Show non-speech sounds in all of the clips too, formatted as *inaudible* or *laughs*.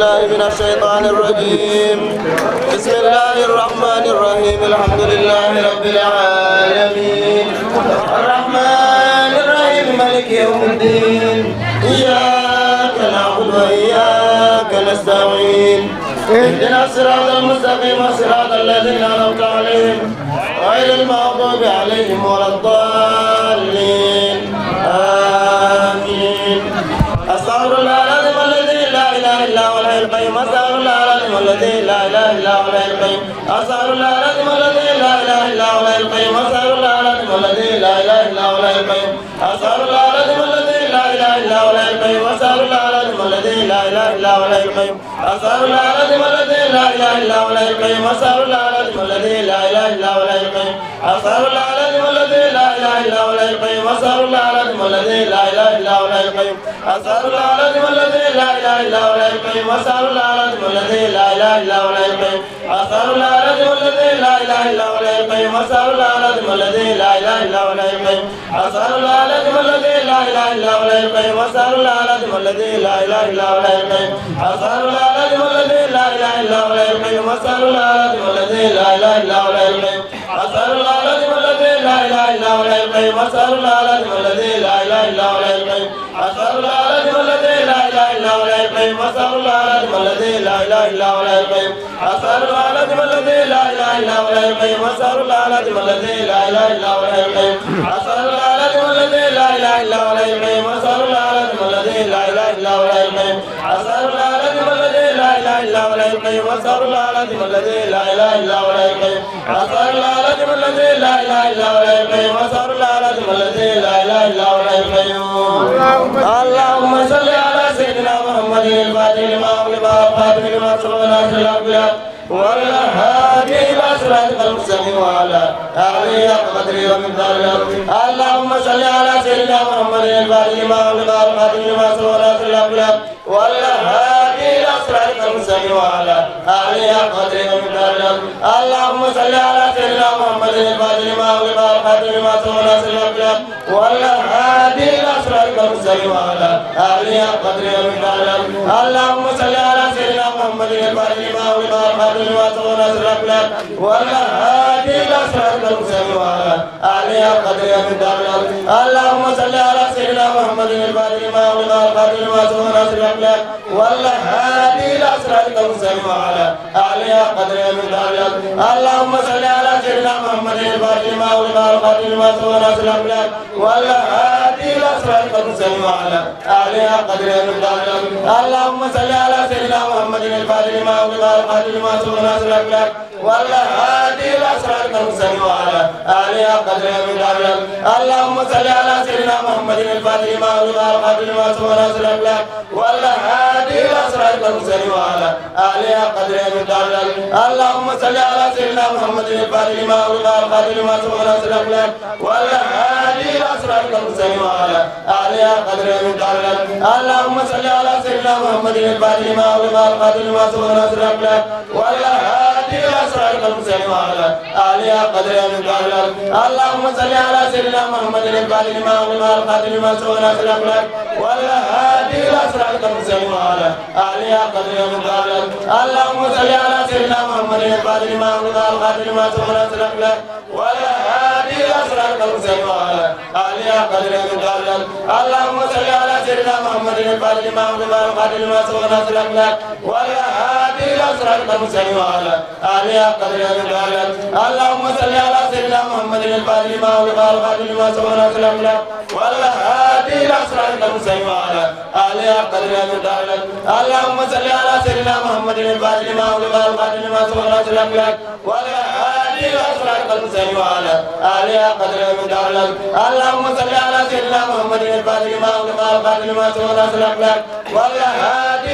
الله من الشيطان الرجيم بسم الله الرحمن الرحيم الحمد لله رب العالمين الرحمن الرحيم ملك يوم الدين إياك نعبد وإياك نستعين اهدنا الصراط المستقيم وصراط الذين أنعمت عليهم غير المغضوب عليهم ولا الضالين الذي لا اله الا هو الحي القيوم اسال الله العظيم الذي لا اله الا هو الحي القيوم اسال الله العظيم الذي لا اله الا هو الحي القيوم اسال الله العظيم الذي لا اله الا هو الحي القيوم اسال الله العظيم الذي لا اله الا هو الحي القيوم اسال الله العظيم الذي لا اله الا هو الحي القيوم اسال الله العظيم الذي لا اله الا هو الحي القيوم اسال الله اله الا هو الحي القيوم استغفر الله العظيم الذي لا اله الا هو الحي القيوم استغفر الله العظيم الذي لا اله الا هو الحي القيوم استغفر الله العظيم الذي لا اله الا هو الحي القيوم استغفر الله العظيم الذي لا اله الا هو الحي القيوم استغفر الله العظيم الذي لا اله الا هو الحي القيوم استغفر الله العظيم الذي لا اله الا هو الحي القيوم استغفر الله العظيم الذي لا اله الا هو الحي القيوم استغفر الله العظيم الذي لا اله الا هو الحي القيوم استغفر الله العظيم الذي لا اله الا هو الحي القيوم استغفر الله اله الا هو الحي القيوم استغفر الله العظيم الذي لا اله الا هو الحي القيوم استغفر الله العظيم الذي لا اله الا هو الحي القيوم استغفر الله العظيم الذي لا اله الا هو الحي القيوم استغفر الله العظيم الذي لا اله الا هو الحي القيوم استغفر الله العظيم الذي لا اله الا هو الحي القيوم استغفر الله العظيم الذي لا اله الا هو الحي القيوم استغفر الله العظيم الذي لا اله الا هو الحي القيوم ولا يلقي واستغفر الله العظيم الذي لا اله الا هو ولا يلقي واستغفر الله العظيم الذي لا اله الا هو ولا يلقي واستغفر الله العظيم الذي لا اله الا هو ولا يلقي اللهم صل على سيدنا محمد الفاتح لما أغلق الخاتم لما سبق ناصر الأنبياء والهادي إلى صراطك المستقيم وعلى آله حق قدره ومقدار اللهم صل على سيدنا محمد الفاتح لما أغلق الخاتم لما سبق ناصر الأنبياء خاتم المختار اللهم صل على سيدنا محمد الفاتح لما أغلق الخاتم لما سوى ناصر المغلق والهادي إلى صراطك المستقيم وعلى آله قدر المختار اللهم محمد الفاتح لما ولما بعد لما تغنى سرق لك ولا هادي الى صراط المستقيم وعلى اله قدر من دار اللهم صل على سيدنا محمد الفاتح لما ولما بعد لما تغنى سرق لك ولا هادي الى صراط المستقيم وعلى اله قدر من دار اللهم صل على سيدنا محمد الفاتح لما ولما بعد لما تغنى سرق لك ولا هادي أسفل قد سلم على أعليها قدر اللهم صل على سيدنا محمد الفاتح لما أغلق القادر لما سبق ناصر الأبلاك والله هادي الأسرار قد سلم على أعليها قدر اللهم صل على سيدنا محمد الفاتح لما أغلق القادر لما سبق ناصر الأبلاك والله هادي الأسرار قد سلم على أعليها قدر اللهم صل على سيدنا محمد الفاتح لما أغلق القادر لما سبق ناصر الأبلاك والله هادي الأسرار قد سلم على أعليها قدر وتعالى اللهم صل على سيدنا محمد الفاتح لما أغلق القاتل لما سبق ناصر وعلى آله اللهم صل على سيدنا محمد الفاتح لما أغلق الخاتم لما سبق ناصر الأخلاق والهادي إلى صراطك المستقيم وعلى آله حق قدره ومقداره اللهم صل على سيدنا محمد الفاتح لما أغلق الخاتم لما سبق ناصر الأخلاق والهادي إلى صراطك المستقيم وعلى آله حق قدره ومقداره اللهم صل على سيدنا محمد الفاتح لما أغلق الخاتم لما سبق ناصر الأخلاق والهادي إلى صراطك المستقيم وعلى أعليها قدر المبالغ اللهم صل على سيدنا محمد الفاتح لما أغلق الخاتم لما سبق ناصر الأملاك والهادي إلى صراطك المستقيم وعلى أعليها قدر المبالغ اللهم صل على سيدنا محمد الفاتح لما أغلق الخاتم لما سبق ناصر الأملاك والهادي إلى صراطك المستقيم وعلى أعليها قدر المبالغ اللهم صل على سيدنا محمد الفاتح لما أغلق الخاتم لما سبق ناصر الأملاك والهادي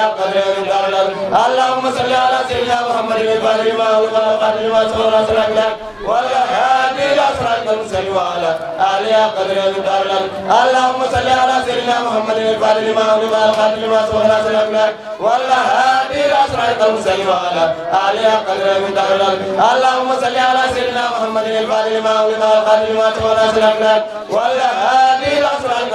يا قدر من قدر اللهم صل على سيدنا محمد الفاتح لما أغلق والخاتم لما سبق ناصر أكلك والهادي إلى صراط المستقيم وعلى آله يا قدر من قدر اللهم صل على سيدنا محمد الفاتح لما أغلق والخاتم لما سبق ناصر أكلك والهادي إلى صراط المستقيم وعلى آله يا قدر من قدر اللهم صل على سيدنا محمد الفاتح لما أغلق والخاتم لما سبق ناصر أكلك والهادي إلى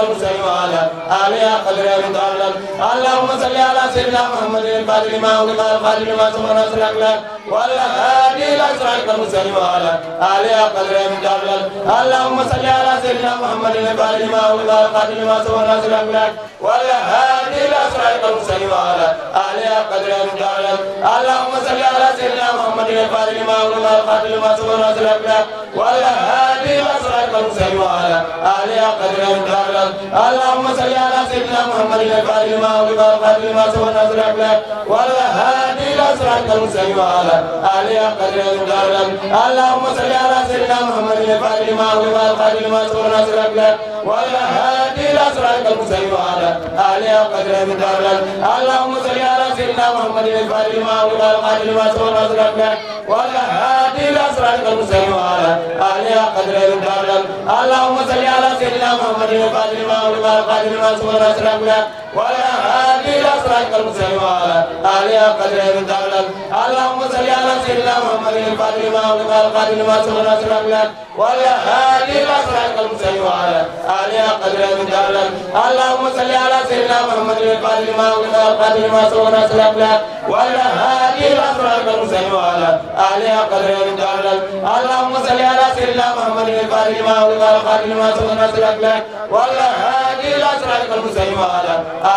المرسلين وعلى آله قدر المتعلم اللهم صل على سيدنا محمد الفاتح لما أغلق الخاتم لما سبق ناصر الأقلال والهادي إلى صراطك المستقيم وعلى آله قدر المتعلم اللهم صل على سيدنا محمد الفاتح لما أغلق الخاتم لما سبق ناصر الأقلال والهادي إلى صراطك المستقيم وعلى آله قدر المتعلم اللهم صل على سيدنا محمد الفاتح لما أغلق الخاتم لما سبق ناصر الأقلال والهادي إلى صراطك المستقيم وعلى آله قدر المتعلم اللهم صل على سيدنا محمد الفاتح لما أغلق الخاتم لما سوى الناصر أبلاك وعلى هادي إلى صراطك المستقيم وعلى آله قدر مقدارك اللهم صل على سيدنا محمد الفاتح لما أغلق الخاتم لما سوى الناصر أبلاك وعلى هادي إلى صراطك المستقيم وعلى آله قدر مقدارك اللهم صل على سيدنا محمد الفاتح لما أغلق الخاتم لما سوى الناصر أبلاك وعلى هادي إلى صراطك المستقيم وعلى آله قدر مقدارك اللهم صل على سيدنا محمد الفاتح لما ولما قادر لما سوى الأسرع بلا ولا هادي إلى صراطك المستقيم وعلى آله قدر من تعلم اللهم صل على سيدنا محمد الفاتح لما ولما قادر لما سوى الأسرع بلا ولا هادي إلى صراطك المستقيم وعلى آله قدر من تعلم اللهم صل على سيدنا محمد الفاتح لما ولما قادر لما سوى الأسرع بلا ولا هادي إلى صراطك المستقيم وعلى آله قدر من تعلم اللهم صل على سيدنا محمد الفاتح لما ولما قادر لما سوى الأسرع بلا ولا هادي الى صراطك المستقيم وعلى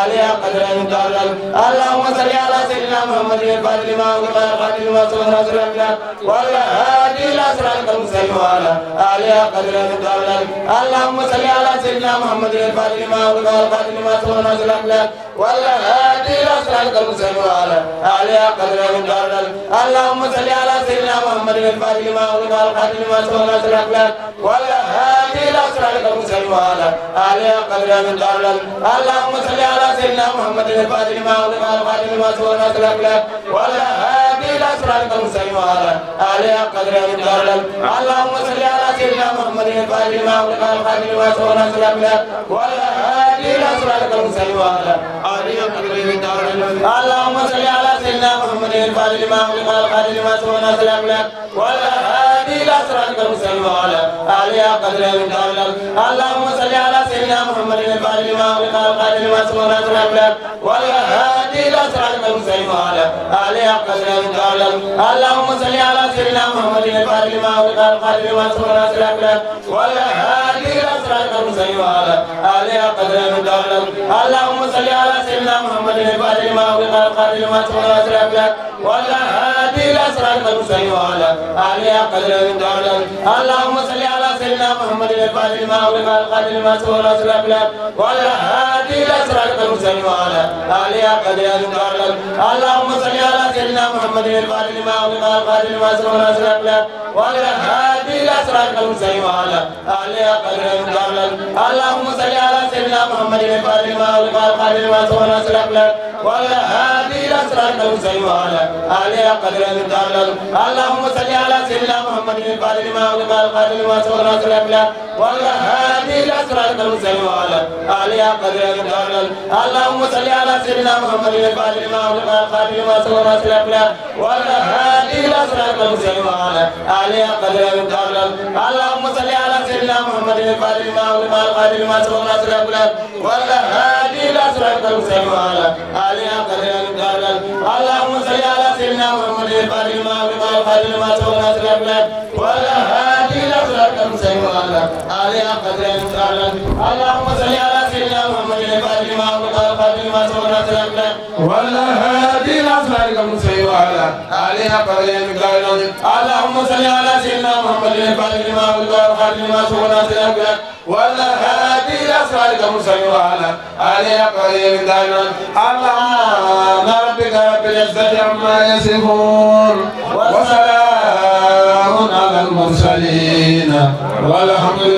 اله حق قدره مقداره اللهم صل على سيدنا محمد الفاتح لما وقف الفاتح لما سبق ناصر الابناء ولا هادي الى صراطك المستقيم وعلى اله حق قدره مقداره اللهم صل على سيدنا محمد الفاتح لما وقف الفاتح لما سبق ناصر الابناء ولا هادي الى صراطك المستقيم وعلى اله حق قدره مقداره اللهم صل على سيدنا محمد الفاتح لما وقف الفاتح لما سبق ناصر الابناء ولا هادي الى صراطك المستقيم وعلى اله عليه قدر من دار اللهم صل على سيدنا محمد الفاتح لما أغلق على الفاتح لما سوى الناس الأكلة ولا هادي إلى صراطك المستقيم وعلى عليه قدر من دار اللهم صل على سيدنا محمد الفاتح لما أغلق على الفاتح لما سوى الناس الأكلة ولا هادي إلى صراطك المستقيم وعلى عليه قدر اللهم صل على سيدنا محمد الفاتح لما أغلق القادر لما سوى ناصر الأخلاق والهادي إلى صراطك المستقيم وعلى آله قدر من كامل اللهم صل على سيدنا محمد الفاتح لما أغلق القادر لما سوى ناصر الأخلاق والهادي إلى صراطك المستقيم وعلى آله قدر من كامل اللهم صل على سيدنا محمد الفاتح لما أغلق القادر لما سوى ناصر الأخلاق والهادي أشركت سيوها آلهة قدر دولة اللهم صل على سيدنا محمد الفاتح لما أغلق القادر لما تقول أسرابك ولا هادي الأسرار سيوها آلهة قدر دولة اللهم صل على سيدنا محمد الفاتح لما أغلق القادر لما تقول أسرابك ولا هادي الأسرار سيوها آلهة قدر دولة اللهم صل على سيدنا محمد الفاتح لما أغلق القادر لما تقول أسرابك ولا هادي إلى صراطك المستقيم وعلى آله قدر مقابلا اللهم صل على سيدنا محمد الفاتح ما أغلق الخاتم ما سبحانه وتعالى وعلى هذه إلى صراطك المستقيم وعلى آله قدر مقابلا اللهم صل على سيدنا محمد الفاتح ما أغلق الخاتم ما سبحانه وتعالى وعلى هذه إلى صراطك المستقيم وعلى آله قدر مقابلا اللهم صل على سيدنا محمد الفاتح ما أغلق الخاتم ما سبحانه وتعالى وعلى هذه إلى صراطك المستقيم وعلى آله قدر مقابلا الخلل اللهم صل على سيدنا محمد الفاتح لما أغلق مع القادر لما سبق ناصر الأقلال ولا هادي إلى صراطك المستقيم وعلى آله قدر المقدار اللهم صل على سيدنا محمد الفاتح لما أغلق مع القادر لما سبق ناصر الأقلال ولا هادي إلى صراطك المستقيم وعلى آله قدر المقدار اللهم صل على سيدنا محمد الفاتح لما أغلق وفق بالمسؤولة الأمنة والهادي لأسمائك المسلمين وعلى آله قدرهم مقدار العظيم اللهم صل على سيدنا محمد الفاتح لما أولد والخاتم لما سبقنا سيدنا والهادي لأسمائك المسلمين وعلى آله قدرهم مقدار العظيم اللهم ربك رب العزة عما يصفون وسلام على المرسلين والحمد لله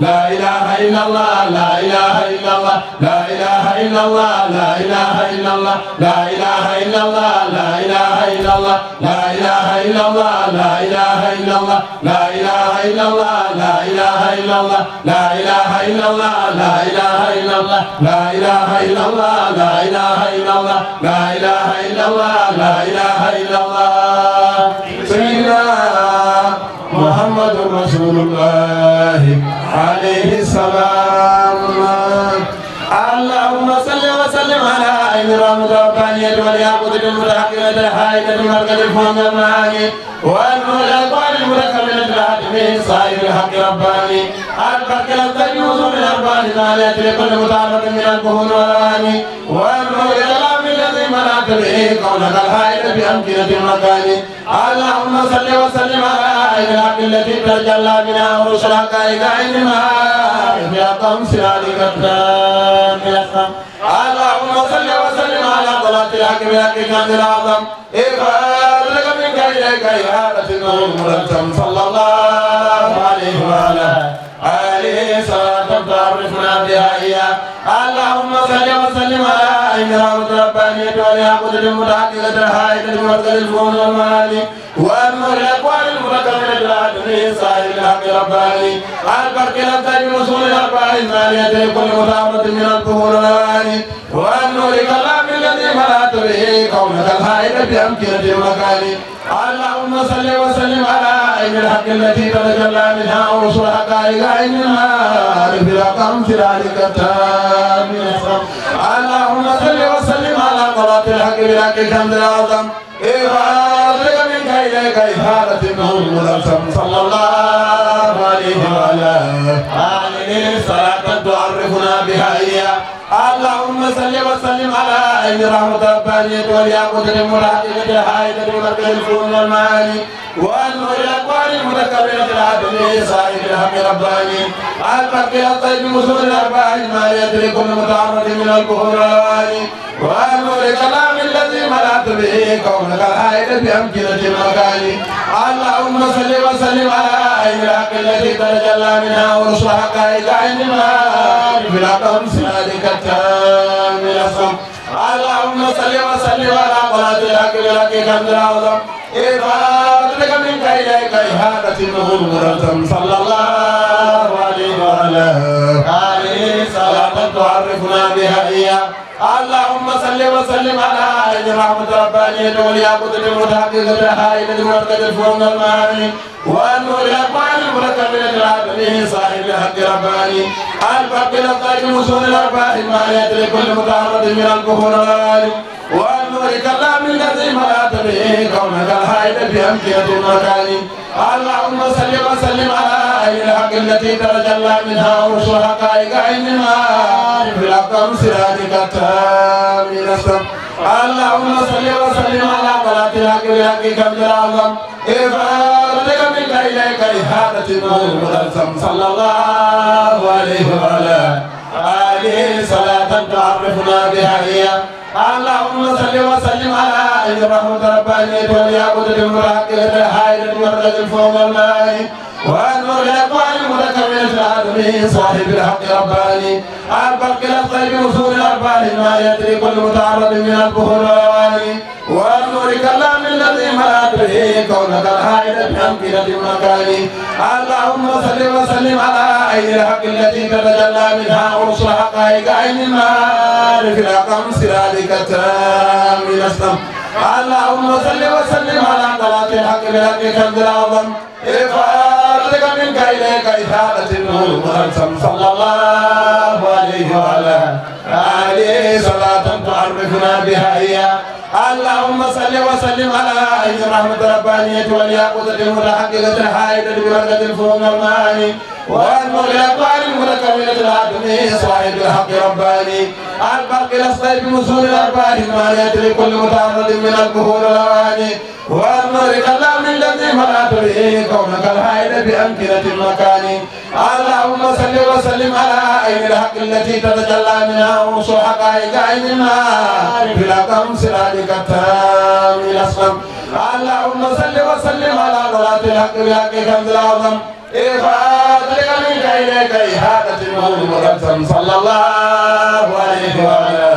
لا إله إلا الله لا إله إلا الله لا إله إلا الله لا إله إلا الله لا إله إلا الله لا إله إلا الله لا إله إلا الله لا إله إلا الله لا إله إلا الله لا إله إلا الله لا إله إلا الله لا إله إلا الله لا إله إلا الله لا إله إلا الله لا إله إلا الله لا إله إلا الله سيدنا محمد رسول الله عليه السلام اللهم صل وسلم على إمام ربانية والياقوت المتحققة الحائدة المركز الفوز المعاني والملك والمتكبر العالمين صاحب الحق رباني البركة الطيب وصول الأربان الآلية لكل متعلق من الكهون والأواني إليه قولك الحائل بأمكنة المكان اللهم صل وسلم على عين الحق التي تجلى بنا ورسل حقائق عين ما يا قوم سلالك التام اللهم صل وسلم على طلعة الحق بحق كان الأعظم إفارك منك إليك إهالة النور مرتم صلى الله عليه وعلى الكرام الربانية عليها قدرة متعددة الحائطة بمركز الفنون وأما الأقوال المتكلمة بالعدل صاحب الحق رباني البرك الأمثال بوصول الأرباع الثانية لكل متعمد من الفنون والمعاني وأن نور كلام الذي ملأت به كونك الحائطة بأمكنة المكان اللهم صل وسلم على عين الحق التي تتجلى منها ورسل حقائق عينها عارف الأقام في ذلك التام اللهم صل وسلم على قرات الحق بلاك الحمد العظم إفادتك منك إليك إفادة النور الأبسم صلى الله عليه وعلى آله الصلاة تعرفنا بها إياه اللهم صل وسلم على عين رحمة ربانية والياقوت المراقبة الحائلة بمركز الفون والمعاني والنور المتكبر في العدل إحسان برحم رباني المرقي الطيب مسور الأرباح ما يدرك المتعرض من الكفر والأواني والنور كلام الذي ملأت به كونك العائد بأمكنة المكان اللهم صل وسلم على عين الحق التي تجلى منها ورسل حقائق عين المعارف الأقم سنادك التام الأصم اللهم صل وسلم على قناة الحق الحقيقة العظم إذا مرة صلى الله عليه وعلى آله صلاة تعرفنا بها إياه اللهم صل وسلم على عين رحمة ربانية وليا قدر المتحقق الحائل المرتد الفرن المعاني والنور يقبل المركب من العالمين صاحب الحق رباني الفرق لطيب وصول الأرباح ما يدري كل متعرض من الكفر العالم والنور كلام الذي ملأت به كونك الحائل بأمكنة المكان اللهم صل وسلم على اهل الحق التي تجلى منها وشو حقائق عينها في الاقدام سراجك التام اللهم صل وسلم على بلاد الحق بحقك من الاعظم افادتك منك اليك اهاده الملزم صلى الله عليه وعلى اله صلاه تعرفنا بها هي اللهم صل وسلم على إذ رحمة ربانية وليعبد المراقب الحائل المرد الفوم الماء وأنور الأقوال المتكملة العالمين صاحب الحق رباني البرق الأصغر بوصول الأرباح ما يدري كل متعرض من البخور والأواني وأنور كلام مرات به كون ترهايد الحمد لدينا كاني اللهم صل وسلم على اي الحق التي تتجلى منها عرش حقائق عين المعارف الأقم سرادك التام من السم اللهم صل وسلم على قناة الحق بالحق الحمد العظم إفادتك منك إليك إفادة النور صلى الله عليه وعلى آله عليه صلاة تعرفنا بها إياه اللهم صل وسلم على عين رحمة ربانية والياقوتة المتحققة الحائدة ببركة الفوم الماني والمغلقان المتكونة العدمي صاحب الحق رباني البرق الأصلي بمسور الأرباح المالية لكل متعرض من الكهول الأواني والمغرق الله من الذي فلا تريه كونك الحائد بأمكنة المكان اللهم صل وسلم على عين الحق التي تتجلى منها وأوص حقائق علما في الأقام سرادك التام الأسقم اللهم صل وسلم على صلاة الحق بالحق كنز العظم إفادتك منك إليك إحاطة المولد مرسم صلى الله عليه وعلى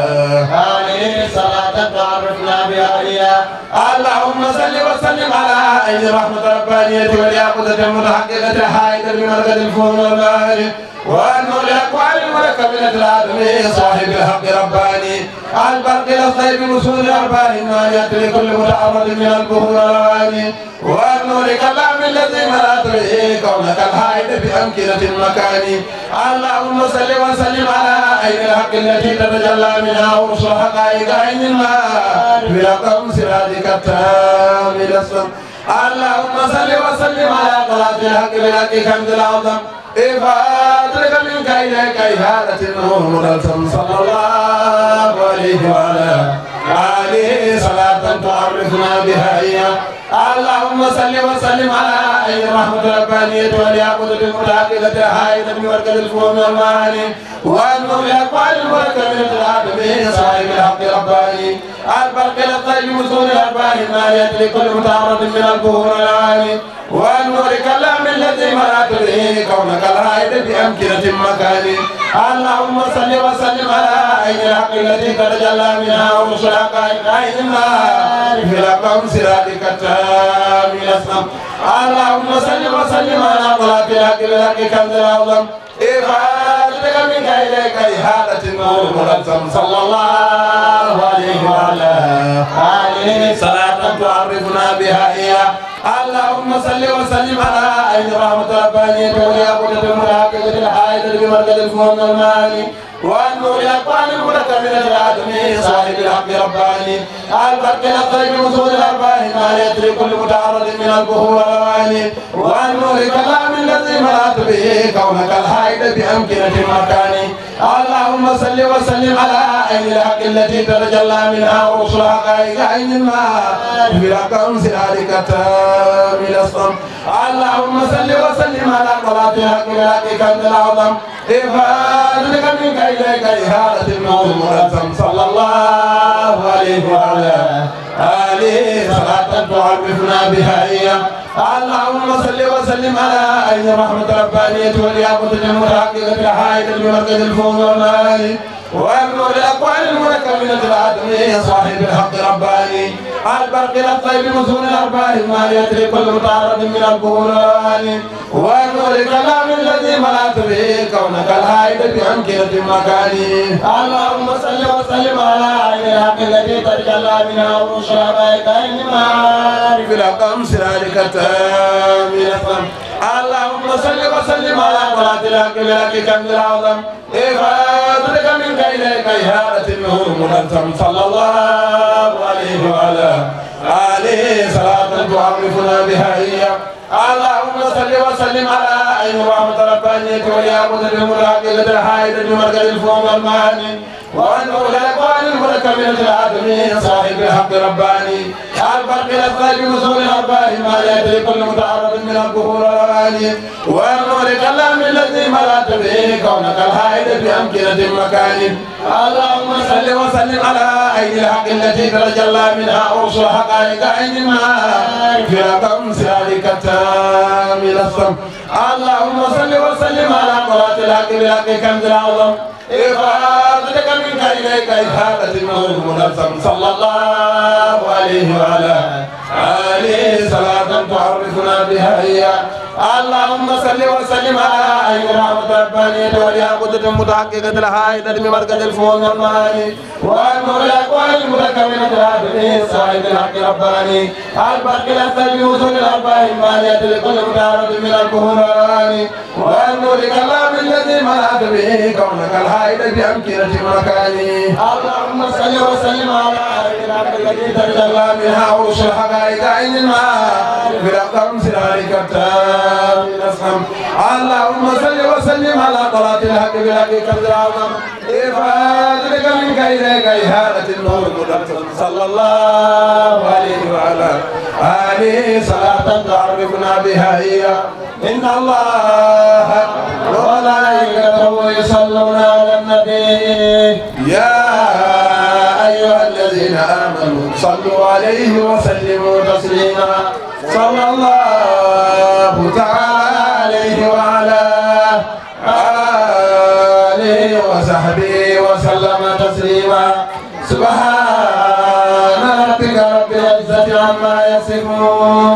آله صلاة تعرفنا بها اللهم صل وسلم على أي رحمة ربانية والياقوتة المتحققة حائدة بمركز الفهم والمعارف والمرجع ملك من الأدم صاحب الحق رباني عن برق الصيف نسور الأرباح ما يدري كل متعرض من البخور الأواني والنور كلام الذي ما أدري كونك الحائد بأمكنة المكان اللهم صل وسلم على عين الحق التي تتجلى منها ورسل حقائق عين بلا قوم سرادك التام اللهم صل وسلم على قرات الحق بالحق حمد العظم إفادتك من إليك إهادة نور صلى الله عليه وعلى آله صلاة تعرفنا بها اللهم صل وسلم على أي رحمة ربانية وليعبد بالمتعقدة حائدة بمركز الفهم والمعاني وأنهم يقبل المركز من العالمين صاحب الحق رباني البرق للطيب وصول الارباح المالية لكل متعرض من البهور العالي والنور كلام الذي مرات العين كونك الرائد بامكنة مكاني اللهم صل وسلم على عين الحق الذي تتجلى منها ومشرق عين النار في لقم سرادك التام الاسلام اللهم صل وسلم على طلاب الحق الحق كنز الاعظم إفعال منك إليك إهالة نور مرسم صلى الله عليه وعلى آله صلاة تعرفنا بها إياه اللهم صل وسلم على عين رحمة ربانية وليقول بالمراقبة الحائل بمرد الفهم المالي والنور الأقوال المتكبرة العدم صاحب الحق رباني قال قد تلقيت وصول الارباح ما يدري كل متعرض من البخور والاواني وعن نور كلام الذي مرات به كونك الحائد بامكنه مكاني اللهم صل وسلم على عين الحق التي تتجلى منها ورسلها حقائق عين الماء بلاك انزلالك من الصم اللهم صل وسلم على قرات الحق التي كانت العظم إفادتك منك إليك إهالة الموت المنظم صلى الله عليه وعلى آله صلاة تعرفنا بها إياه اللهم صل وسلم على أي رحمة ربانية والياقوت المتحققة حائلة بمركز الفوز والمال وأبلغ الأقوال العدم العدمية صاحب الحق رباني قال برق الى الارباح ما يدري كل من البولان ونور كلام الذي ملات به كونك الهائد بامكنه المكان اللهم صل وسلم على عين الحق الذي تجلى منها وروش ابائك انما عارف الاقام سرارك التام اللهم صل وسلم على قرات الحق ملك كم العظم إفادة إلى بيهارة النور منتم صلى الله عليه وعلى آله صلاة تعرفنا بها إياه اللهم صل وسلم على أيها الرحمة ربانية وليعبد بالمراقبة الحائدة بمركز الفهم والمعاني وأن أولى الأقوال المتكبرة العالمين صاحب الحق رباني البرق الأسرى بوصول الأرباح ما لا يدري كل متعرض من الكفور والأماني وأن نورك الله من الذي ملأت به كونك الهائل بأمكنة مكان اللهم صل وسلم على عين الحق التي الله منها أرسل حقائق عين ما في رقم سالك التامل الصم اللهم صل وسلم على قراءة الحق بالحق كنز العظم إفادتك منك إليك إفادة المظلوم الأبصم صلى الله عليه وعلى عليه صلاة تعرفنا بها هي اللهم صل وسلم على أيها الرحمة الربانية وليها قدرة متحققة لها إلى مركز الفوز والمعاني والملاك والمتكملة لها بالإنسان الحق رباني البرق الأسلم يوصل الأربع المالية لكل متعرض من الكهران والنور كلام الذي منعت به كونك الحائد بأمكنة مكاني اللهم صل وسلم على تجلى منها عرش اللهم صل وسلم على طلعة الحق بالحق كبير عظم إفادتك منك إليك إهالة النور صلى الله عليه وعلى آله صلاة تعرفنا بها هي إن الله وملائكته يصلون على النبي يا صلوا عليه وسلموا تسليما صلى الله تعالى عليه وعلى آله وصحبه وسلم تسليما سبحان ربك رب العزة عما يصفون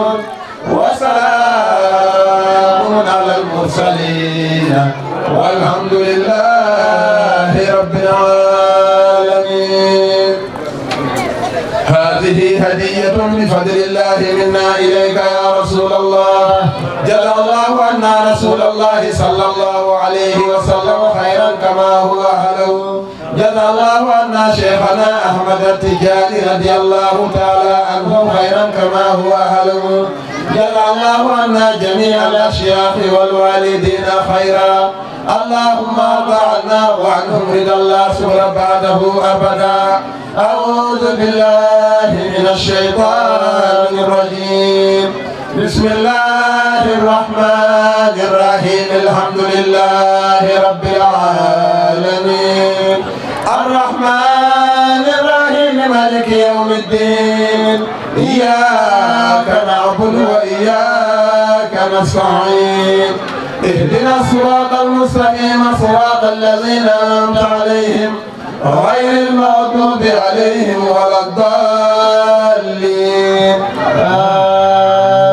التجاني رضي الله تعالى عنهم خيرا كما هو أهله جل الله عنا جميع الأشياخ والوالدين خيرا اللهم ارض عنا وعنهم رضا الله سبحانه بعده أبدا أعوذ بالله من الشيطان الرجيم بسم الله الرحمن الرحيم الحمد لله رب العالمين مالك يوم الدين إياك نعبد وإياك نستعين اهدنا الصراط المستقيم صراط الذين أنعمت عليهم غير المغضوب عليهم ولا الضالين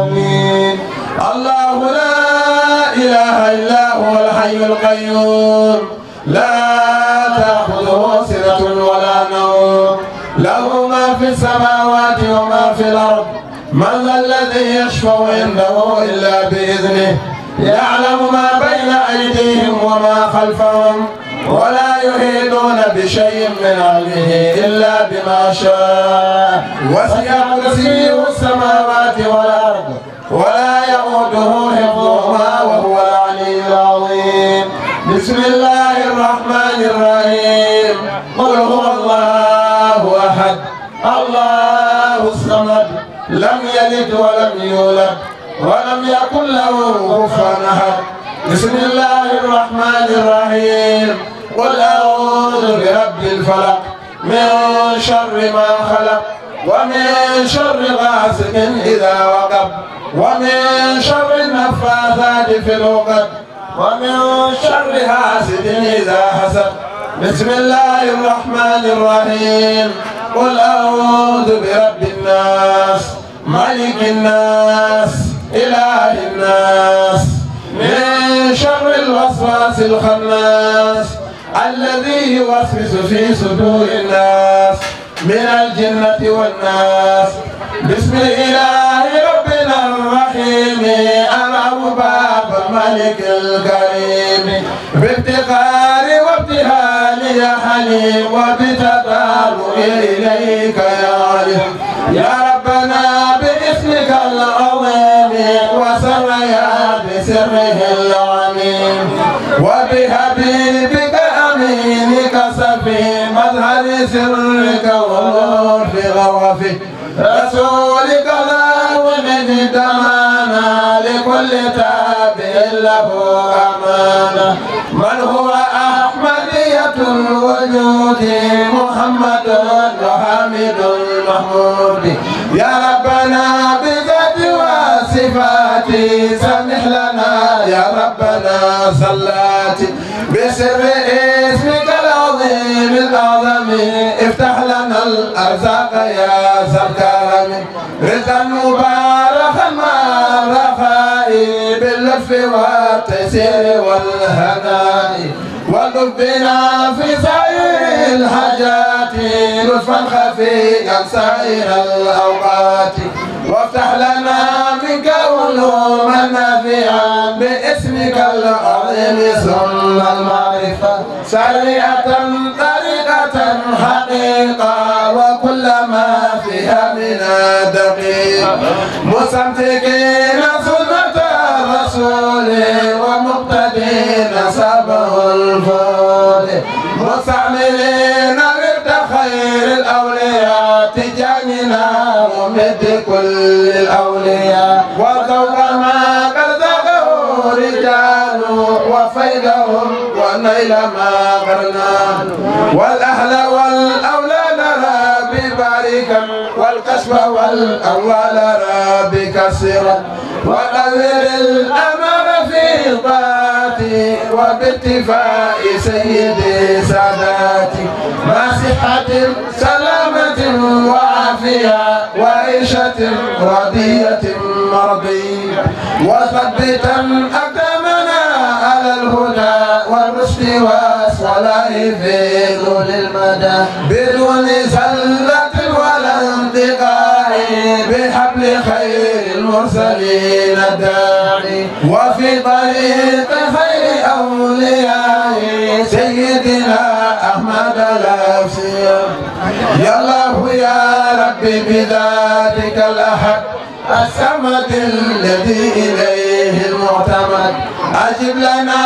آمين الله لا إله إلا هو الحي القيوم السماوات وما في الأرض من ذا الذي يشفع عنده إلا بإذنه يعلم ما بين أيديهم وما خلفهم ولا يهيدون بشيء من علمه إلا بما شاء وسيع كرسيه السماوات والأرض ولم يولد ولم يكن له كفوا احد بسم الله الرحمن الرحيم قل اعوذ برب الفلق من شر ما خلق ومن شر غاسق اذا وقب ومن شر النفاثات في العقد ومن شر حاسد اذا حسد بسم الله الرحمن الرحيم قل اعوذ برب الناس ملك الناس إله الناس من شر الوسواس الخناس الذي يوسوس في صدور الناس من الجنة والناس بسم الله ربنا الرحيم أنا باب الملك الكريم بافتقار وابتهال يا حليم وبتدار إليك يا عليم يا ربنا سريا بسره العميم وبحبيبك أمينك سفي مظهر سرك ولطف غوفه رسولك لا من تمانا لكل تابع له أمانة من هو أحمدية الوجود محمد وحامد المحمود يا ربنا صلاتي سمح لنا يا ربنا صلاتي بسر اسمك العظيم الأعظم افتح لنا الأرزاق يا ذا الكرم رزقا مباركا مع الرخاء باللطف والتيسير والهناء وقبنا في سائر الحاجات لطفا خفيا سائر الأوقات وافتح لنا منافعا باسمك العظيم ثم المعرفة سريعة طريقة حقيقة وكل ما فيها من دقيق مستمسكين سنة الرسول ومقتدين سبه الفول مستعملين ورد خير الأولياء تجاهنا ومد كل إلى ما غرنا والأهل والأولاد ببارك والقسوة والأولاد بكسرة وقدر الأمر في طاعتي وباتفاء سيدي ساداتي ما صحة سلامة وعافية وعيشة رضية مرضية وثبتا أكبر الهدى والرشد والصلاة في طول المدى بدون سلة ولا انتقاء بحبل خير المرسلين الداعي وفي طريق خير أولياء سيدنا أحمد الأفسير يا الله يا ربي بذاتك الأحد السمد الذي إليه المعتمد أجب لنا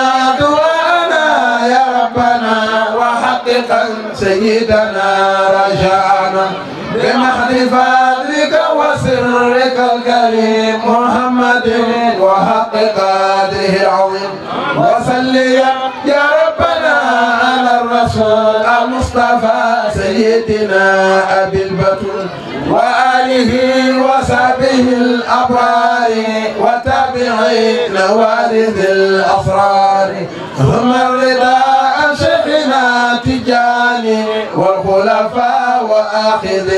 دعانا يا ربنا وحققا سيدنا رجعنا بمحض فضلك وسرك الكريم محمد وحق قدره العظيم وصل يا ربنا على الرسول المصطفى سيدنا أبي البتول وآله وصحبه الأبرار وتابعين والد الأسرار ثم الرضا عن شيخنا تجاني والخلفاء وآخذ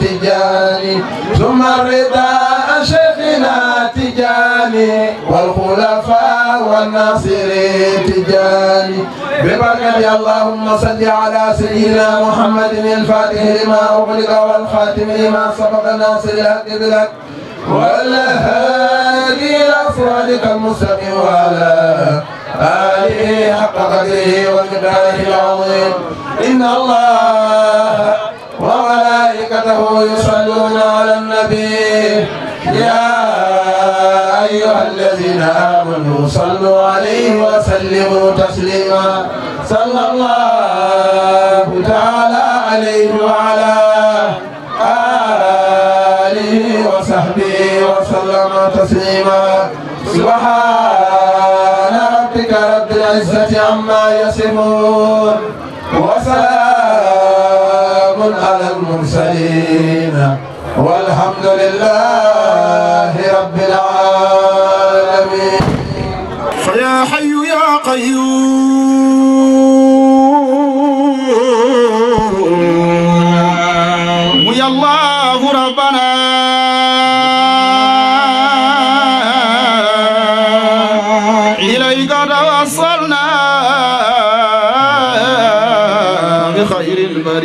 تجاني ثم الرضا عن شيخنا تجاني والخلفاء والناصر تجاني ببركة اللهم صل على سيدنا محمد الفاتح لما أغلق والخاتم لما سبق ناصر الحق بلك والهادي لأصواتك المستقيم وعلى آله حق قدره ومقداره العظيم إن الله وملائكته يصلي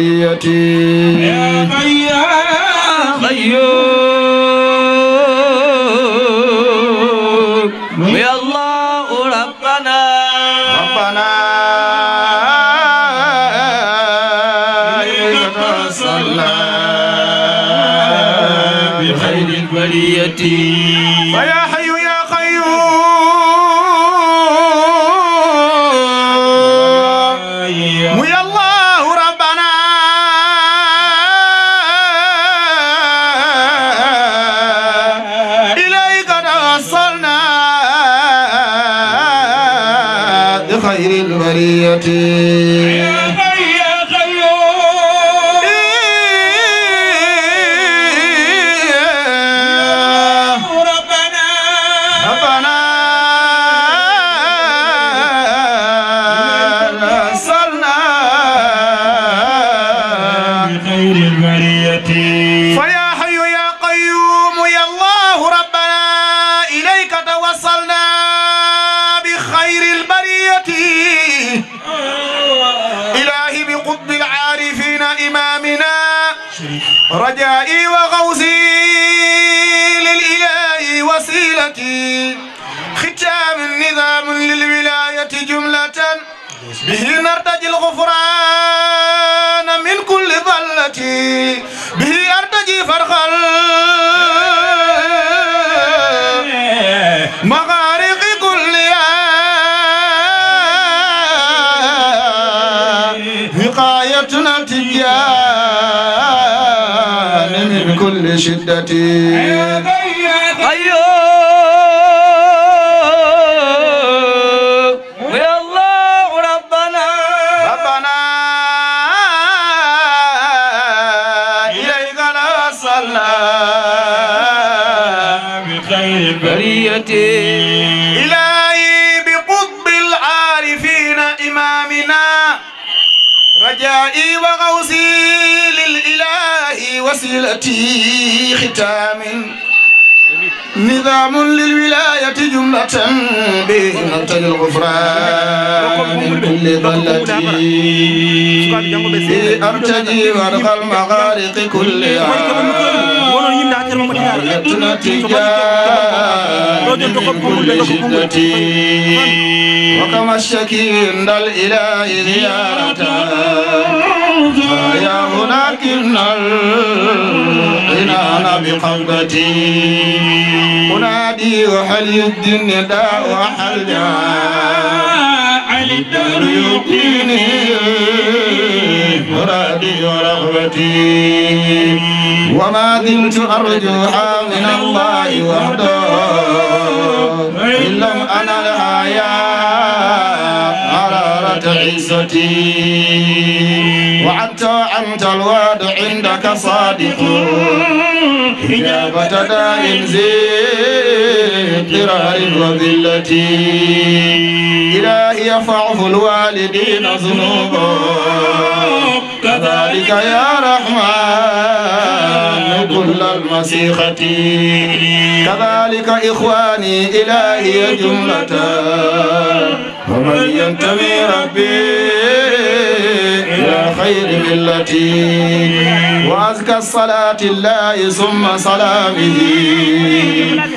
بقيتي يا حي يا قيوم يا الله ربنا ربنا إليك تصلى بخير البريه بشدتي منزلتي ختام نظام للولاية جملة به نقتل الغفران من كل ضلتي أرتجي ورق المغارق كلها ولتنا تجاني من شدتي وكما الشكي عند الإله زيارة انظر يا هناك الإنان بقبضتي منادي وحل الدين داء وحل علي الدار يقيني مرادي ورغبتي وما دمت أرجوها من الله وحده إن لم أنا الآية على عزتي الوعد عندك صادق إجابة داء ذي قرار وذلة إلهي فاعف الوالدين ذنوبهم كذلك يا رحمن كل المسيخة كذلك إخواني إلهي جملة ومن ينتمي ربي إلى خير ملتي وأزكى الصلاة الله ثم صلاته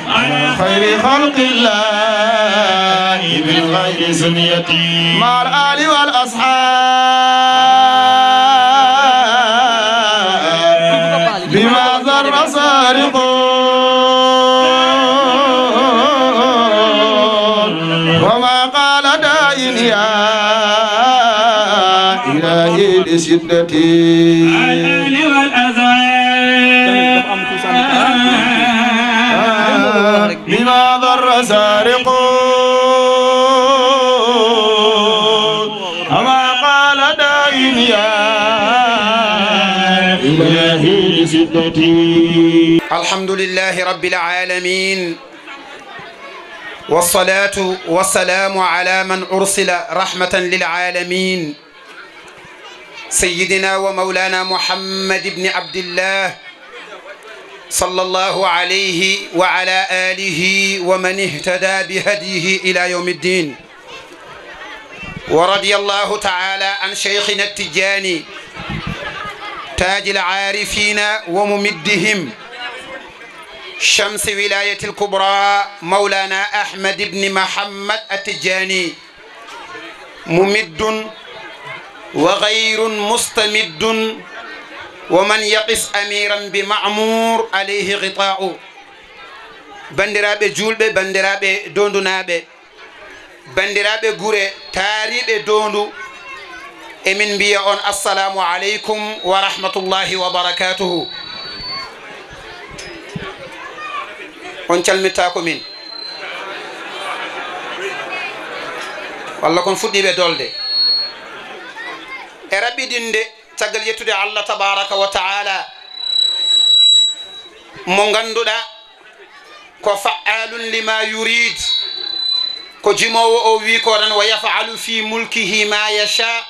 على خير خلق الله من سنيتي مع الآل والأصحاب لشدتي الأهل والأزعار بما ضر سارق أما قال دائم يا إلهي لشدتي الحمد لله رب العالمين والصلاة والسلام على من أرسل رحمة للعالمين سيدنا ومولانا محمد بن عبد الله صلى الله عليه وعلى آله ومن اهتدى بهديه إلى يوم الدين ورضي الله تعالى عن شيخنا التجاني تاج العارفين وممدهم شمس ولاية الكبرى مولانا أحمد بن محمد التجاني ممد وغير مستمد ومن يقص اميرا بمعمور عليه غطاء بندرابي جولبي بندرابي دوندو نابي بندرابي غوري تاريبي دوندو امين بيا اون السلام عليكم ورحمه الله وبركاته اون تشالميتاكو مين والله كون فودي بي دولدي e raɓɓiɗinde caggal yettude allah tabaraka wa taala mo ganduɗa ko fa'alun lima yurid ko jimowo o wi ko tan wa yafalu fi mulkihi ma yacha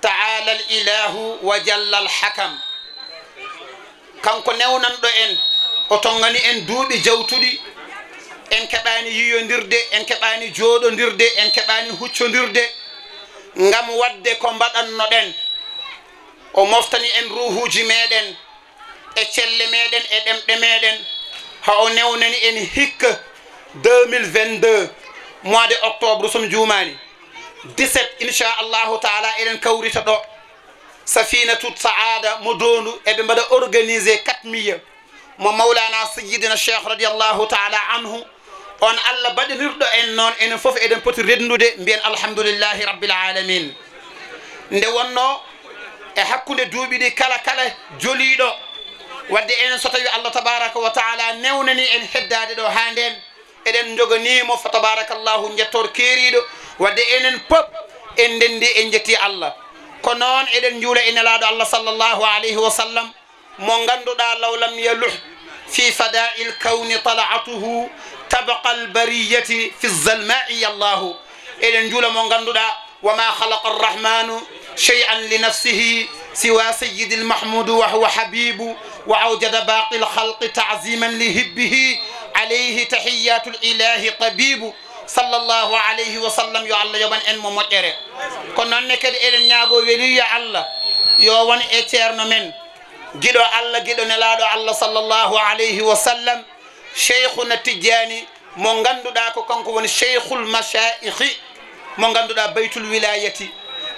taala l ilahu wa jalla l hakam kanko newnanɗo en o tongani en duuɓi jawtuɗi en keɓani yiyodirde en keɓani jooɗodirde en keɓani huccodirde ngam wadde ko mbaɗanno ɗen o moftani en ruhuji meɗen e celle meɗen e ɗemɗe meɗen ha o newnani en hikka 2022 mois de octobre som jumani 17 inchallahu taala eɗen kawrita ɗo safinatu saada mo dondu eɓe mbaɗa organisé 4 miya mo mawlana sayidina cheikh radiallahu taala anhu on allah mbaɗinirɗo en non en fof eden poti rendude mbien alhamdoulillahi rabbil alamin nde wonno e hakkunde duuɓi ɗi kala kala joliiɗo wadde en so tawi allah tabaraka wa taala newnani en heddade do ha eden eɗen mo fa tabarakallahu jettor keeriɗo wadde enen pop en dendi en jetti allah ko non eden juula en laado allah sallallahu alayhi wa sallam mo ganduda law lam yaluh في fada'il الكون طلعته طبق البرية في الظلماء الله إلى نجول مونغاندودا وما خلق الرحمن شيئا لنفسه سوى سيد المحمود وهو حبيب وأوجد باقي الخلق تعظيما لهبه عليه تحيات الإله طبيب صلى الله عليه وسلم يعلى يبن إن ممتر كنا نكد إلى نياغو ولي الله يوان إتيرن من جدو الله جدو نلادو الله صلى الله عليه وسلم cheikhuna tijjani mo ganduɗa ko kanko woni cheikhul machaikhi mo ganduɗa baytul wilayati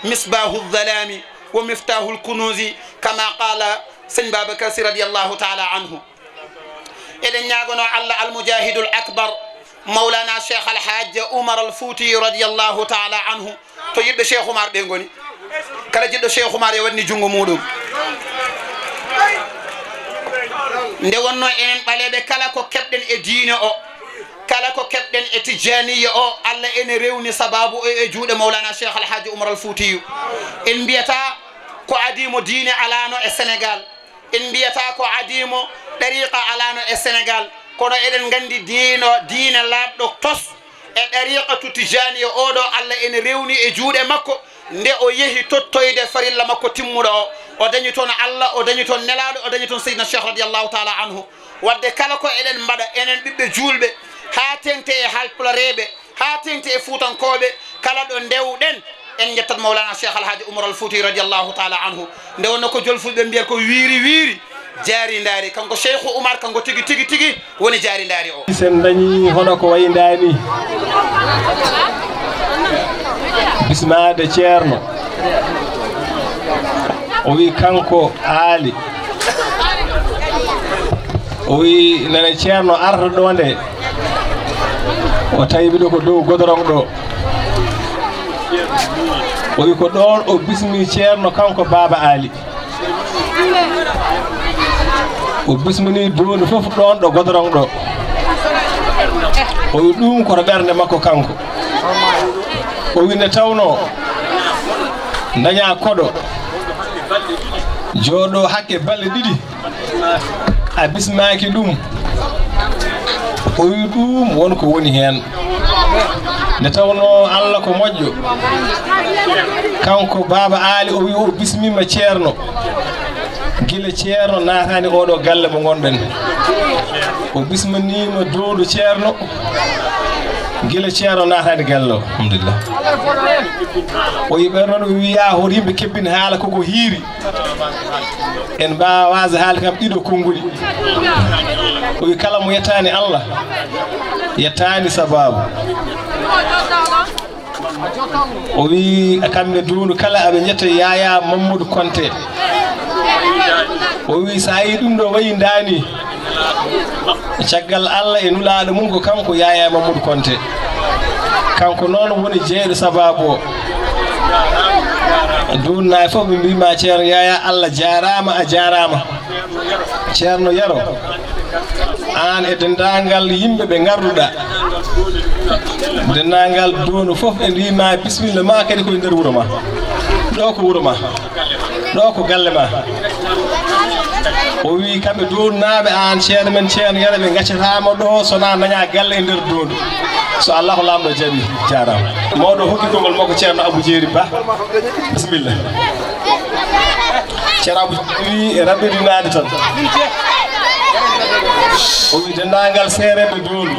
misbahu dhalami wa miftahu lkunusi kama qala sen babacar si radiallahu taala anhu eɗen ñagono allah almujahidu l akbar mawlana cheikh alhaja oumar alfouti radiallahu taala anhu to yiɗɗo cheikh oumar ɓe goni kala jiɗɗo cheikh oumar e waɗni junngo muɗum nde wonno enen balebe kala ko keɓɗen e diine o kala ko keɓɗen e tijaniya o alla ene rewni sababu e juude maulana cheikh alhaji umar al en biyata ko adimo diine alano e sénégal en biyata ko adimo ɗariqa alano e sénégal kono eden gandi diino diine laaɓɗo tos e ɗariqatu o do alla ene rewni e juude makko nde o yehi tottoyde farilla makko timmuɗo o o dañi toon allah o dañi toon nelaɗo o dañi toon seydna cheikh radiallahu taala anhu wadde kala ko eɗen mbaɗa enen ɓiɓɓe julɓe ha tengte e halplareɓe ha tengte e fuutankoɓe kala ɗo ndewɗen en jettat mawlana cheikh alhaji oumar al fouti radiallahu taala anhu nde wonno ko jolfulɓe mbiya ko wiiri wiiri jaaridaari kanko cheikhu oumar kanko tigi tigi tigi woni jaaridaari o sen dañi hono ko wayidani bismade ceerno o wi kanko aali o wi nane ceerno arta ɗo nde o tawi ɗo ko dow godorong ɗo o wi ko ɗon o bismi ceerno kanko baaba aali o bismini dondi fof ɗon ɗo godorong ɗo o wi ɗum koto ɓernde makko kanko ko winde tawno daña koɗo jooɗo hakke balɗe ɗiɗi a bismaki ɗum o wi ɗum wonko woni hen nde tawno allah ko moƴƴo kanko baaba aali o wi o bismima ceerno gila ceerno natani oɗo galle mo gonɗen o bismanima dowdo ceerno gila ceero naatade galle o alhamdulillah o yi ɓen noon o wiya hoto yimɓe kebbin haala koko hiiri en mbawa wasde haala kam ɗiɗo konnguɗi o wi kala mo yettani allah yettani sababu o wi kamɓe duundu kala aɓe jetta yaya mamadou konté o wi sa yi ɗum ɗo wayi dani caggal allah e nulaɗo mum ko kanko yaya mamadou konté kanko noon woni jeeɗo sababu o duunnaye foof ɓe mbima ceerno yaya allah jarama a jarama ceerno yaro an e dendagal yimɓe ɓe garduɗa dendagal doonu foof e mbima bisimilla ma kadi koye nder wuuro ma ɗo ko wuuro ma ɗo ko galle ma o wi kamɓe duunnaɓe an ceerno men ceerno yere ɓe gaccatama ɗo sona daña galle e nder so allah ko lamɗo jaaɓi jarama mawɗo hokki konngol makko ceerno abou jeeri ba bisimilla ceerno abou wi raɓɓirinade tan o wi dendagal seereɓe duundu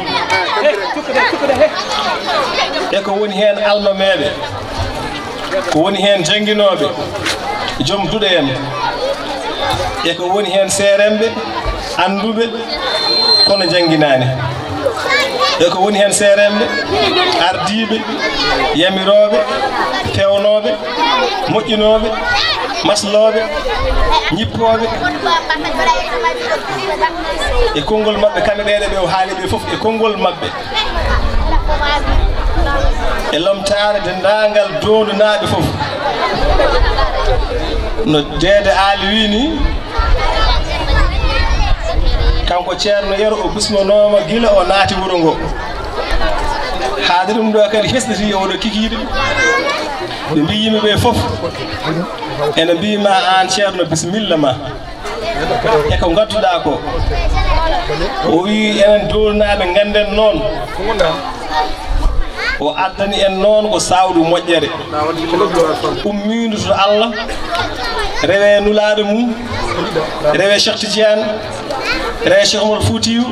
e ko woni hen almameɓe ko woni hen jangguinoɓe joom duɗe en e ko woni heen seerenɓe annduɓe kono jannginaani e ko woni heen seerenɓe ardiiɓe yamirooɓe tewnooɓe moƴƴinooɓe maslooɓe ñippooɓe e konngol maɓɓe kamɓe ɗeeɗe ɓe o haali ɓe fof e konngol maɓɓe e lomtaare denndaangal doondunaaɓe fof no deede aali wii nii kanko ceerno yero o kusmanoma gila o naati wuro ngo haadirum ɗo kadi hesɗiti oɗo kikiiɗe ɓe mbi yimɓeɓe foof ene mbima an ceerno bisimilla ma e ko gadduɗa ko o wi enen dowlunaɓe ganden noon وأتاني أنون وساود موجر أمين رسول الله ربي نولاد ربي شخص جيان ربي شخص مرفوتيو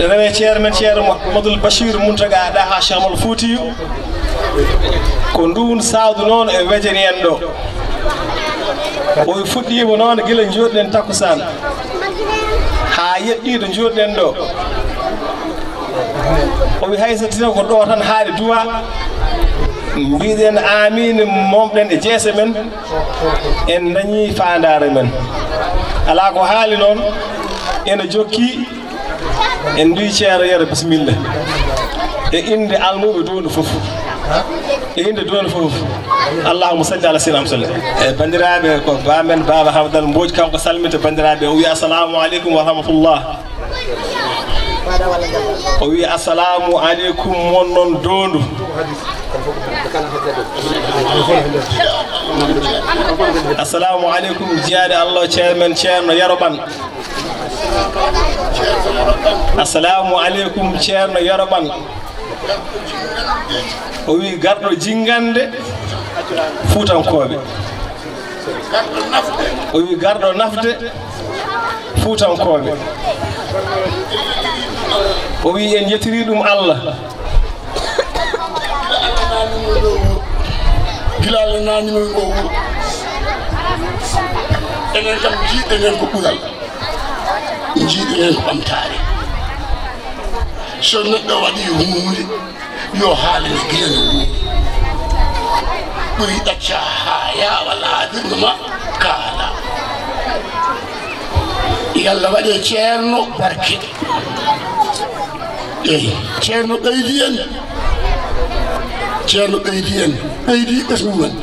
ربي شير من شير محمد البشير منتقى داها شخص مرفوتيو كندون ساود نون ويجري أندو Oi futi ibu non gila jodoh dan takusan. Hayat ini jodoh dan o wi hay so tino ko ɗo tan haali duwa mbiɗen amine momɗen e jeese men en dañi fandare men ala ko haali noon ene jokki en mbi ceero yere bisimilla e inde almuɓe dondu foof e inde dondu foof allahuma salli ala sina musalla e bandiraɓe ko bamen baba hamdal mboji kanko salmita bandiraɓe o wiya assalamu aleykum wa rahmatullah o wi assalamu aleykum mon noon dondu assalamu aleykum jiyaade allah ceermen ceerno yaroɓan assalamu aleykum ceerno yaroɓan o wi garɗo jingande fuutankoɓe o wi garɗo nafde fuutankoɓe o wi en yettiri ɗum allah gilal nanimi o wuuro enen kam jiiɗenen ko ɓural jiiɗenen ko ɓamtare so neɗɗo waɗi hunde yo haalene gilane wuuri ɓuri ɗacca ha yawa laadirno ma kaala e yallambaɗe ceerno barke eyi ceerno ɓeydi en ceerno ɓeydi en ɓeydi ɓesmumen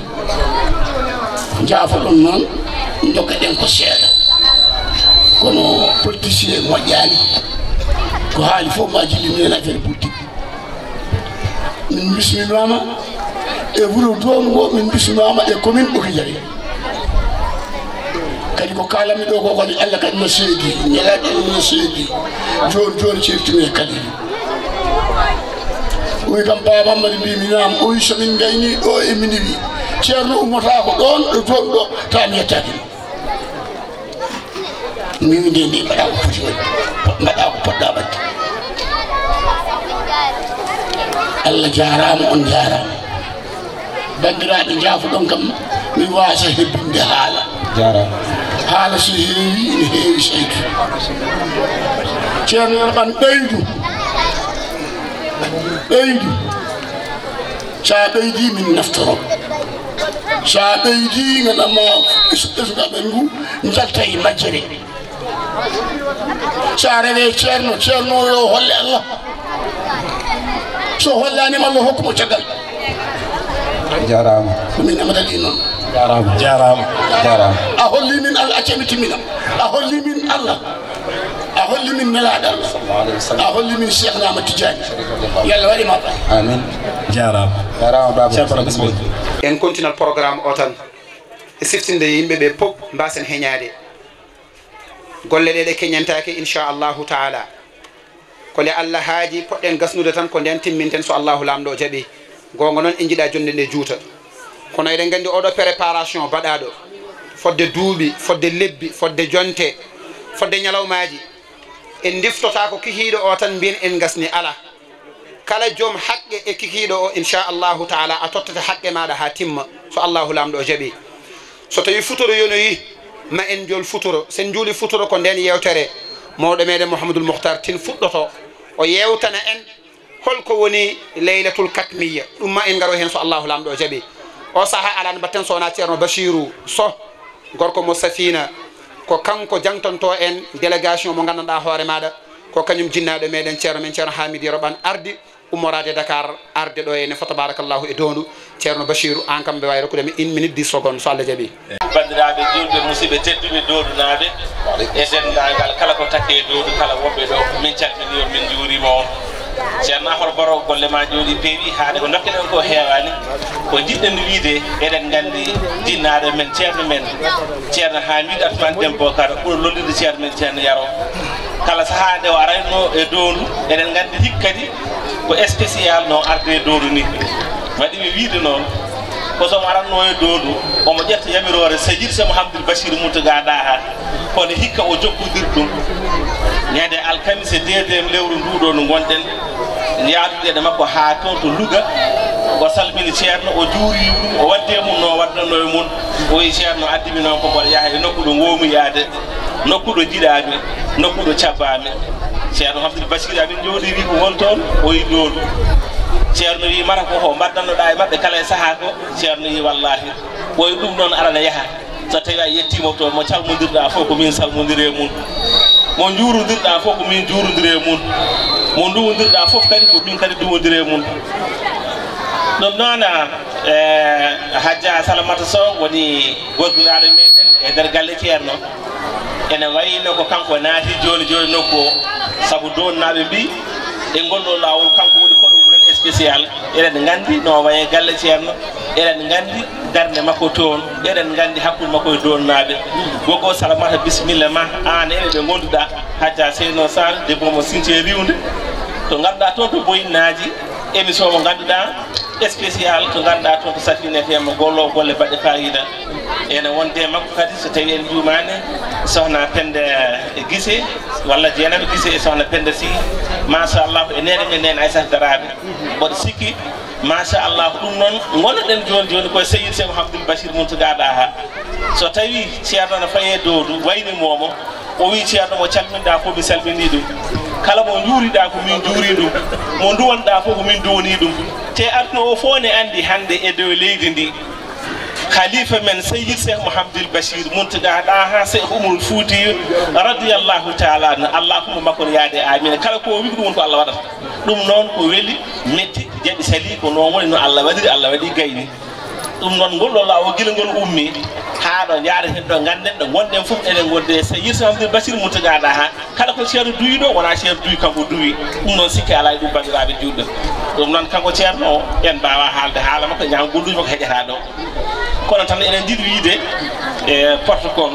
jaafo ɗum noon jokkaɗen ko seeɗa kono politicien moƴƴani ko haali fof ma jilli men affaire politique min bisminoma e wuuro downgo min bisminoma e commune ɓoki jari kadi ko kalanmi ɗo ko kadi allah kadi no seedi ñalaɗe allah no seedi joni joni seftine kadi oyi kam babam mbaɗi mbimi nam oyi somin gayni ɗo emi niwi ceerno ummata ko ɗon ɗo toon ɗo tawami yettaki mbimi nde nde mbaɗa ko foti waɗi mbaɗa ko poɗɗa wadde allah jarama on jarama bandiraɓe jaafo ɗon kam mi wasa hebbinde haala jarama haala so heewi ne heewi seydu ceerno en ɓan ɓeydu ɓeydu so a ɓeydi min naftoro so a ɓeydi ganama ɓesgaɓe ngu jalta e majjere so a rewe ceerno ceerno yo holle allah so hollanima allah hokkuma caggal jarama ɗumin amadali noon jarama a holli min allah accemi timmina a holli min allah a holli min nelaɗal a holli min cheikh nama tidiani yallah waɗi maɓa amin jarama en continual programme o tan e siftinde yimɓeɓe pop mbasen heñade golle ɗe ɗe keñantake inchallahu taala ko nde allah haaji poɗɗen gasnude tan ko nden timminten so allahu lamɗo jaaɓi gonga noon e jiiɗa jonde nde juuta kono eden gandi odo préparation badado fodde duubi fodde lebbi fodde jonte fodde nyalawmaaji en diftota ko kihido o tan bin en gasni ala kala jom hakke e kihido o insha Allah taala a tottata haqqe maɗa ha timma so allahu lamdo jabi so tawi futoro yonoyi ma en jol futuro sen juli futuro ko den yewtere mawɗo mede muhammadul muhtar tin fuddoto o yewtana en holko woni laylatul katmiya dum ma en garo hen so allahu lamdo jabi o saaha alani batten sowona ceerno bachiru so gorko mo safina ko kanko jangtanto en délégation mo gandanɗa hoore maɗa ko kañum jinnaɗo meɗen ceerno men ceerno hamid yeroɓan ardi ummorade dakar arde ɗo ene fo tabarakallahu e dondu ceerno bachiru an kam ɓe wawi rokkude mi une minute dix seconde so allah jaaɓi bandiraɓe julɓe musidɓe tedduɓe dondunaɓe e dendagal kala ko takke dondu kala wonɓe ɗo min calminio min juurima on ceerna hol boro golle ma jooɗi peewi haade ko dokkene on ko heewani ko jiɗɗen wiide eɗen nganndi jinnaaɗo men ceerno men ceerno hamide atmane dembocar ɓuuro lollirde ceerno men ceerno yaro kala sahaa nde o aranno e doolu eɗen nganndi hikkadi ko spécial no arde e doolu ni waɗi mi wiide noon ko somo aranno e dow ɗo omo ƴetta yamirore so yiɗi somo hamdoul bachir mutaga ɗa ha kono hikka o jokkodir ɗum ñande alkamise dedéme lewru nduɗo no gonɗen yaaduɗe ɗe makko ha to to luga o salmini ceerno o juuri ɗum o wadde mum no waɗɗanno e mum o ceerno addimi noon ko mboɗa yaha e nokku ɗo gomuyaade jiɗami nokku cabbami ceerno hamdoul bachir amin jooɗi ko won toon o yi ceerno wi mata ko ko mbaddannoɗa e maɓɓe kala e sahaa ko ceerno wi wallahi koye ɗum noon arana yaha so tawi a yettimo to mo calmodirɗa fof ko min salmodiri e mum mo juurodirɗa fof ko min juurodiri e mum mo duwodirɗa fof kadi ko min kadi duwodiri e mum ɗum noona eh, hajja salamata so woni gorgiraɗo meɗen e nder galle ceerno ene wayino ko kanko e naati joni joni nokku o saabu donnaɓe mbi e ngolɗo lawol kanko woni koɗo munen e spécial eɗen gandi no waye galle ceerno eɗen gandi darde makko toon eɗen gandi hakkude makko e donnaɓe goko salamata bisimilla ma an ene ɓe gonduɗa hadja seyno sal debomo sintie riwde to ganduɗa toon to boyinnaji émission mo ganduɗa spécial ko ganduɗa toon ko satine fema gollo golle baɗɗe fayida ene wonde makko kadi so tawi en jumani sohna pende guise walla jeenaɓe guise e sohna pende sii machallahu e nene men nene aysata daraɓe mboɗo sikki machallah ɗum noon gonoɗen joni joni koye seyid chekh hamdoul bacir muntugaɗaha so tawi ceerno no faye dowdu waynimomo o wi ceerno mo calminɗa fo mi salmini ɗum kala mo juuriɗa ko min juuri ɗum mo duwanɗa fo ko min duwoni ɗum te arno o fo ne andi hande e dow leydi ndi خليفة من سيد سيد محمد البشير منتدى آها سيد أم الفوتي رضي الله تعالى اللهم ما كن يادي آمين كالكو كو الله ورد نوم نون كو ويلي متي جد سلي كو نوم ولي نو الله ودري الله ودري غيني ɗum noon ngol ɗo laawol gila ngol ummi haa ɗo jaareten ɗo ngannden ɗo gonɗen fof eɗen gonde so yirsi hamdul basir mutagaɗa ha kala ko ceerno duwi ɗo wona ceerno duwi kanko duwi ɗum noon sikki ala e ɗum bandiraɓe juɗɗo ɗum noon kanko ceerno o en mbawa haalde haala makko ñaam golluji makko heƴata ɗo kono tan eɗen jiɗi wiide e porte kon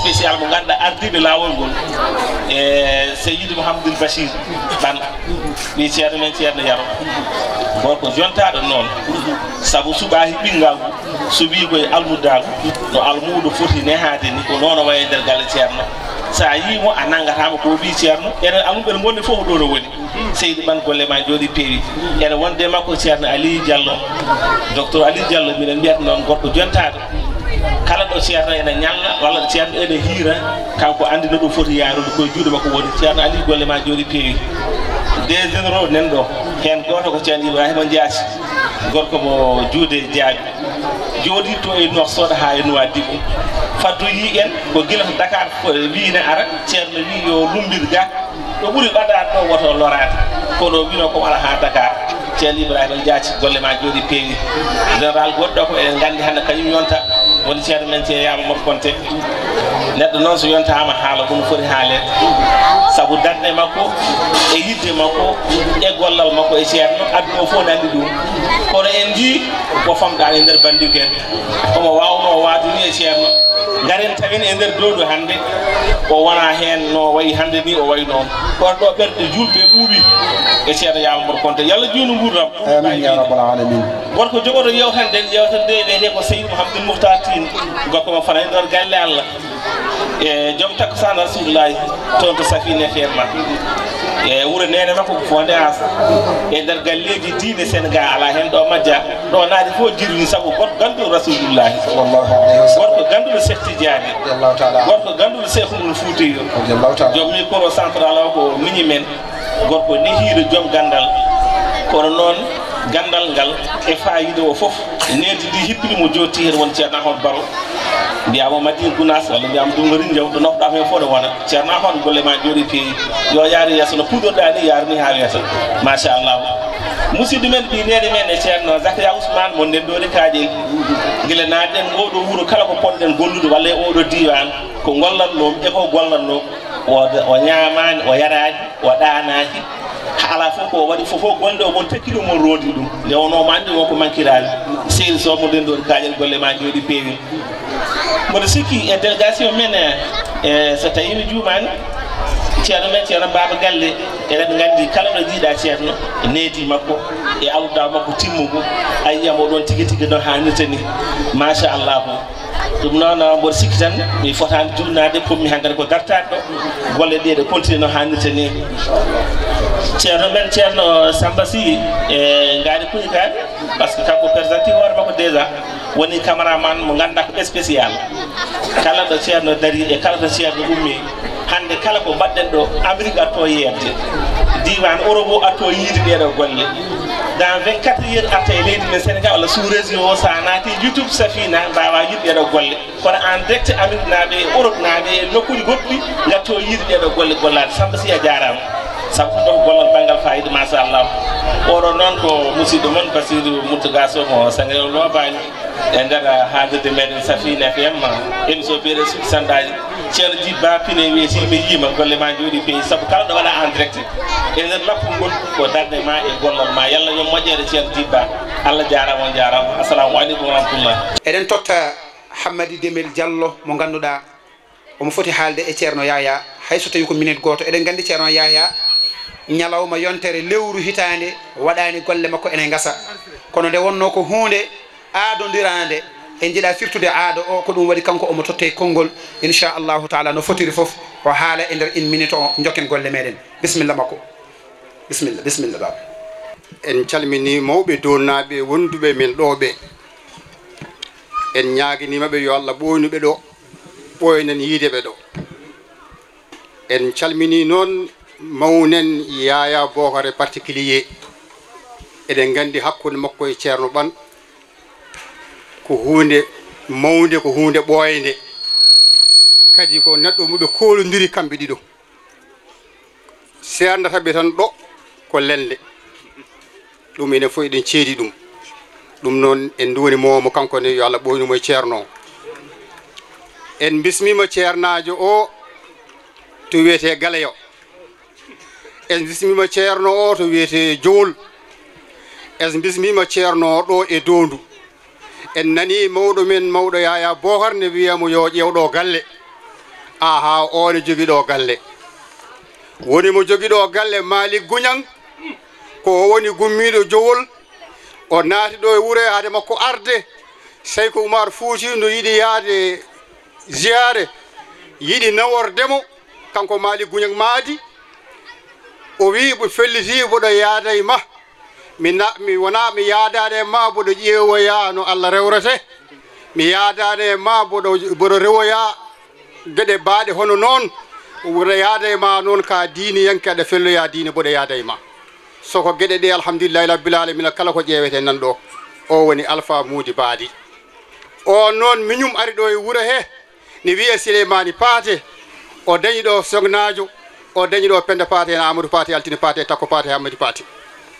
spécial mo ganduɗa ardiɓe laawol ngol e so yiɗi mouhamadoul bachir ɓanɗa wi men ceerno yaro gorko jontaɗo noon saabu suɓaaki ɓinngal suɓii koye almuddaago no almuudo foti nehaade ni ko noon o waye ndeer galle ceerno so a yiimo a nanngataama ko wii ceerno ene almuɓere ngonde fof ɗo no woni seydi ɓan golle ma jooɗi peewi ene wonde makko ceerno alii diallo docteur alii diallo minen mbiyata noon gorko jontaaɗo kala ɗo ceerno ene ñalla walla ceerno ene hiira kanko andino ɗo foti yaarude koye juuɗe makko woni ceerno alii golle ma jooɗi peewi des généraux nan ɗo hen goto ko ceerno ibrahima jaati gorko mo juude jaabi jooɗi to e nox sooɗa ha e nowa diɓo faddu yi en ko gila to dakar wiine ara ceerno wi yo lumbir ga ɗo ɓuuri ɓadade ɗo woto lorade kono wino ko wala ha dakar ceerno ibrahima jaati golle ma jooɗi peewi général goɗɗo ko eɗen gandi hande kañum yonta woni ceerno men ceeri amadou konté neɗɗo noon so yontama haala hono foti haalede saabu darde makko e yidde makko e gollal makko e ceerno aduna o fof ne ɗum kono en jii ko famɗani e nder bandiko en omo wawno waaduni e ceerno garen tawen e nder dowdu hannde o wona heen no wayi hannde ni o wayi noon kon ɗo ɓerɗe julɓe e ɓuuɓi e ceeda yamamoto konte yallah juunu nguurdam amin ya rabbal alamin gorko jogoto yewtan nden yewtan de wiyete ko seydi mohamdin mouhtar tin gokko mo fana ndon galle allah e joom takkosan rasulullahi toon to safine e fermat eyyi wuuro nene makko ko fonde ansa e nder galleji diine sénéga ala hen ɗo majja ɗo naade fof jirni saabu goto ganduɗo rasulullahi gorko ganduɗo sefti diani gorko ganduɗo cheikhumul fouti joom mi koro central o ko miñi men gorko nehiiɗo joom gandal kono noon gandal ngal e fayide o foof nedi ndi hippinimo jotti hen won ceerna hon baro mbiyama madin gunas walla mbiyama dongori jaw ɗo nokɗa men fof ɗo wona ceerna hon golle ma jooɗi peewi yo yaari yesso no puudorɗa ni yarani ha yesso machallah musidɗo men ɓi nene men e ceerno zakaria ousmane mo ndendori kaaje guila naɗen oɗo wuuro kala ko ponɗen gollude walla e oɗo diwan ko gollatnom eko gollatno e o ñamani o yarani o ɗanaki haala fen ko waɗi fofo gonɗo omon takkilo mon roodi ɗum nde wonoma andi wonko mankirani sehil so mo ɗen ɗon kaƴel golle ma jooɗi peewi mboɗo sikki e délégation men e eh, so tawi mi juumani ceerno men ceerno baaba galle eɗen nganndi kala ɗo jiiɗa ceerno e needi makko e awda makko timmugo a yiyam oɗon tigi tigi no hannirta ni machallah ko ɗum noon mboɗo sikki tan mi fotani jurnade pommi ha ngari ko dartade ɗo golle ɗe ɗe continue no hannirta ni ceerno men ceerno sambasi e ngaari kuyi kaade par ce que kanko présenté hoore makko déjà woni camaraman mo gandak spécial kala ɗo ceerno dari e kala ɗo ceerno ummi hande kala ko mbaɗɗen ɗo amérique atto yeyatde diwan europe o atto yiide ɗeɗo golle dans 24 heures atta e leydi men sénégal walla sous région o sa naati youtube safina mbawa yiide ɗeɗo golle kono en direct amérique naaɓe e europe naaɓe e nokkuji goɗɗi gatto yiide ɗeɗo golle gollade samba si a jarama sabu ko ɗon gollal banggal fayida machallah oɗo noon ko musidɗo moon basiru mourtagas o mo sangirew lobani e nder eh, haalirde meɗen safine fm émission biyeɗe suuɗi sandaji ceerno djiby ba pine weetiɓe yiima golle ma jooɗi peeyi saabu kala ɗo waɗa en direct e ya, nder ya, lappugol ko darde ma e gollal ma yalla yo moƴƴere ceerno djiby ba allah jara on jarama assalamu aleykum wa rahmatullah eɗen totta hammadi demel diallo mo ganduɗa omo foti haalde e ceerno yaya hayso tawi ko minute goto eɗen gandi ceerno yaya ñalawma yontere lewru hitande waɗani golle makko ene gasa kono nde wonno ko hunde aadodirande en jiiɗa firtude aada o ko ɗum waɗi kanko omo totte konngol inchallahu taala no fotiri foof o haala e nder une minute o jokken golle meɗen bisimilla makko bisimilla bisimilla baba en calmini mawɓe donnaɓe wonduɓe men ɗoɓe en ñaguinimaɓe yo allah ɓoynuɓe ɗo ɓoynen yiideɓe ɗo en calmini noon mawnen yaya bokar e particulier eɗen gandi hakkude makko e ceerno ɓan ko hunde mawde ko hunde ɓoyde kadi ko neɗɗo muɗo kolodiri kamɓe ɗiɗo seerdataɓe tan ɗo ko lelde ɗum ene fof eɗen ceedi ɗum ɗum noon en duwoni momo kanko ne yo allah ɓoynumo e ceerno o en bismima ceernajo o to wiyete galeyo en bismima ceerno o to wiyete jowol en bismima ceerno ɗo e dondu en nani mawɗo men mawɗo yaya bohar ne wiyamo yo ƴewɗo galle aha o ne joguiɗo galle woni mo joguiɗo galle maali guñang ko woni gummiɗo jowol o naati ɗo e wuure hade makko arde sey ko oumar fouti no yiɗi yaade jiyare yiɗi naworde mo kanko maali guñang maadi o wi ɓo felliti boɗo yaada e ma mimi wona mi yaadade e ma boɗo ƴeewoya no allah rewrete mi yaadade e ma boɗo boɗo rewoya geɗe baaɗe hono noon woɗo yaada e ma noon ka diini yanke aɗa felloya diini boɗo yaada e ma soko geɗe ɗe alhamdulillahi rabbilalamina kala ko ƴeewete nan ɗo o woni alpha muudi baadi o noon miñum ari ɗo e wuuro he ne wiya sileymani paate o dañi ɗo sognaajo o dañi ɗo pende paate hen amadou paaty altine paate takko paate hammadi paaty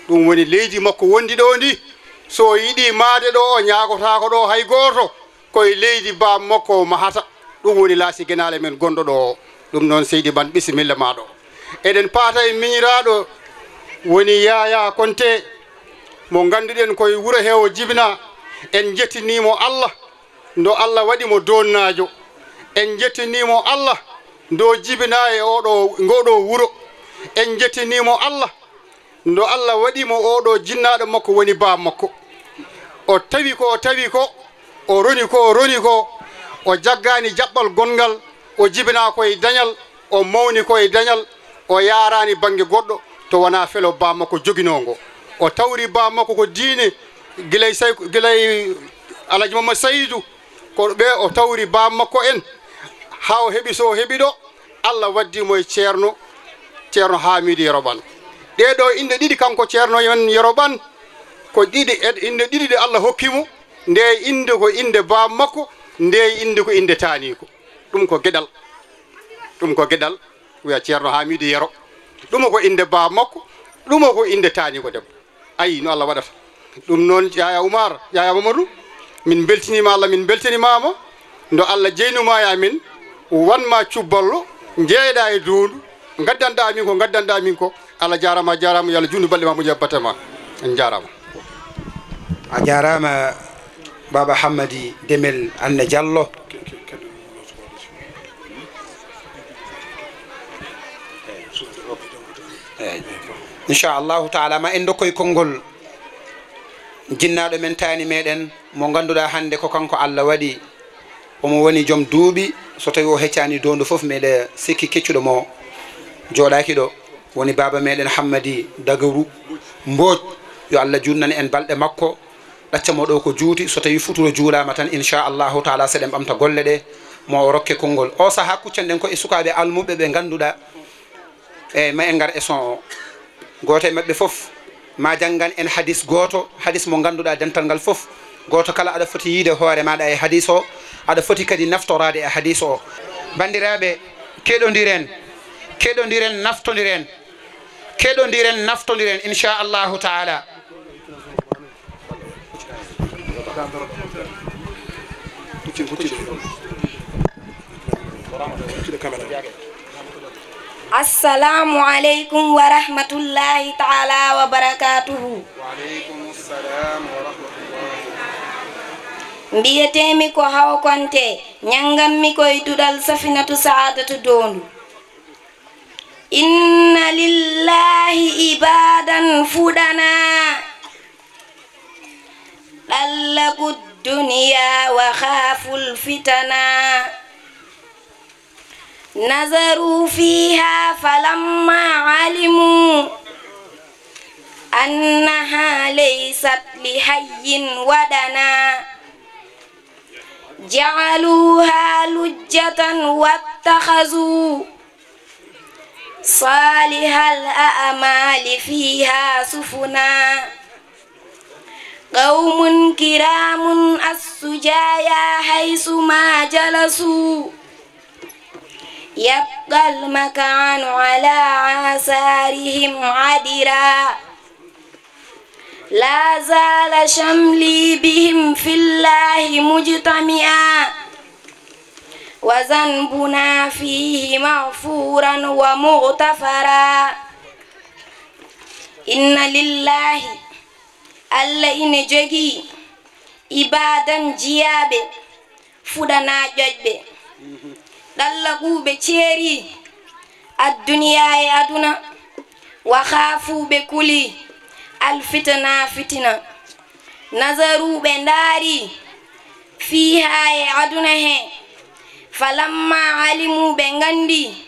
ɗum woni leydi makko wondi ɗo ndi so yiɗi maade ɗo o ñagotako ɗo hay goto koye leydi bam makko mahata ɗum woni laasi guenale men gonɗo ɗo o ɗum noon seydi ban ɓisimilla maɗo eɗen paata e miñiraɗo woni yaya konte mo ganduɗen koye wuuro hewo jibina en jettinimo allah ndo allah waɗimo donnajo en jettinimo allah ndo jibina e oɗo ngoɗo wuro en jetinimo allah ndo allah waɗimo oɗo jinnaɗo makko woni ba makko o tawi ko o tawi ko o roni ko o roni ko o jaggani jaɓɓal gongal o jibina koye dañal o mawni koye dañal o yarani bangge goɗɗo to wona felo ba makko joguinongo o tawri ba makko ko diine guilay say guilay alaji mamadou saydou ko ɓe o tawri ba makko en ha o heɓi so o heɓi ɗo allah waddimo e ceerno ceerno hamidi yeroban ɗeɗo inde ɗiɗi kanko ceerno en yeroban ko ɗiɗi e inde ɗiɗi ɗe allah hokkimo nde inde ko inde bam makko nde inde ko inde taniko ɗum ko gueɗal ɗum ko gueɗal wiya ceerno hamidi yero ɗum ko inde bam makko ɗum ko inde taniko debbo ayi no allah waɗata ɗum noon yaya oumar yaya mamadou min beltinima allah min beltinimama nde allah jeynumaya min wanma cubballo jeeyɗa e dondu gaddanɗa min ko gaddanɗa min ko allah jarama a jarama yo allah junndu balɗe ma moƴi abbata ma en jarama a jarama baba hammadi demel anne diallo inchallahu taala ma en dokkoye konngol jinnaɗo men tani meɗen mo ganduɗa hande ko kanko allah waɗi omo woni joom duuɓi so tawi o heccani dondu foof meɗe sikki keccuɗo mo joɗaki ɗo woni baba meɗen hammadi dagaru mbooj yo allah jurnani en balɗe makko ɗaccamo ɗo ko juuti so tawi futuro juulama tan inchallahu taala seɗen ɓamta golle ɗe mo o rokke konngol o saha kuccan ɗen ko e sukaɓe almuɓe ɓe ganduɗa eyi ma en gar e son o goto e mabɓe foof ma janggan en hadis goto hadis mo ganduɗa dental ngal foof goto kala aɗa foti yiide hoore maɗa e hadis o aɗa foti kadi naftorade e hadis o bandiraɓe keɗodiren keɗodiren naftodiren keɗodiren naftodiren inchallahu taala assalamu aleykum wa rahmatullahi taala wa barakatuhu wa aleykum salam wa rahmatullah mbiyetemi ko haw konte ñanganmi koye duɗal safinatu saadatu dondu inna lillahi ibadan fuɗana ɗallagu duniya wa khaful nazaru fiha falamma alimu annaha laysat lihayyin wadana جعلوها لجة واتخذوا صالح الأعمال فيها سفنا قوم كرام السجايا حيث ما جلسوا يبقى المكان على آثارهم عدرا لا زال شملي بهم في الله مجتمعا وذنبنا فيه مغفورا ومغتفرا إن لله الله إن جيجي إبادا جيابي فدنا جوجبي ɗallaguɓe بشيري الدنيا أدنا aduna wa haafuɓe alfitana fitina nazaru bendari ndaari fiha e aduna he falamma alimu bengandi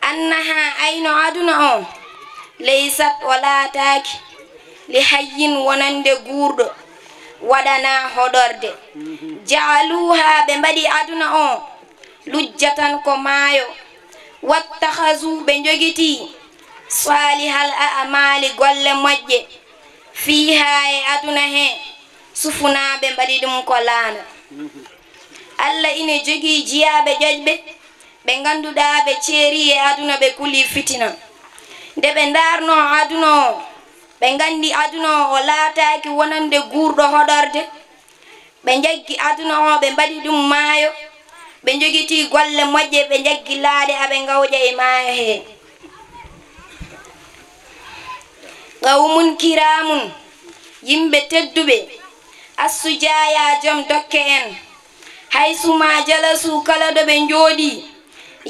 annaha ayno aduna o leysat wala taaki li hayyin wonande guurɗo waɗana hoɗorde jaaluha ɓe mbaɗi aduna o lujjatan ko maayo wattahasu ɓe jogiti salihal a'amali golle moƴƴe fi ha e aduna he sufunaɓe mbaɗi ɗum ko laana allah ine jogui jiyaɓe ƴoƴɓe ɓe ganduɗa ɓe ceeri e aduna ɓe kuli fitina nde ɓe darno aduna o ɓe gandi aduna o o laataki wonande gurɗo hoɗorde ɓe jaggi aduna o ɓe mbaɗi ɗum maayo ɓe jogiti golle moƴƴe ɓe jaggi laaɗe aɓe gawƴa e maayo hee qawmun kiramun yimɓe tedduɓe assujaya jom dokke en hay suma jalasu kala ɗo ɓe jooɗi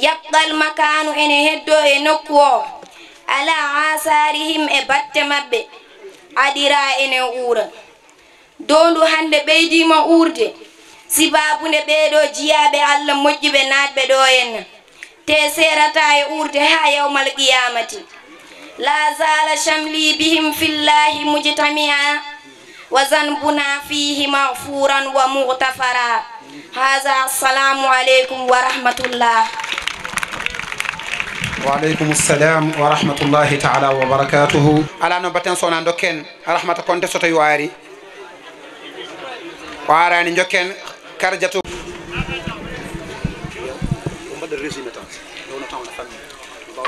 yaɓɓal makanu ene heddo e nokku o ala asarihim e batte maɓɓe aɗira ene uura dondu hande ɓeydima uurde sibabunde ɓeeɗo jiyaɓe allah moƴƴuɓe naatɓe ɗo en te serata e uurde ha yawmal qiyamati لا زال شملي بهم في الله مجتمعا وذنبنا فيه مغفورا ومغتفرا هذا السلام عليكم ورحمة الله waaleykum salam wa rahmatullahi taala wa barakatuhu ala no batten sowna dokken rahmata konte soto waari o arani jokken karjatu mbaɗa résumé tan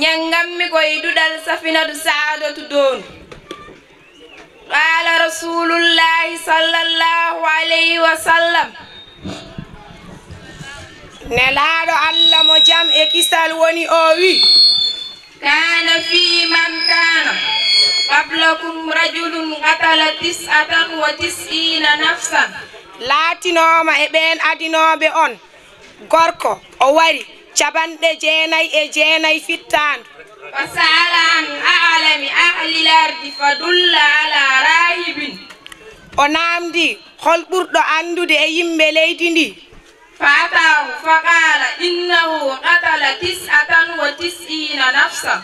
ñangammi koye duɗal safinatu saadatu dondu qala rasulullahi sallllahu alayhi wa sallam nelaaɗo allah mo jam e kisal woni o wi kana fi man kana qablakum rajulum qatala tisatan wa tisina nafsan laatinoma e ɓen adinoɓe on gorko o wari capanɗe jeenayi e jeenayi fittaandu fasalan alami ahlilardi fadulla ala rahibin o namdi hol ɓurɗo andude e yimɓe leydi ndi fatahu faqala innahu katala tisatan wa tisina nafsa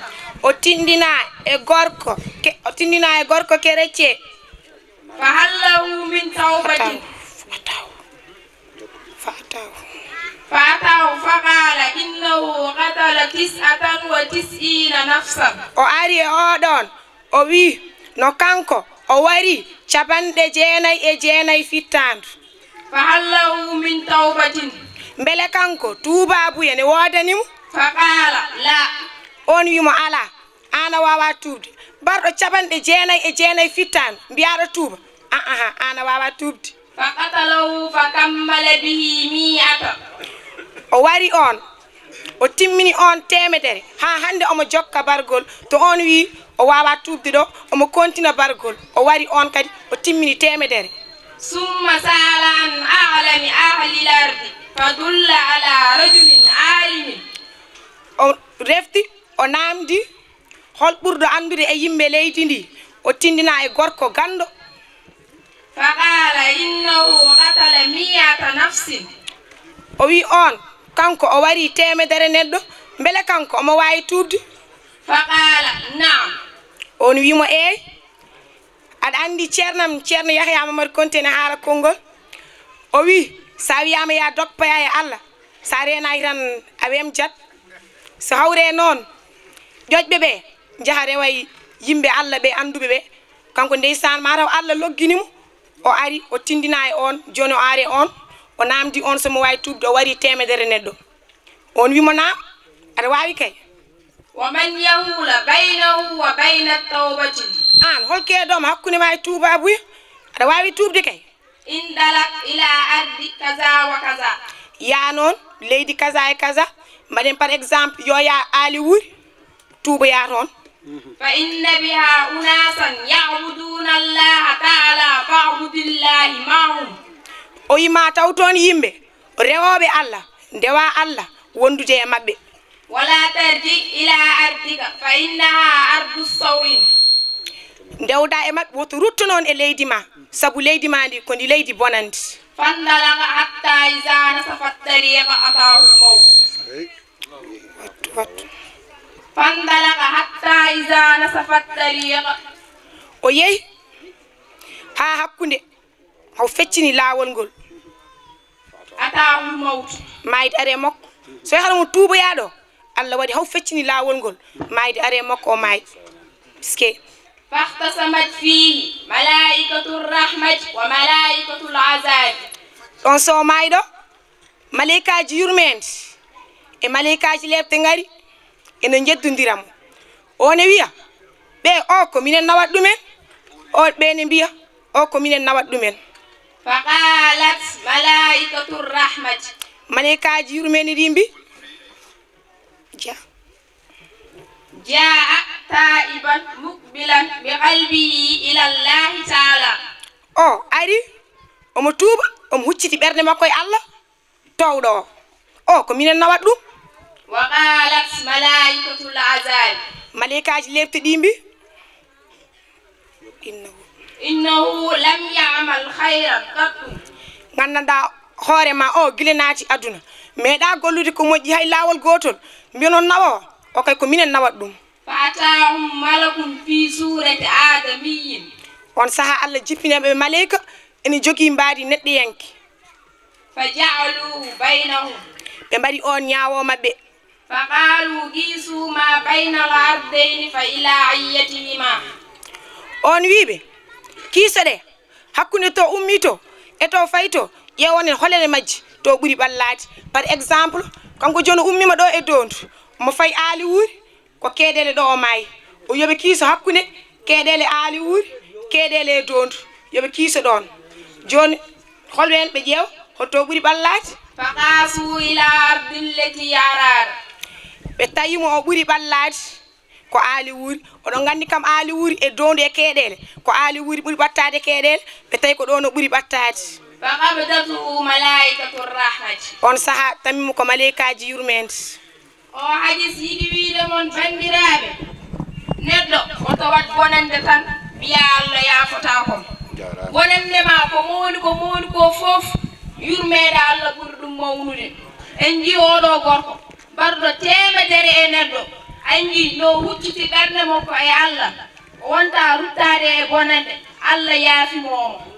o tindina e gorko o tindina e gorko kerecce fahallahu min tawbatin fatahu fatahu o ari e oɗon o wii no kanko o wari capanɗe jeenayi e jeenayi fittandu mbele kanko tubabu ene woodanimo on wimo ala ana wawa tubde barɗo capanɗe jeenayi e jeenayi fittandu mbiyaɗo tuuba aa ana wawa tubde o wari on o timmini on temedere ha hande omo jokka bargol to on wi o wawa tubde ɗo omo kontina bargol o wari on kadi o timmini temedere summa salan alami ahlilardi fadulla ala rajulin alimin o refti o namdi hol ɓurɗo andude e yimɓe leydi ndi o tindina e gorko ganɗo faqala innahu qatala miyata nafsin o wi on kanko o wari temedere neɗɗo beele kanko omo wawi tubde faala nam on wimo eyi aɗa andi ceernam ceerno yahyama mari konte ne haala konngol o wi sa wiyama ya dog paya e allah sa renayi tan a wem jat so hawre noon ƴoƴɓe ɓe jaaha rewayi yimɓe allah ɓe anduɓe ɓe kanko ndeysan mataw allah logginimo o ari o tindina e on joni o ari on o namdi on somo wawi tubde o temedere neɗɗo on wimo naam aɗa kay wa yahula baynahu wa bayna tawbati an hol keeɗoma hakkude ma e tubabuya aɗa wawi kay indalak ila ardi kaza wa kaza ya leydi kaza e kaza mbaɗen par exemple yo ya aali wuuri tuuboya toon biha unasan yabuduna allaha taala fabudillahi mahum o yima taw toon yimɓe rewoɓe allah ndewa allah wondude e maɓɓe wala tardi ila ardiga fa innaha ardu sawin ndewda e maɓɓe woto rutto noon e leydi ma saabu leydi ma ndi kondi leydi bonandi fandalaga hatta isanasa fattariyama atahul mawt wattu fandalaga hatta isanasa fattariyama o yeehi ha hakkunde haw feccini laawol ngol atahu mawtu mayde are makko so wi hara mo tuuboyaɗo allah waɗi haw feccini laawol ngol mayde are makko o maayi piske fahtasamat fihi malaikatu rahmati wa malaikatu lazabi ɗon so o maayi ɗo malaikaji yurmede e malaikaji lebte ngari ene jeddodiramo o ne wiya ɓe o ko minen nawat ɗumen o ɓe ne mbiya o ko minen nawat ɗumen faqalat mane kaaji yurmeni ɗi mbi ja jaa taiban mukbilan bi qalbi ila allah taala o ari tuba o mo hucciti berne makko e allah tawdo o Oh, ko minen nawat ɗum wa qalat malaikatul azal malaikaaji lefte dimbi innahu innahu lam yamal hayran kattu gandanɗa hoorema o gilenaati aduna meeɗa gollude ko moƴƴi hay laawol gootol mbiyonon nawoo o kay ko minen nawat ɗum fataum malakum fi surati adamiyin on saaha allah jippinaɓe maleyka ene jogii mbaadi neɗɗo yenke fa jaaluu baynahum ɓe mbaɗi o ñaawoo maɓɓe faqaaluu giisuuma baynal ardeyni fa ila ayyatihima on wiiɓe kiise ɗe hakkunde to ummii to e to fay to ƴewonen holere majji to ɓuuri ɓallade par exemple kanko joni ummima ɗo e dondu mo fayi aali wuuri ko keeɗele ɗo o maayi o yoɓe kiiso hakkunde keeɗele aali wuuri keeɗele e dondu yoɓe kiiso ɗon joni holɓe hen ɓe ƴeew hotto ɓuuri ɓallade faqasuu ila ardilleti yarar ɓe tawimo o ɓuuri ɓallade ko aali wuuri oɗon gandi kam aali wuuri e dondu e keeɗele ko aali wuuri ɓuuri ɓattade keeɗele ɓe tawi ko ɗo no ɓuuri ɓattade on saaha tamimo ko malaikaji yurmede o hadis yiɗi wiide mon bandiraɓe neɗɗo oto wat bonande tan wiya allah yaafota kom bonande ma ko mowoni ko mowoni ko foof yurmede allah ɓuri ɗum mawnude en ji oɗo gorko mbarɗo temedere e neɗɗo anji no huccuti ɓernde mokko e allah wonta ruttade e bonande allah yaafimo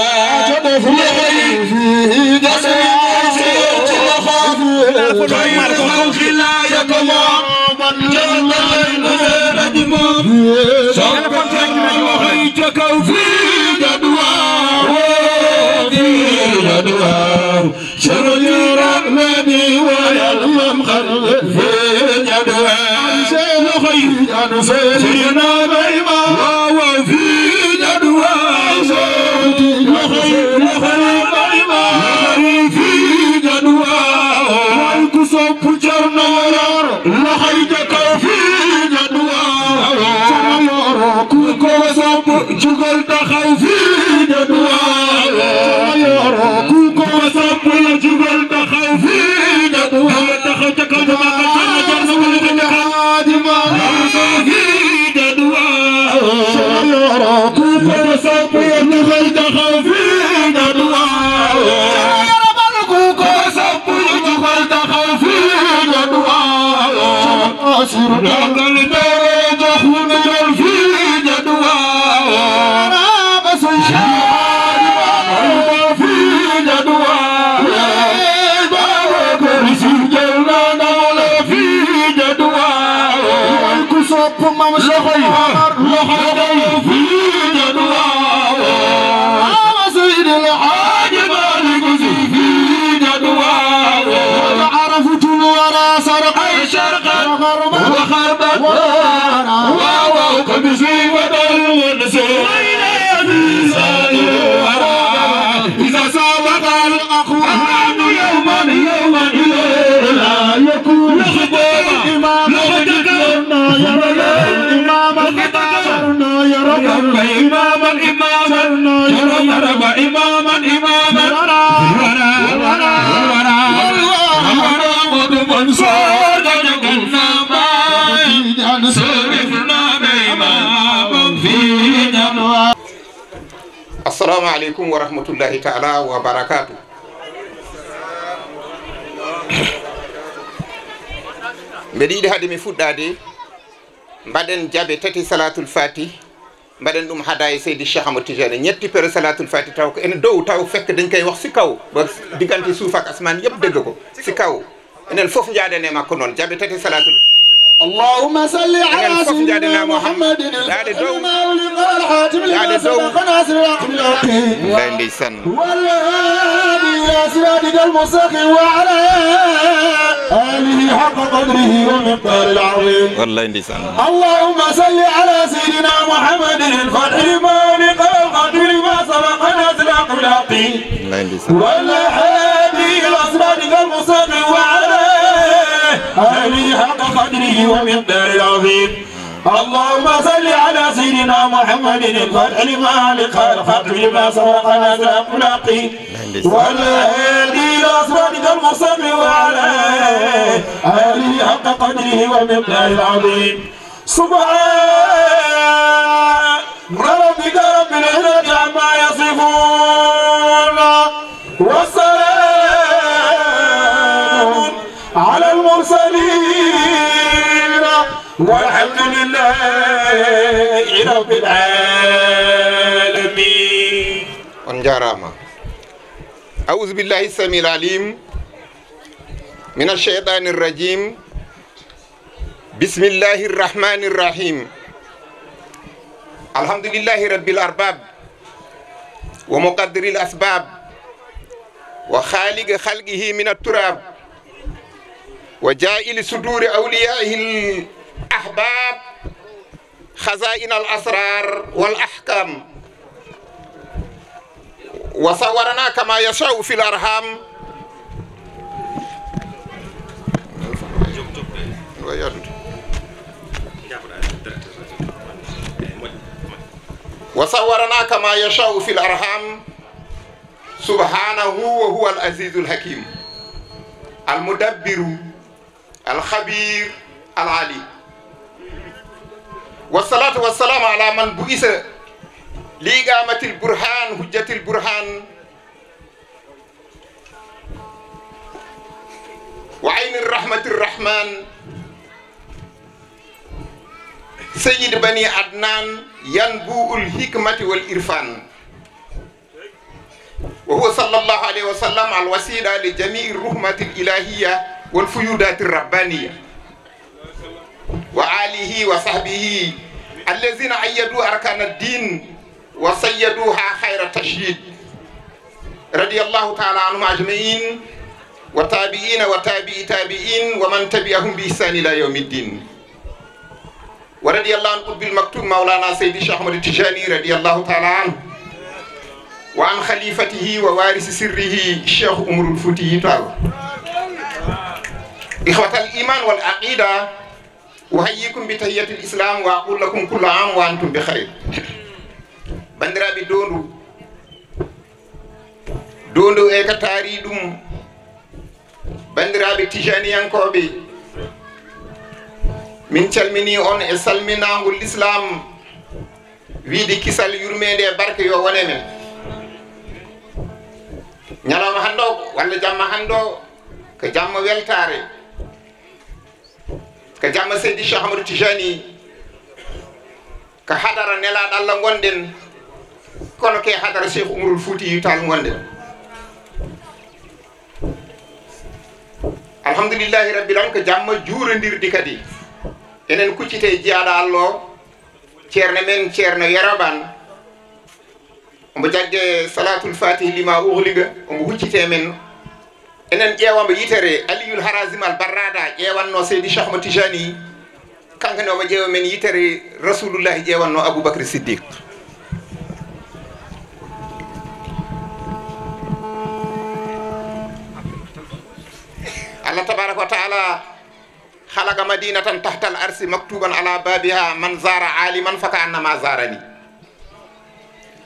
ko doon maar ko xaw si laaya ko moom jël nañ la rajo moom soo ko waxee ca kaw fii jadu waaw fii jadu waaw sunu ñu rahmani wayal mam xar fii jadu waaw seen xëy jadu fee si naa bay ma إماما إماما السلام عليكم ورحمة الله تعالى وبركاته mbeɗa yiɗi haade mi fuɗɗade mbaɗen jaabe tati salatul fatih mboolem xadaay Seydi Cheikh Ahmad Tidiane ñetti pere salaatul fati taw ko ene dow taw fekk dañ koy wax si kaw ba diggante suuf ak asmaan yëpp dégg ko si kaw enen fof jaadane makko noon jaɓe tati salatul اللهم صل على سيدنا محمد المولى الحاتم لما سبق ناصر العقل العقيم والهادي إلى سرادنا المساق وعلى آله حق قدره والمقدار العظيم والله سنة. اللهم صل على سيدنا محمد الفتح لما ولق القدر لما سبق نزل أخلاقي ولا هادي الاسراد سرادنا المستقيم وعلى آله حق قدره والمقدار العظيم اللهم صل على سيدنا محمد الفتح لما لقى الفتح لما سبق نزل ملاقي والهادي الى صراطك وعلى اهله حق قدره ومقداره العظيم سبحان ربك رب العزه عما يصفون والسلام على المرسلين والحمد alhamdulillahi أعوذ بالله السميع العليم من الشيطان الرجيم بسم الله الرحمن الرحيم الحمد لله رب الأرباب ومقدر الأسباب وخالق خلقه من التراب وجائل صدور أوليائه الأحباب خزائن الأسرار والأحكام وصورنا كما يشاء في الأرحام وصورنا كما يشاء في الأرحام سبحانه وهو العزيز الحكيم المدبر الخبير العليم والصلاة والسلام على من بوئس لإقامة البرهان حجة البرهان وعين الرحمة الرحمن سيد بني عدنان ينبوء الحكمة والإرفان وهو صلى الله عليه وسلم على الوسيلة لجميع الرحمة الإلهية والفيودات الربانية وآله وصحبه الذين أيدوا أركان الدين وصيدوها خير التشهيد رضي الله تعالى عنهم أجمعين وتابعين وتابعي تابعين ومن تبعهم بإحسان إلى يوم الدين ورضي الله عن قطب المكتوب مولانا سيدي الشيخ أحمد التجاني رضي الله تعالى عنه وعن خليفته ووارث سره الشيخ عمر الفوتي إخوة الإيمان والعقيدة wahayikum bi tahiyatil islam wa aqul lakum kulla am wa antum bi khayr bandiraɓe dondu dondu e ka taari ɗum bandiraɓe tijaniyankoɓe min calmini on e salminagol l'islam wiide kisal yurmede barke yo wone men ñalawma hande o walla jamma hande o ko jamma weltare ko jamma seydi cheikh amadou tijani ko hadara nelaɗo allah gonɗen kono ke hadara cheikh umarul fouti yitaal gonɗen alhamdulillahi rabbil alamin ko jamma juurodirdi kadi enen kuccite jiyaɗo allah o ceerno men ceerno yeraban omo jagge salatul fatih lima uhliga omo huccite men enen ƴeewa mo yitere aliyul harasim al barrada ƴeewanno seydi mo tijani kanko ne omo ƴeewa men yitere rasulullahi ƴeewanno aboubacry siddiq allah tabaraka wa taala halaga madinatan tahta al arsi maktuban ala babiha man zara aliman faka annama zarani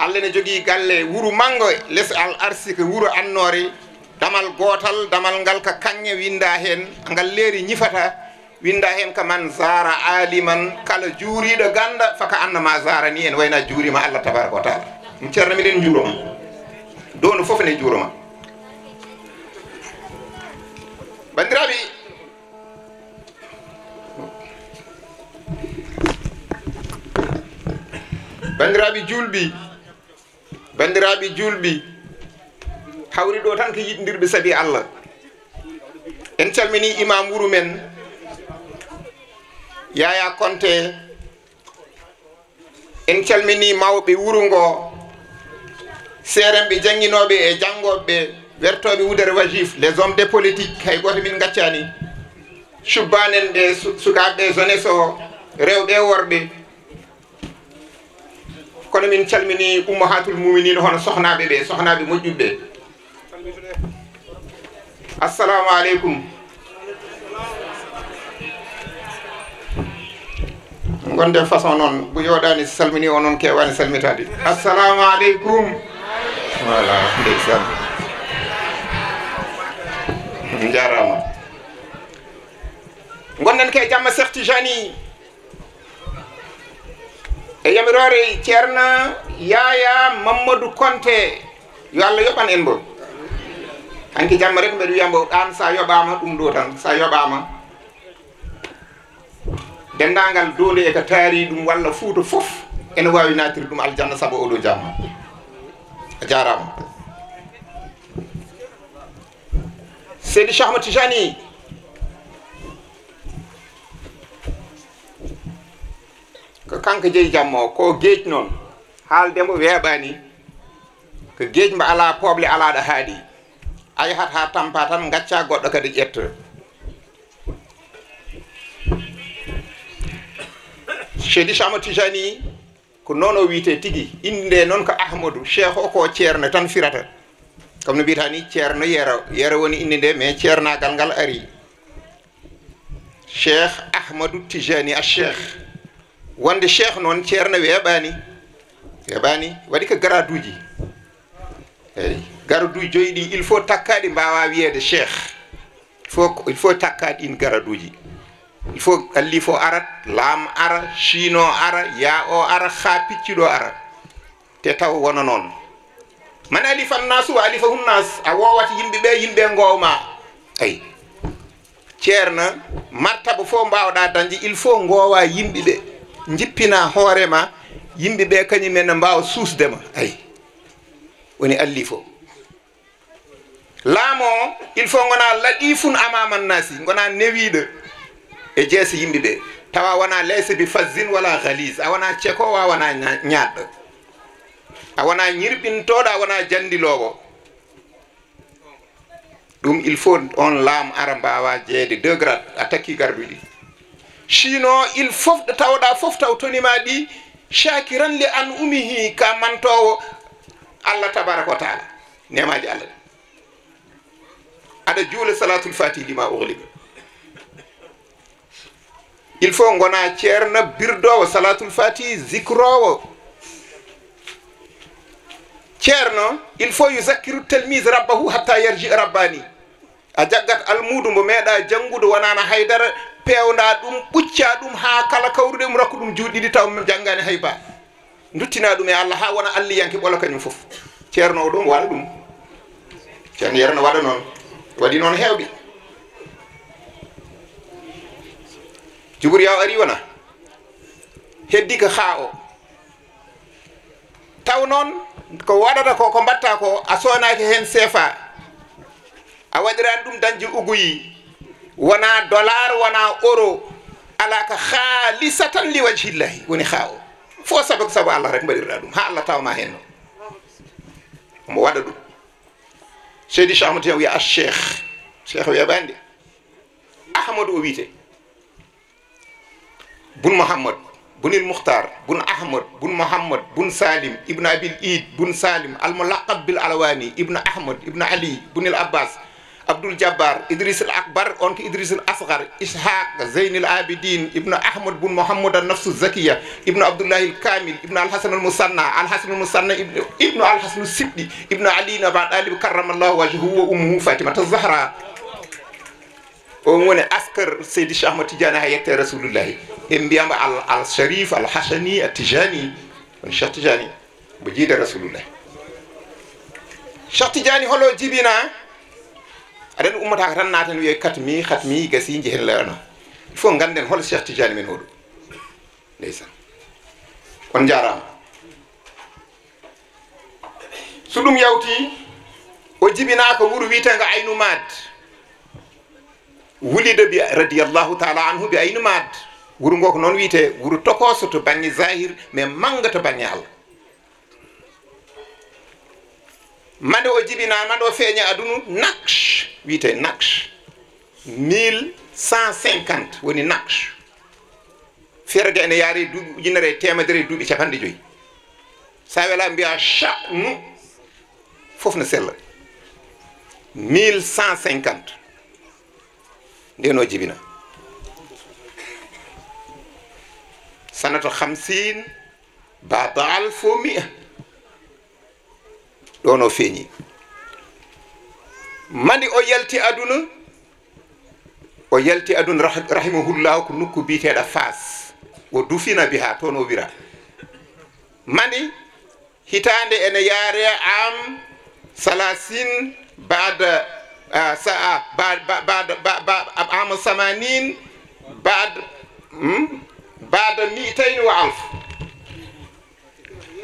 allah ne jogi galle wuro mango les al arsi ke wuro annore damal gotal damal ngal ka kanŋe winda hen ngal leeri ñifata winda hen ka man zara aliman kala juuriɗo ganda faka annama zara ni en wayna juurima allah tabaraka wa taala mi ceerno miɗen juuroma downo foof ne juuroma bandiraɓe bandiraɓe julɓi bandiraɓe julɓi hawri ɗo tan ko yiɗdirɓe saabi allah en calmini imam wuro men yaya konte en calmini mawɓe wuro ngo seeren ɓe jangguinoɓe e jangoɓeɓe wertoɓe wudere wajif les hommes de politique hay goto min gaccani subbanen ɓe sukaɓeɓe jeunesse o rewɓe worɓe kono min calmini ummahatul muminine hono sohnaɓeɓe sohnaɓe moƴƴuɓeɓe assalamu aleykum gonde façon noon bu yoɗani salmini o noon kewani salmitade assalamu aleykum voilà ndeysan jarama gonɗen ke jamma sertijani e yamirore ceerno yaya mamadou konte yo allah yoɓan en boo hanki jamma rek mbeɗa wiyambo an sa yoɓama ɗum ɗo tan sa yoɓama dendagal donde eko taari ɗum walla fouto foof ene wawi natir ɗum aljanna saabu oɗo jamma a jarama seydi chahma tijani ko kanko jeeyi jamma o ko gueej noon haaldemo weeɓani ko gueej mbo ala poble alaɗo haaɗi a yahat ha tampa tan gacca goɗɗo kadi ƴetto chedis amatijani ko noon o wiite tigi innde noon ko ahmadou cheikh o ko ceerno tan firata comme no mbiyata ni ceerno yera yera woni inde nde mais ceernagal ngal ari cheikh ahmadou tijani a cheikh wonde cheikh noon ceerno weeɓani weeɓani waɗi ko grade uji eyyi gara joyi il faut takkaɗi mbawa wiyede cheikh faut il faut takkaɗi ɗin garaduji il faut alli faut arat lam ara chino ara ya o ara ha do ara te taw wona non man alifan nasu wa alifa nas a yimbe yimɓeɓe yimɓe gowma ayi ceerno martaba fof da danji, il faut yimbe be jippina hoorema be kañumen ne mbawa suusdema ay woni alli laamu o il faut gona laɗifun amaman nasi gona newiɗo e jeese yimɓe ɓe tawa wona leysa bi fasine wala halise a wona cekowo a wona ñaɗɗo a wona ñirɓintoɗo a wona jandilowo ɗum il faut on laamu ara mbawa jeede deux grade a takki garɗu ɗi sino il fof ɗo tawɗa fof taw tonima ɗi shakiran li an umihi ka mantowo allah tabaraka wa taala nemaji allah ada juula salatul fati lima ohliɓe il faut ngona cierna birdowo salatul fati zicrowo cierno il faut yuzakiru talmiz rabbahu hatta yarji rabbani a jaggat almudu mo meeɗa janngude wonano haydara peewda ɗum ɓucca ɗum ha kala kawrude mum rakku ɗum juuɗɗiɗi taw janngani hay ba duttina ɗum e allah ha wona alliyanke ɓola kañum fof ceerno o ɗon waɗa ɗum ceerno yerno waɗa noon waɗi noon heewɓe juburyaw ari wona heddi ko haa o taw noon ko waɗata ko ko mbatta ko a sonaki heen sefa a waɗirani ɗum dañji uguyi wona dollar wona euro ala ka haalisatan li wajhillahi woni haa o fo sabu ko sabu allah rek mbaɗirɗa ɗum ha allah tawma heen noon omo waɗa ɗum سيدي شامتي ويا الشيخ شيخ ويا باندي احمد وبيتي بن محمد بن المختار بن احمد بن محمد بن سالم ابن ابي الايد بن سالم الملقب بالعلواني ابن احمد ابن علي بن العباس abdul jabbar idris al akbar on idris al asgar ishaq Zain al abidin Ibn ahmad bin Muhammad al nafsu zakiya Ibn Abdullah al kamil Ibn al hasan al musanna al hasan al musanna Ibn al hasan al sibdi Ibn ali naba dalib Allah Wajhu wa Fatima al zahra on woni askar seydi cheikh ahmad tidiane ha yette rasulullahi en mbiyama al al sharif al hasani al tijani on cheikh tijani mo jiida rasulullahi tijani holo jibina aɗen ummataka tan naaten wiye katmi katmi gasi jehen leyono il faut ganden hol cheikh tidiani men hoɗo ndeysan on jarama so ɗum yawti o jibinaka wuuro witego aynu mad wulida bi radiallahu taala anhu bi aynu mad wuuro ngo ko noon wiite wuuro tokoso to bange zahir mais manga to bange allah mande o jibina mande o feeña adunu naksh wite naksh 1150 cinquante woni naksh ferga ene yaari duuɓi ujunere temedere duuɓi capanɗe joyyi sa jibina sanata ɗon feñi feeñi mandi o yalti aduna o yalti aduna rahimahullahu ko nokku biyeteɗo fas o dufina biha toon o wira mandi hitande ene yaare am salasin bada saa bada ama samanin bada bada mitayni wa alf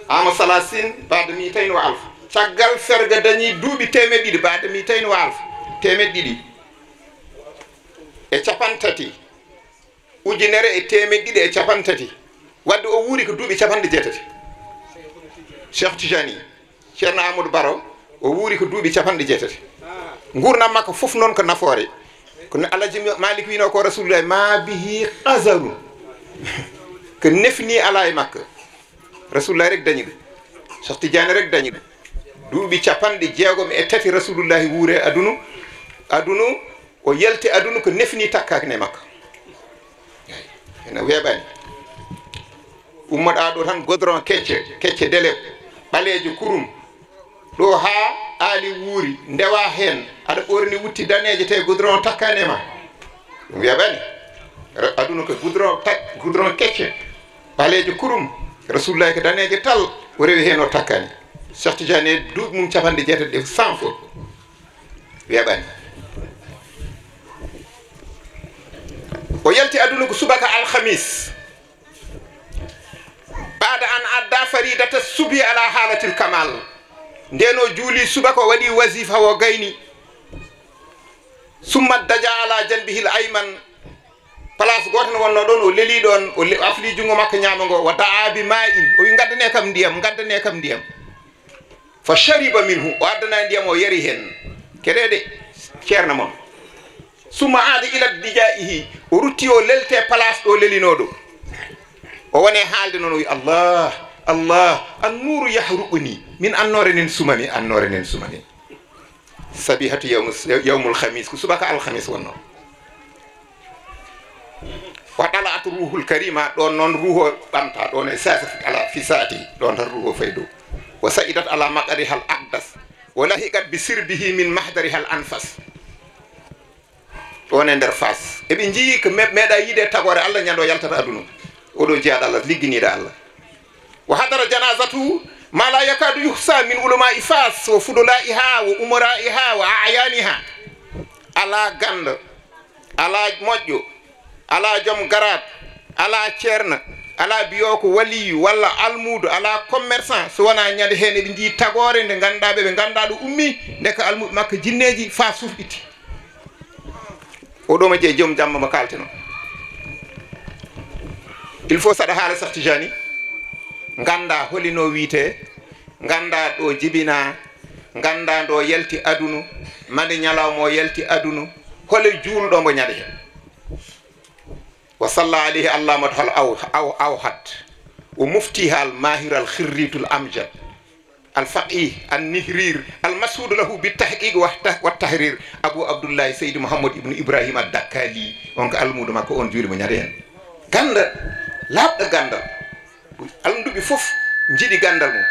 ama salasin bada mitayni wa alf caggal serga dañi duuɓi temed ɗiɗi baade mi tawino waalfa temed ɗiɗi e capan tati ujunere e temed ɗiɗi e capan tati wadde o wuuri ko duuɓi capanɗe jeetati cheikh tijani ceerno amadou baro o wuuri ko duuɓi capanɗe jeetati gurdam makko fof noon ko nafoore kono alhaji malik wino ko rasulullahi ma bihi kasaru *laughs* ko nefni ala e makko rasulullahi rek dañi ɗum cheikh tidiane rek dañi ɗum duuɓi capanɗe jeegom e tati rasulullahi wuure adunu adunu o yalti adunu ko nefni takkakene makka ene weeɓani ummoɗa ɗo tan godron kecce kecce délé ɓaleejo kurum ɗo haa aali wuuri ndewa heen aɗa ɓorini wutti daneeje te godron takkane e ma ɗum weeɓani aduna ko goudron ta goudron kecce ɓaleejo kurum rasulullahi ko daneeje tal o rewi heen o takkani Cheikh Tidiane du mum capanɗe jeetati de cent fois weeɓani o yalti aduna ko subaka alhamis baada an adda faridata subi ala haalatil kamal ndeno juuli subaka o waɗi wasifa o gayni summa daja ala janbihil ayman place goto ne wonno ɗon o leli ɗon o afli jungo makko ñaama ngo wadda aabi ma in o wi gaddane kam ndiyam gaddane kam ndiyam فشرب منه وعدنا ديما يريهن كده كيرنا مام ثم عاد الى دجائه ورتيو للتي بلاص دو للي نودو ووني حال نونو الله الله النور يحرقني من النورين سمني النورين سمني سبيحة يوم يوم الخميس سبك الخميس ونو وطلعت روح الكريمة دون روح بامتا دون ساسف في ساتي دون روح فيدو وسئدت على مقرها الأقدس ولهقت بسربه من محضرها الأنفس wone nder fas eɓe jii ko meeɗa yiide tagore allah ñando yaltata aduna oɗo jeyaɗo allah ligginiɗo allah wa hadara janasatu ma la yakadu yuhsa min ulamai fas wo fudolaiha wo umaraiha wo ayaniha ala ganda ala moƴƴo ala joom garat ala ceerna ala biyo ko wali walla almudu ala commerçant so wona ñande hen eɓe jii tagore nde ganduɗa ɓe ɓe ɗo ummi nde ko almudu makko jinneji fa sufɗiti ma je joom jamma mo kalteno il faut saɗa haala sartijani ganda holino wiite ganda ɗo jibina ganda ndo yalti adunu mande ñalawma o yalti adunu hole juulɗo mbo ñade hen وصلى عليه الله علامة أو أو حد ومفتيها الماهر الخريط الأمجد الفقيه النهرير المسعود له بالتحقيق والتحرير أبو عبد الله سيد محمد ابن إبراهيم الدكالي اونك المود ما اون جوري من يدين غاند لابد غاندر المود نجي دي غاندال مو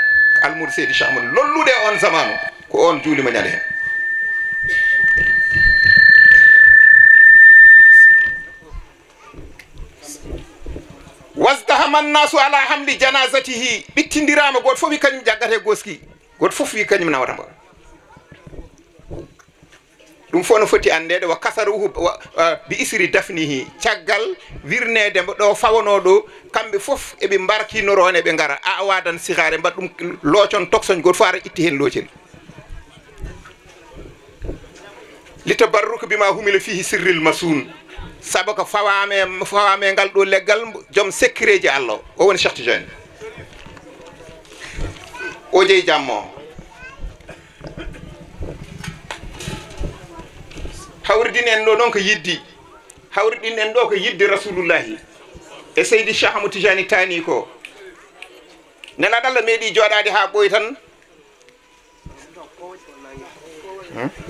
المود سيد شامل لولو دي أون زمانو كو اون جوري من يدين wasdahamannasu ala hamli janasatihi ɓittidirama goto foof wi kañum jaggate goski goto foof wi kañum nawata mo ɗum fof no foti andede wa kasaruhu bi isri dafnihi caggal wirnedemo ɗo fawano ɗo kamɓe foof eɓe mbarkinorone ɓe gara a wadan sihare mbaɗ ɗum locon toxon goto fof ara itti hen locel li tabarruka bima humila fihi sirril masun saabu ko fawame fawame ngal ɗo leggal joom sécuré ji allah o woni cheikh tijoine o jeyi jammo hawridin en ɗo ɗon ko yiddi hawridin en ɗo ko yiddi rasulullahi e seydi chahamu tijani tani ko nana ɗallah meeɗi joɗade ha ɓoy tan hmm?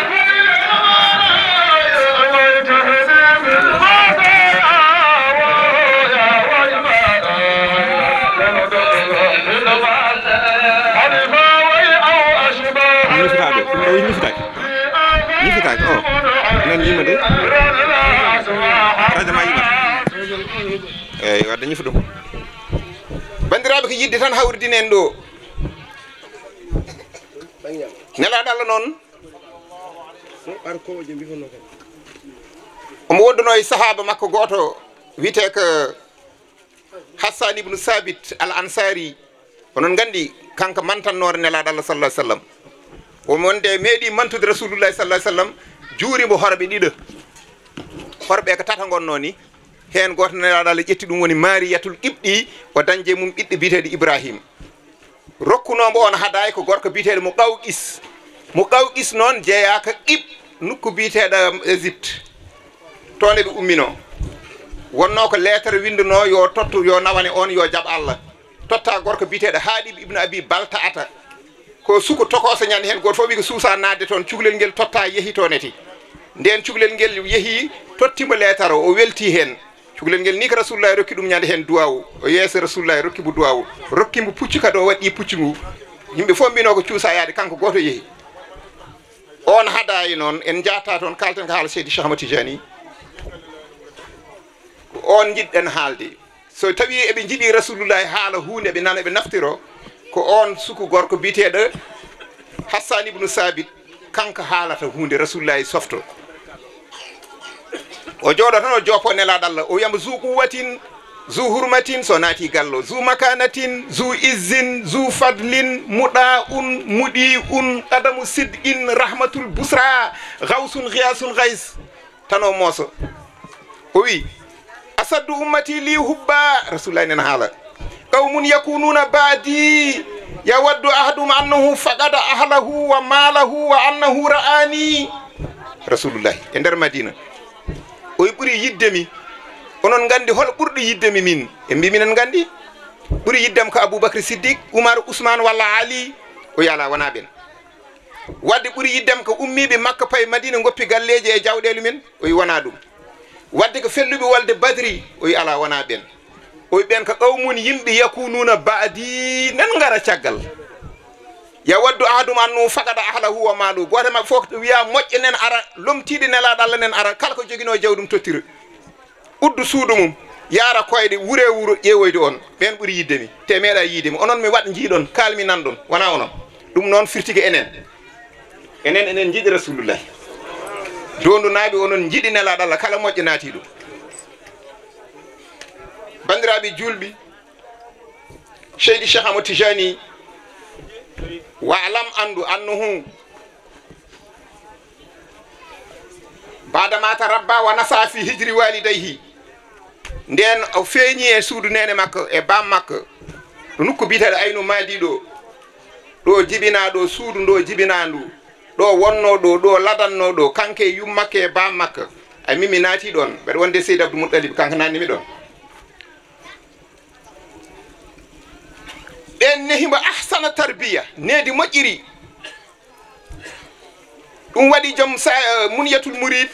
nan yima de radio ma yima eyyi wadde ñifa ɗum bandiraɓe ko yidde tan hawridini en ɗo nelaɗo allah noon omo wodduno e sahaba makko goto wiite ko hassan ibnu sabit al ansari onon gandi kanko mantannore nelaɗo allah sallah sallam omo wonde meeɗi mantude rasulullahi sallah sallam juurimbo horɓe ɗiɗo horɓe ko tata gonno ni hen goto nelaɗallah ƴetti ɗum woni maari yatul qiɓɗi o dañde mum ɓiɗɗo biyeteɗo ibrahima rokkunomo on haaday ko gorko biyeteɗo mo qaw qis mo qaw qis noon jeeyaka qiɓ nukku biyeteɗo égypte toon eɓe ummino wonno ko lettre windono yo tottu yo nawane on yo jaaɓ allah totta gorko biyeteɗo haaɗiɓe ibnu abi balta ata ko suku tokosa ñande hen goto foof wi ko suusa nadde toon cukalel ngel totta e yeehi toon eti nden cukalel ngel yeehi tottima leetaro o welti hen cukalel ngel ni ko rasulullah rokki ɗum ñande hen duwawu o yeeso rasulullah rokki mo duwawu rokkimo puccu kadi o waɗɗi puccu ngu yimɓe foof mbino ko cuusa yaade kanko goto yeehi on haadayi noon en jata toon kalten ko haala seydi chahmati jani on jiɗɗen haalde so tawi eɓe jiiɗi rasulullah haala hunde ɓe nana ɓe naftiro ko on suku gorko biyeteɗo hassan ibnu sabit kanko haalata hunde rasulullahi softo o jooɗo tan o joppo nelaɗo o wiyama zu quwatin zu hurmatin so naati gallo zu makanatin zu izzin zu fadlin muɗa un adamu sid rahmatul busra gawsun giyasun gays tan mooso o wi asaddu ummati li hubba rasulullah nen haala قوم يكونون بعدي يود أحدهم أنه فقد أهله وماله وأنه رآني رسول الله e nder madina oye ɓuri yiddemi onon gandi hol ɓurɗo yiddemi min e mbi minen gandi ɓuri yiddam ko aboubacry siddiq oumar ousmane walla ali o yala wona ɓen wadde ɓuri yiddam ko ummiɓe makka paye madina goppi galleji e jawɗele men o yi wona ɗum wadde ko felluɓe walde badri o yi ala wona ɓen oy ɓen ko qawmum yimɓe yakununa baadi nan gara caggal ya waddu adum an nu faqata ahla huwa maalu goto mabɓe fof wiya moƴƴe nen ara lomtiɗe nelaɗo allah nen ara kala ko jogino jawɗum tottira uddu suudu mum yara koyɗe wure wuro ƴeewoyde on ɓen ɓuuri yidde mi te meeɗa yiide mi onon mi waɗ jiiɗon kalmi nan ɗon wona onon ɗum noon firtiki enen enen enen jiiɗi rasulullahi dondu naaɓi onon jiɗi nelaɗo allah kala moƴƴo naati ɗum bandiraɓe julɓi cheydi cheikhamo tijani wa alam andu annuhu bada mata rabba wa nasa fi hijri walidayhi nden o feeñi e suudu nene makko e bam makko ɗo nokku biyetee aynu maadi ɗo ɗo jibina ɗo suudu ndo jibina ndu ɗo wonno ɗo ɗo ladanno ɗo kanke yummakke e bam makko a mimi naati ɗon mbeɗa wonde seydi abdoumoudalib kanko nannimi ɗon بأنهم أحسن تربية نادي مجري ونوالي جم منية المريد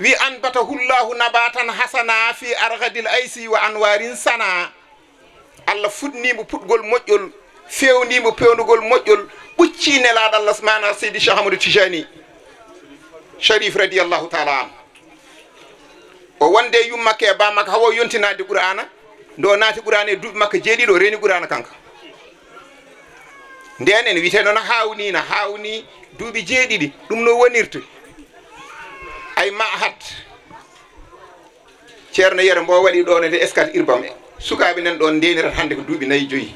وأنبته الله نباتا حسنا في أرغد الأيس وأنوار سنا الله فدني بفوتغول مجول فيوني بفيونغول مجول بوتشي نلا الله سمعنا سيدي شيخ حمد التجاني شريف رضي الله تعالى وون دي يوم مكه با مك هو يونتي نادي قرانا دو نادي قرانا دوب مكه جيدي دو ريني قرانا كانكا nden en wiiteno no hawni no hawni duuɓi jeeɗiɗi ɗum no wonirta ay ma hat ceerno yere mbo waɗi ɗonede escat urbam sukaɓe nan ɗon ndenirat hannde ko duuɓi nayyi joyi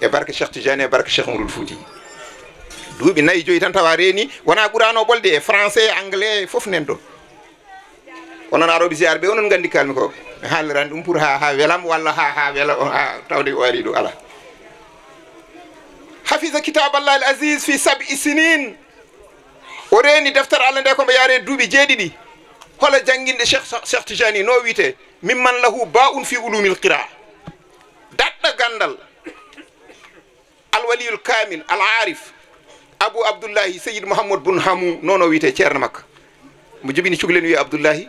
e barka cheikh tijane e barka cheikh mudul fouti duuɓi nayyi joyi tan tawa reeni wona ɓurano ɓolde e français e anglais e foof nen ɗon onon aroɓe jiyar ɓe onon gandi kalmi ko mi haalliran ɗum pour ha ha welam walla ha ha welaha tawde o ari ɗo ala حفظ كتاب الله العزيز في سبع سنين وريني دفتر على داكم يا دوبي جيدي دي هلا جانين الشيخ شيخ تجاني نو ويته ممن له باء في علوم القراء دات غندل الولي الكامل العارف ابو عبد الله سيد محمد بن حمو نو نو ويته تيرنا مك مو جيبيني شوغلين وي عبد الله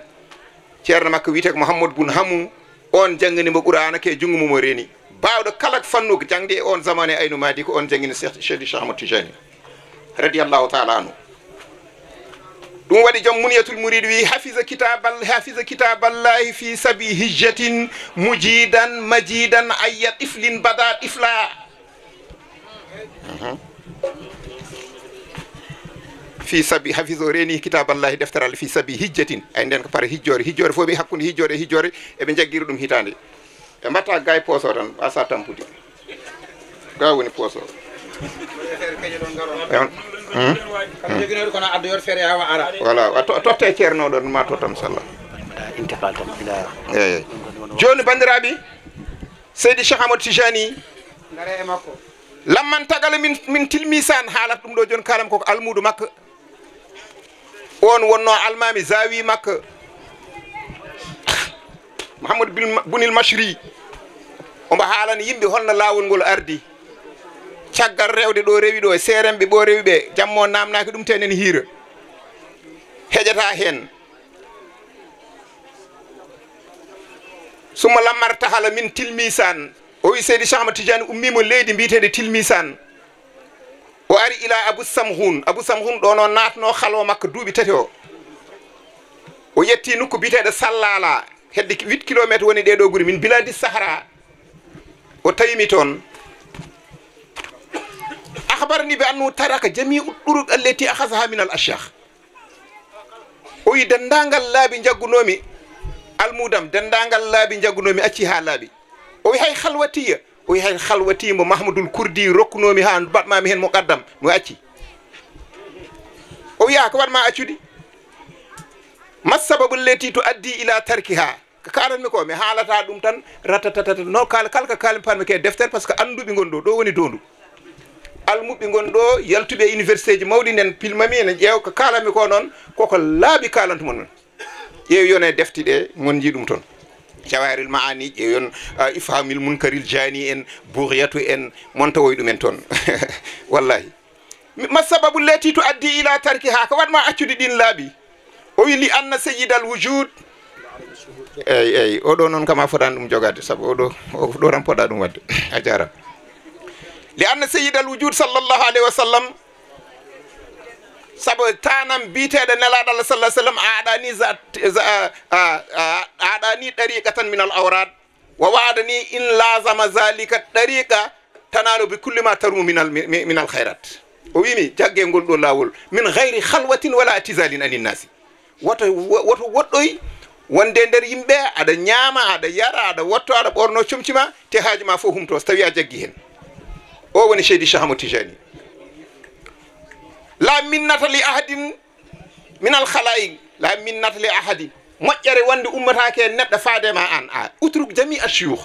تيرنا مك ويته محمد بن حمو اون جانغني بقران كي جونغ مو ريني باود كلك فنوك جنگي اون زماني اينو مادي كو اون جنگي سيخ شام تجاني رضي الله تعالى عنه دون ودي جم المريد وي حفظ كتاب الله حفظ كتاب الله في سبي هجة مجيدا مجيدا اي طفل بدا طفلا في سبي حفظ ريني كتاب الله دفتر الله في سبي هجة عندن كبار هجور هجور فوبي حقون هجور هجور ابن جاكير دم هتاني ɓe mbatta gay poso tan asa tampude ga woni poso hmm? hmm. voilà totte ceernoɗo ma tottam sallah eyy joni bandiraɓe seydi cheikh amadou tijani e lamman tagala min min tilmisan haalata ɗum ɗo joni kalam koko almudou makko on wonno almami zawi makko محمد بن المشري وما حالان يمبي هون لاون غول اردي تشاغار ريودي دو ريوي دو سيرم بي بو ريوي بي جامو نامنا كي دوم تينن هير هجتا هين سوما لامار تحال من تلميسان وي سيدي شحم تجان امي مو ليدي بيته دي تلميسان واري الى ابو سمحون ابو سمحون دو نو ناتنو خالو مك دوبي تاتيو ويتي نوكو بيته دي سالالا هدي 8 كيلومتر وني من بلاد الصحراء وتيميتون اخبرني بانه ترك جميع الطرق التي اخذها من الاشياخ وي دندانغال لابي نجاغنومي المودم دندانغال لابي نجاغنومي اتشي حالابي وي هاي خلوتي وي هاي خلوتي محمود الكردي ركنومي هان باتما مهن مقدم مو اتشي وي اكبر ما اتشودي kalanmi ko mi haalata ɗum tan rattatatata no kala kala ko kalmi parmi ke deftere par ce que annduɓe gon ɗo ɗo woni dondu almuɓe gon ɗo yaltuɓe université ji mawɗi nden pilmami ene ƴeew ko kalanmi ko noon koko laaɓi kalantu mon ƴeewyone defte ɗe gonji ɗum toon jawaril maani ƴeewyon ah, ifamil munkaril jaani en bouriyatu en montowoy ɗumen toon *laughs* wallahi ma sababu leeti to addi ila tarki ha ko waɗma accude ɗin laaɓi o wi li anna seyidal wujude eyyi eyyi oɗo noon kam a fotani ɗum jogade saabu oɗo ɗo tan poɗɗa ɗum wadde a jarama li anna seyid al wujud sallllahu alayhi wa sallam saabu tanam biteɗo nelaɗo allah sallah sallam a aɗani a aɗani ɗariqa tan min al awrad wa waadani in lasama zalika ɗariqa tanalo bi kulli ma tarumu min al hayrat o wimi jagge ngol ɗo lawol min hayri halwatin wala tisalin anin nasi woto woto woɗɗoy wonde e nder yimɓe aɗa ñaama aɗa yara aɗa wotto aɗa ɓorno comci te haaji ma fof humto so tawi a jaggi hen o woni cheydi chahamu tijani la minnata li ahadin min al la minnata li ahadin moƴƴere wonde ummatake e neɗɗo faadema an a utruk jami a chiyuh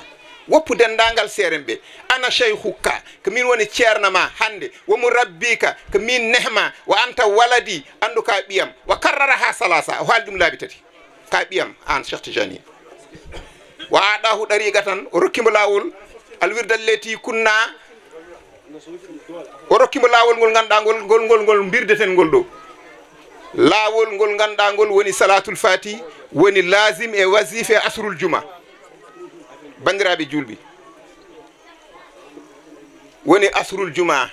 woppu dendangal seeren ɓe ana cheyhukka ko min woni ceerno ma hannde rabbi rabbika ko min nehma wa anta waladi anduka ɓiyam wa karrara ha salasa o haali ɗum laabi tati ka ɓiyam an cheikh tijani wa aɗahu ɗariga tan o rokkimo lawol alwirdal leyti kunna o rokkimo lawol ngol ganduɗa ngol ngol ngol birdeten ngol ɗo lawol ngol ganduɗa woni salatul fati woni lazim e wasif e asrul juma bandiraɓe julbi woni asrul juma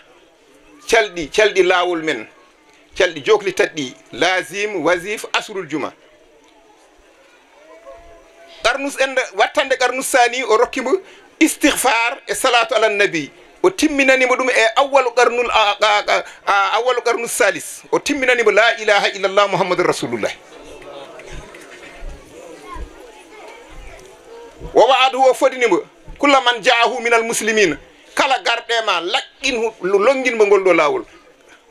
calɗi calɗi lawol men calɗi jokli tatɗi lazim wazif asrul juma قرنوس إن واتن قرنوس ثاني وركيم استغفار الصلاة على النبي وتم من أني مدوم أول قرن ال أول قرن الثالث وتم من أني لا إله إلا الله محمد رسول الله ووعده وفدني كل من جاءه من المسلمين كلا قرنما لكنه لونجين بقول له لاول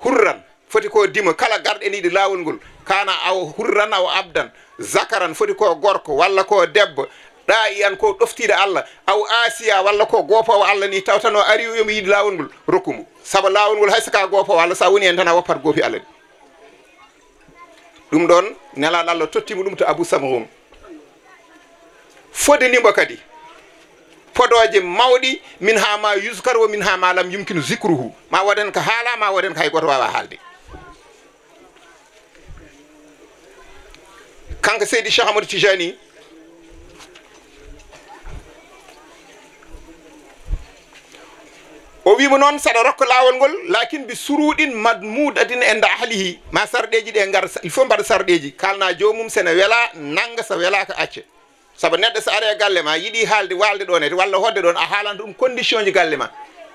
هرر فتكو ديم كلا قرن إني لاول قول kana aw hurran aw abdan zakaran foti ko gorko walla ko debbo ɗa'iyan ko ɗoftiɗo allah aw asiya walla ko gofowo allah ni taw tan o ari yomi yiidi lawol ngol rokkumo saabu lawol ngol hay saka gofowo allah sa woni hen tan a woppat goofi allah ni ɗum ɗon nelaɗo allah tottimo ɗum to abou samhum fodanimo kadi podoje mawɗi min ha ma yuskar wo min ha ma lam yumkinu zicruhu ma waɗen ko haala ma waɗen ko hay goto wawa haalde kanko seydi cheikh amadou tijani o wimo noon saɗa rokka lakin bi suruɗin madmudatin e nda ahlihi ma sarɗeji ɗe ngar il faut mbaɗa sarɗeji kalna jomum sene wela nanga sa welaka acce saabu neɗɗo so are galle ma walde ɗon ete walla hodde don a haalanta ɗum condition ji galle ma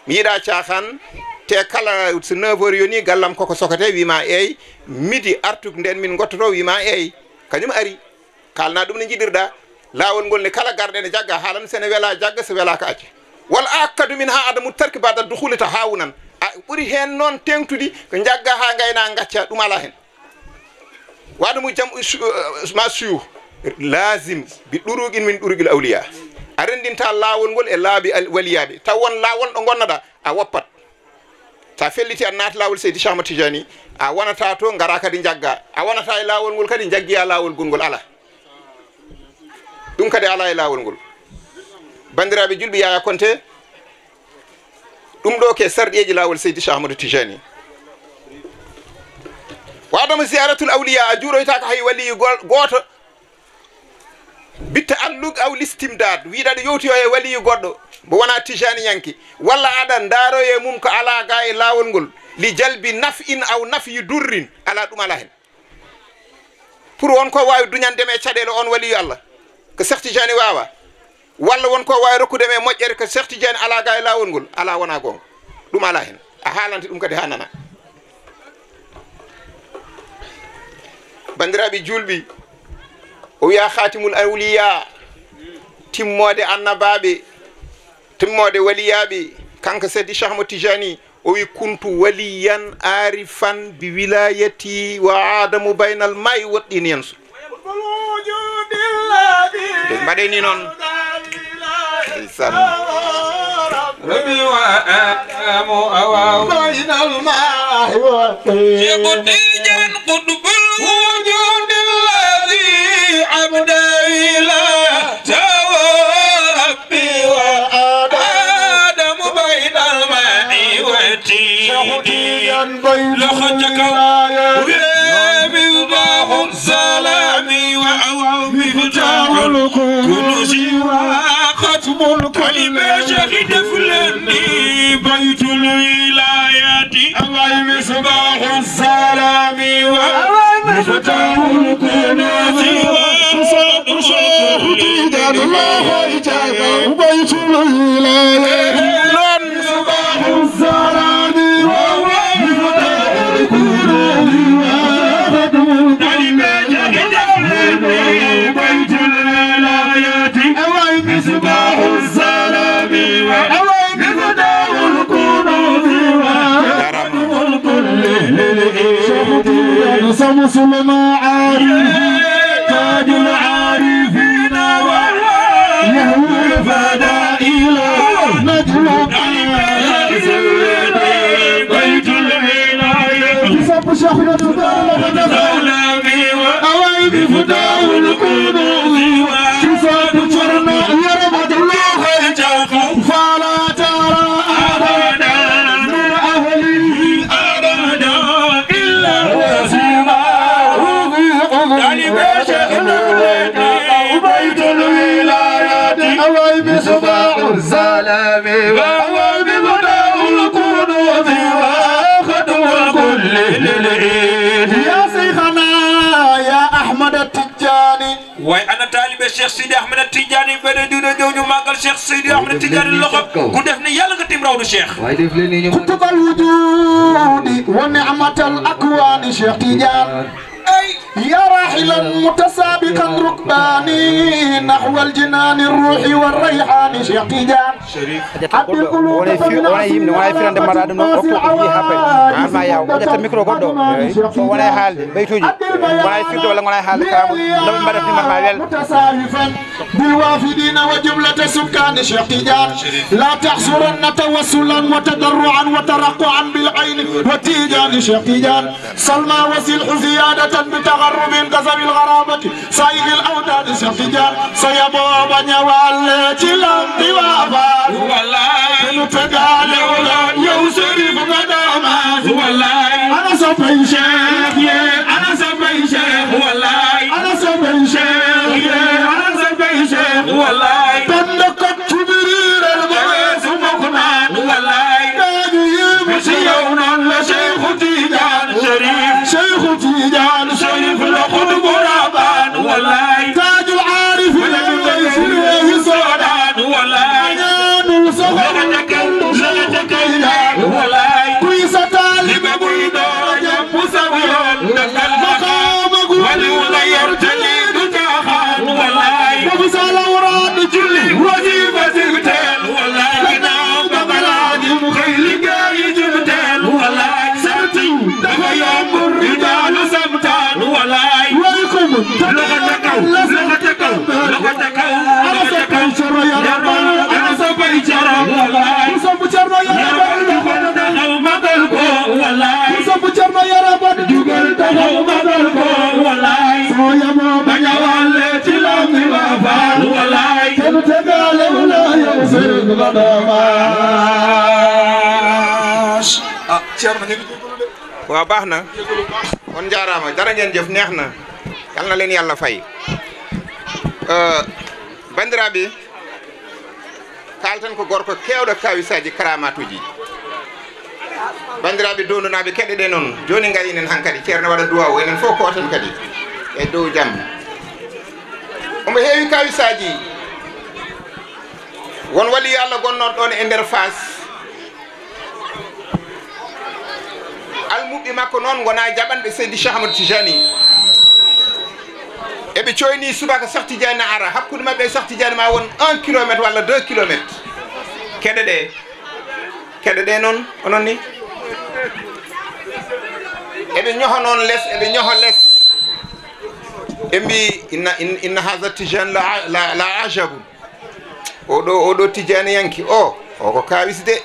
mi yiiɗa cahan te kala 9 yoni gallam koko sokate wima eyyi midi artuk den min gottoto wima eyyi kañum ari kalna ɗum no jiɗirɗa lawol ngol ne kala garɗe ne jagga haalan sene wela jagga so welaka acce wal akadu min ha adamu tarki bada duhulita hawunan a ɓuuri hen noon tengtude ko jagga ha gayna gacca ɗum ala hen waɗumu jam ma suyu lasim bi ɗuruguin min ɗurguil awliya a rendinta lawol ngol e laabi waliyaɓe taw won lawol ɗo gonnoɗa a woppat sa felliti a naati lawol seydi chamba tijani a wonata to gara kadi jagga a wonata e lawol ngol kadi jaggiya lawol gongol ala ɗum kadi ala e lawol ngol bandiraɓe julɓi yaya konte ɗum ɗo ke sarɗieji lawol seydi chamadou tijani waɗama ziaratul awliya a juuroytaka hay waliyi goto bitta alluk aw listimdad wi ɗo yowti yo e wali goddo bo wana tijani yanki wala ada ndaro e mum ko ala ga e lawol ngol li jalbi naf in aw nafyu durrin ala dum ala hen pour ko wawi duñan deme caɗele on waliyu allah ko cheikh tijani wawa won ko wawi rokkudema deme e moƴƴere ko cheikh tijani ala ga e lawol ngol ala wana go dum ala hen a halanti dum kadi hanana nana bandiraɓe julɓi o wiya khatimul awliya timmode annabaɓe timmode waliyaɓe kanko sedi chahmo tijani o wi kuntu waliyan arifan bi wilayati wa adamu baynal mayi woɗɗini en so mbaɗeni noon san ƴeɓoɗijan kuɗɓo لخجك ويبي الله سلامي وأوام مفتاح كنوزي وختم الكلمة شهد فلاني بيت الولاية الله مصباح السلام ومفتاح الكنوز Somos uma alma وحدة دولة أواقف دولة قلوبي waaye ana taalibe Cheikh Sidi Ahmed Tidiane benn diine jooju màggal Cheikh Sidi Ahmed Tidiane loxo ku def ni yàlla nga tim raw du Cheikh kutubal wujudi wa ni'matal akwaani Cheikh Tidiane ay يا راحلا متسابقا ركباني نحو الجنان الروحي والريحان شقيدا جان حب القلوب فمن عسين الناس العواد أجمعين شيقي متسارفا بالوافدين وجملة سكان شيقي لا تحصرن توسلا وتضرعا وترقعا بالعين وتيجان شيقي سلمى وسلح زيادة بتقوى تغر من قصب الغرابة سيد الأوداد سختجار سيبوا بنيوال تلام دوابا والله نتقال ولا يوسف قداما والله أنا صفي شافية أنا جان شريف لقد mu cerno yara dugal taxaw magal ko wallaay soo yamoo bañ a ci lam ni ma faal wallaay te nu yow sëriñ ba ah cerno ngi waaw baax na kon jaaraama dara ngeen jëf neex na yal na leen yàlla fay bandiraɓe kalten ko gorko karamatuji bandiraɓe donunaɓe keɗe ɗe noon joni garinen han kadi ceerno waɗa duwa o enen foof koten kadi e dow jam omo heewi kawisaji won wali allah gonnoɗo ɗon e nder fas almuɓɓi makko noon gona jaɓanɓe seydi chahmad tijani eɓe coyni subaka sartidiani ara hakkude mabɓe e sartidiani ma won 1 kilométre walla 2 kilométre keɗe ɗe keɗe ɗe noon onon ni eɓe ñoho noon less eɓe ñoho less ɓe mbi inna, inna hasa tijane la ajabu oɗo oɗo tijane yanki o oh, o ko kawis de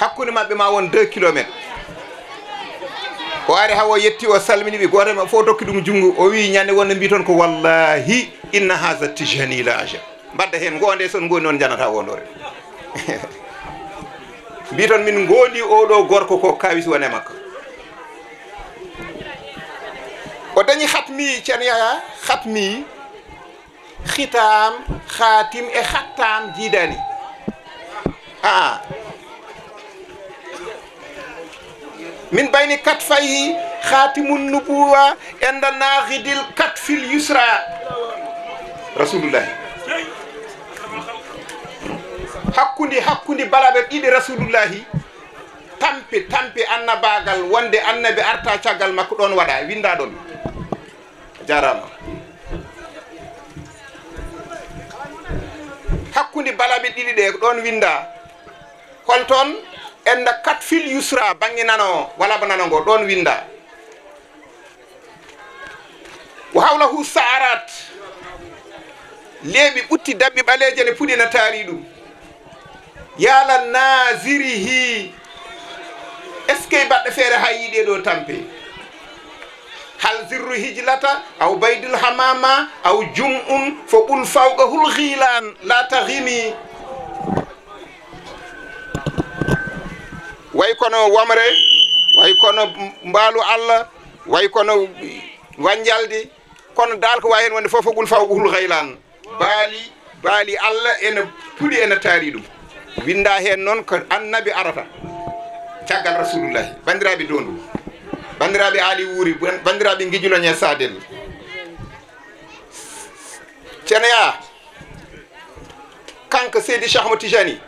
hakkude maɓɓe ma won 2 kilométre o ari hawo yetti o salmini ɓe gotoma fo dokki ɗum junngo o wi ñande wonde mbi toon ko wallahi inna hasa tijani la ajab mbadda hen gonde soon gooni noon janata wondore *laughs* mbiton min gondi oɗo gorko ko kawis wone makko o dañi hatmi ceen yaya hatmi khitam khatim e khattam jidani a min bayni kat fayi khatimun nubuwa enda naghidil kat fil yusra Rasulullah hakkunde hakkunde balaɓe ɗiɗi rasulullahi tampe tampe annabagal wonde annabi arta caggal makko ɗon waɗa winda ɗon jarama hakkunde balaɓe ɗiɗi ɗe ɗon winda holton enda kat fil yusra banginano nano wala ba nano winda o hawlahu saarat lebi ɓutti dabɓi ɓaleje ne puɗina taari ɗum yala allah nasirihi est ce que baɗɗo feere ha yiiɗe ɗo tampe hal zirru hijlata aw baydul hamama aw jum'un fo ɓul fawga hul hilan la tahimi way kono wamre way kono mbaalu allah way kono wanjaldi kono dal ko wawi hen wonde fof fo ɓul fawga hul haylan baali allah ene puɗi ene taari ɗum winda hen noon ko annabi arata caggal rasulullahi bandiraɓe dondu bandiraɓe aali wuuri bandiraɓe gijuloñe sadel ceneya kanko seydi chahmo tijani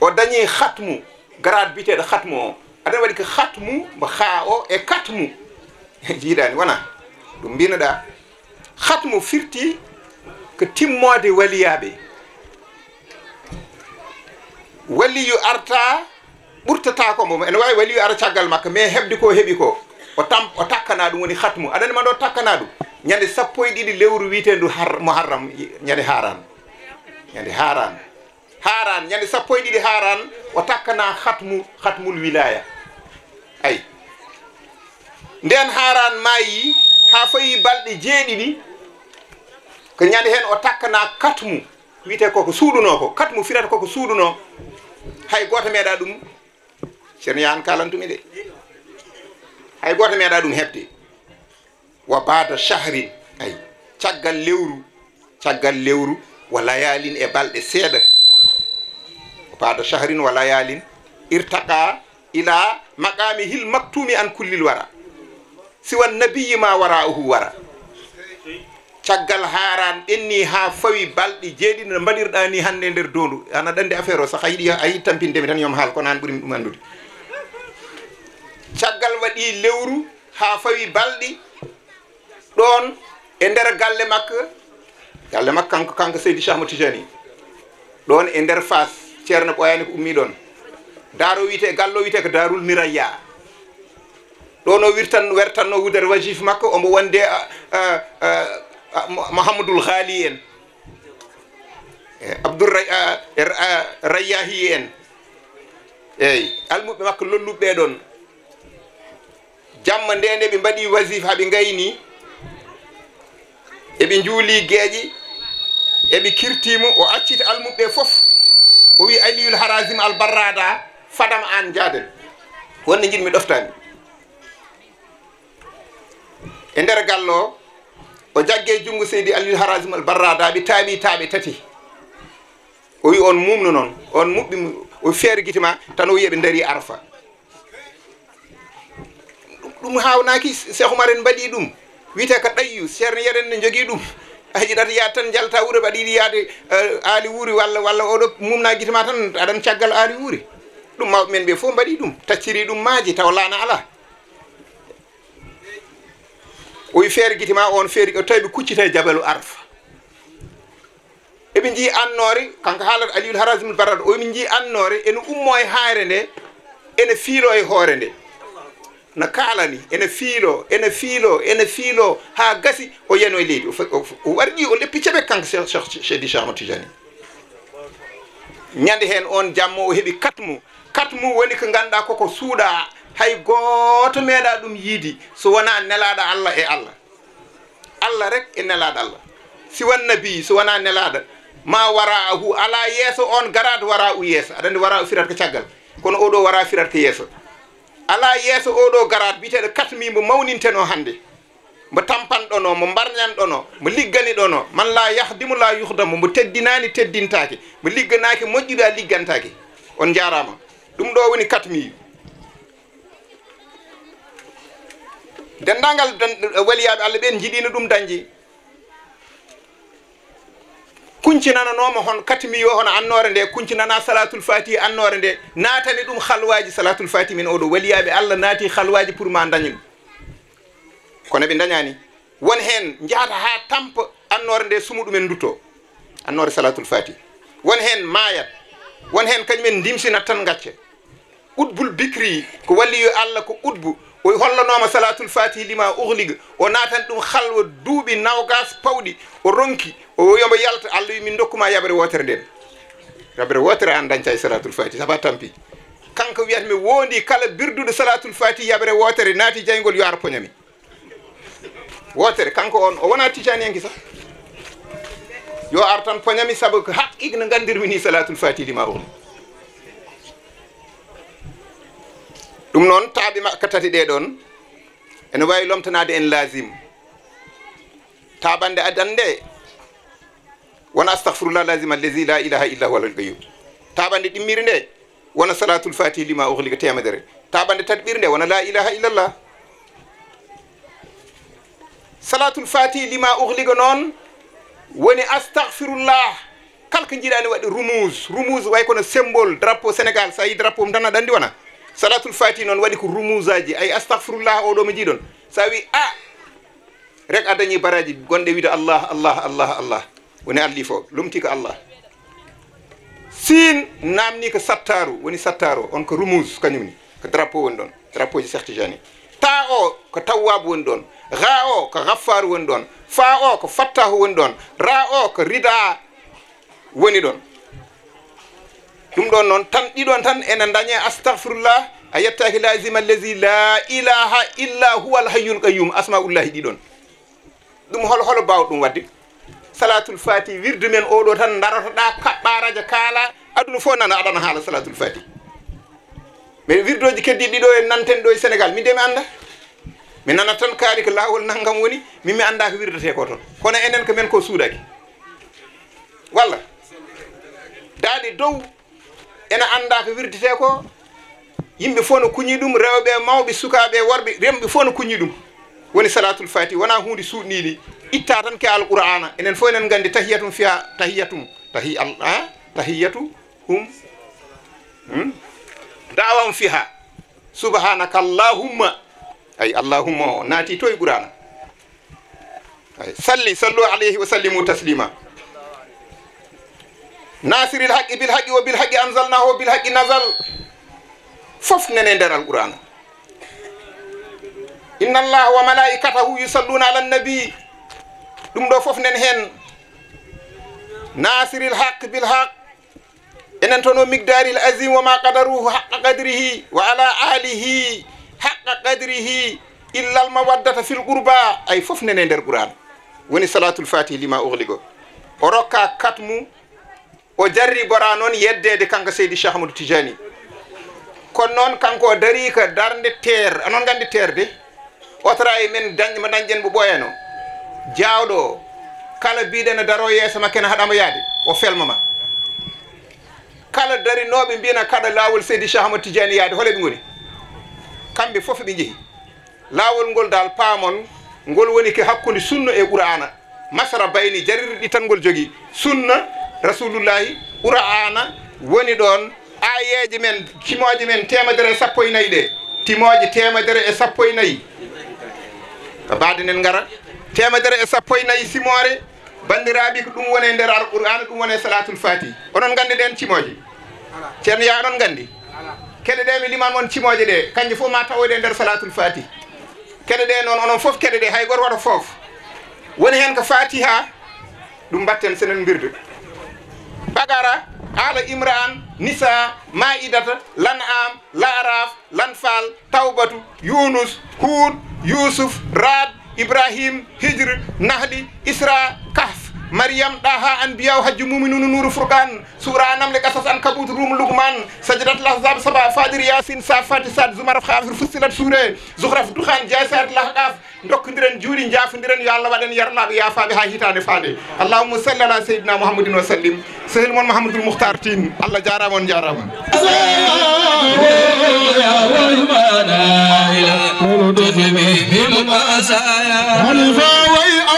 o dañi hatmu garade biteɗo hatmu o aɗa waɗi ko hatmu mo ha o e katmu *laughs* jiiɗani wona ɗum mbinoɗa hatmu firti ko timmode waliyaɓe waliyu arta ɓurtata ko mbo ene wawi waliyu ara caggal makko mais hebde ko heeɓi ko o tam o takkana ɗum woni hatmu aɗani ma do takkana ɗum ñande sappo e ɗiɗi lewru wiitendu har muharram ñande haran ñande haran haran ñande sappo e ɗiɗi haran o takkana hatmu hatmul wilaya ayi nden haran mayi ha fayi balɗe jeeɗiɗi ko ñande hen o takkana katmu wiite koko suuɗuno ko katmu firata koko suuɗuno hay goto meeɗa ɗum ceerno yahan kalantumi de hay goto meeɗa ɗum hebde wa bada chahrin ay caggal lewru caggal lewru wa layalin e balɗe seeɗa bada chahrin wa layalin irtaqa ila maqami hil maktumi an kullil wara siwan nabiyima uhu wara caggal haran ɓenni ha fawi balɗi jeeɗi no mbaɗirɗa ni hande e nder dondu ana ɗandi affaire o saah a yiɗi a yiɗi tampindemi tan yom haal kono an ɓurimi ɗum anndude caggal waɗi lewru ha fawi balɗi ɗon e nder galle makko galle makko kanko kanko seydi chahma tijani ɗon e nder fas ceerno ɓoyani ko ummi ɗon daaro wiyete gallo wiyete ko darul miraya ɗon o wirtan wertanno wudere wajif makko omo wonde uh, uh, uh, Ah, Mahamudul haali eh, Abdul ah, er, ah, Raya rayyahi Al eyyi almuɓe makko lolluɓe ɓeɗon jamma nde nde ɓe mbaɗi wasif haɓe gayni eɓe juuli gueeƴi eɓe kirtimo o accita almuɓe fof o wi fadam an jaaden wonde jiɗmi ɗoftami e o jagge junngo seydi aliil harasimal barradaɓe taaɓi taaɓe tati o wi on mumno noon on muɓɓi o feere gite ma tan o wiya ɓe daari arfa ɗum hawnaki cheikh oumar en mbaɗi ɗum wiyete ko ɗayyu ceerno yeren ne jogui ɗum a jiɗata yaade tan jalta wuuro mbaɗa yiɗi yaade aali wuuri walla walla oɗo mumna guite ma tan aɗan caggal aali wuuri ɗum mawɓe men ɓe fof mbaɗi ɗum tacciri ɗum maaji taw laana ala oyi feere guitima on feeri o tawi ɓe kuccita e jabalu arfa eɓe jii annore kanko haalata aliul harasmul barat oyimi jii annore ene ummo e haare nde ene fiilo e hoore nde no kaalani ene fiilo ene fiilo ene fiilo haa gasi o yano e leydi o warƴi o leppi ceɓe kanko chedi charmatijani ñande heen on jamma o heɓi katmu katmu woni ko ngannduɗa koko suuɗa hay gooto meeɗa ɗum yiidi so wona nelaaɗo allah e allah allah rek e nelaaɗo allah si wan nabi so wona nelaaɗo ma wara hu ala yeeso on garaade wara u yeeso aɗa andi wara u firat ko caggal kono oɗo wara firat ko yeeso ala yeeso oɗo garaade mbiyeteɗo katmimo mawninteno hannde mo tampanɗono mo mbarñanɗono mo liggani ɗono man la yahdimu la yuhdamu mo teddinani teddintake mo ligganaki moƴƴuɗa liggantake on jarama ɗum ɗo woni katmi dendagal eh, waliyaɓe allah ɓe en jiɗino ɗum dañdi kuncinananoma hon katmiyo hono annore nde kuncinana salatul fati annore nde natani ɗum halwaji salatul fati min oɗo waliyaɓe allah naati halwaji pour ma dañum kono ɓe dañani won hen jahata ha tampa annore nde sumu ɗumen dutto annore salatul fati won hen mayat won hen kañumen dimsinat tan gacce utbul bicri ko walliyo allah ko utbu o hollanoma salatul fatihi lima uhliga o natan ɗum halwa duuɓi nawgas pawɗi o ronki o yomba yalta allah wi min dokkuma yaɓere wotere nden yaɓere wotere an dañca e salatul fatihi saba tampi kanko wiyata mi wondi kala birduɗo salatul fatihi yaɓere wotere naati jaygol yo ara poñami wotere kanko on o wona tijani enki sa yo ar tan poñami saabu ko haqqiqe no gandirmi ni salatul fatihi lima uhliga ɗum noon taaɓe makka tati ɗe ɗon ene wawi lomtanade en lazim tabande adande wana astaghfirullah lazim allazi la ilaha illa huwa al qayyum tabande dimirnde wana salatul fatih lima ohlika tamadare tabande tadbirnde wana la ilaha illa allah salatul fatih lima ohlika non woni astaghfirullah kala wadi rumuz rumuz rumus rumus way kono symbole drapeau sénégal sa drapeau m tan aɗa salatul fati noon waɗi ko rumusaji ay astahfirullah oɗo mi jiiɗon sa wi a rek a dañi baraji gonɗe wiide allah allah allah allah woni alli fo lomti ko allah sin namni ko sattaru woni sattaru on ko rumuse kañumni ko drapeau woni ɗon drapeau ji sertijani ta o ko tawwabu woni ɗon ha o ko gaffaru woni ɗon fa o ko fattahu woni ɗon ra o ko rida woni ɗon ɗum ɗon noon tan ɗiɗon tan ene dañe astahfirullah a yettaki lazima allazi la ilaha illa huwa alhayyul qayum asmaullahi ɗiɗon ɗum hol holo mbawɗo ɗum wadde salatul fati wirdu men oɗo tan darotoɗa kaɓɓa radio kaala aduna fof nana aɗana haala salatul fati mais wirdoji keddi ɗiɗo en nanten ɗo e sénégal min de mi anda mi nanat tan kaari ko laawol nanngam woni min mi annda ko wirdete ko toon kono enen ko men ko suudaki walla daaɗe dow ene annda ko wirdete ko yimɓe fof no kuñi ɗum rewɓe mawɓe sukaɓe worɓe remɓe fof no kuñi ɗum woni salatul fati wona hunde suuɗnide itta tan ke alqur'ana enen fof enen gandi tahiyatum fiha tahiyatum tahi al a tahiyatu hum dawam fiha subhanaka allahumma ay allahumma o naati to e qur'ana ay salli sallu alayhi wa sallimu taslima nasiri l haqqi bil haqqi wo bil haqqi anzalnahu bil haqqi nazal fof nene nder alqur'ana inna allaha wa malaikatahu yusalluna ala nabi ɗum ɗo fof nen hen nasiril haq bil haq enen toon o migdaril asim wa ma qadaruhu haqa qadrihi wa ala alihi haqa qadrihi illal mawaddata fil qurba ay fof nene nder qur'ana woni salatul fatih lima ohligo o rokka katmu o jarri bora noon yeddede kanko seydi chahmadou tijani kono noon kanko o dari ka darde terre anon gandi terre de otora e men dañmo dañƴen mo ɓooyano jawɗo kala mbiɗene daro yeeso makke ne haɗama yaade o felmama kala darinoɓe mbina kaɗa lawol seydi chahmadou tidiani yaade hole ɓe goni kamɓe foof ɓe jeehi lawol ngol dal paamon ngol woni ke hakkude sunna e qur'ana masara bayni jarirɗi tan ngol jogui sunna rasulullahi ɓura ana woni ɗon ayeji men timoji men temedere sappo e nayyi ɗe timoji temedere e sappo e nayyi ko badenen ngara temedere e sappo e nayyi simore bandiraɓi ko ɗum woni e nder al qur'an ɗum woni e salatul fati onon gandi ɗen cimoji ceerno ya onon gandi keɗe ɗe mi liman won cimoje ɗe kanƴe fof ma tawoyde e nder salatul fati keɗe ɗe noon onon fof keɗe ɗe hay goto waɗa foof woni hen ko fati ha ɗum mbatten senen birde Bagara Ala Imran Nisa lan Lan'am Laaraaf Lanfal Tawbatu Yunus Huud Yusuf Raad Ibrahim Hijr Nahli Isra مريم داها أنبياء وحج مؤمنون نور فرقان سورة أنام لك أساس أن كبوت روم لقمان سجدت الأحزاب سبع فادر ياسين صافات ساد زمر خاف فصلت سورة زخرف دخان جاسات لحقاف ndokk ndiren juuri jaafondiren yo allah waɗen yarlaɓe yaafaɓe ha hitande faande allahuma salli ala seydina mouhamadin wa sallim sehil moon mahamadoul mouhtar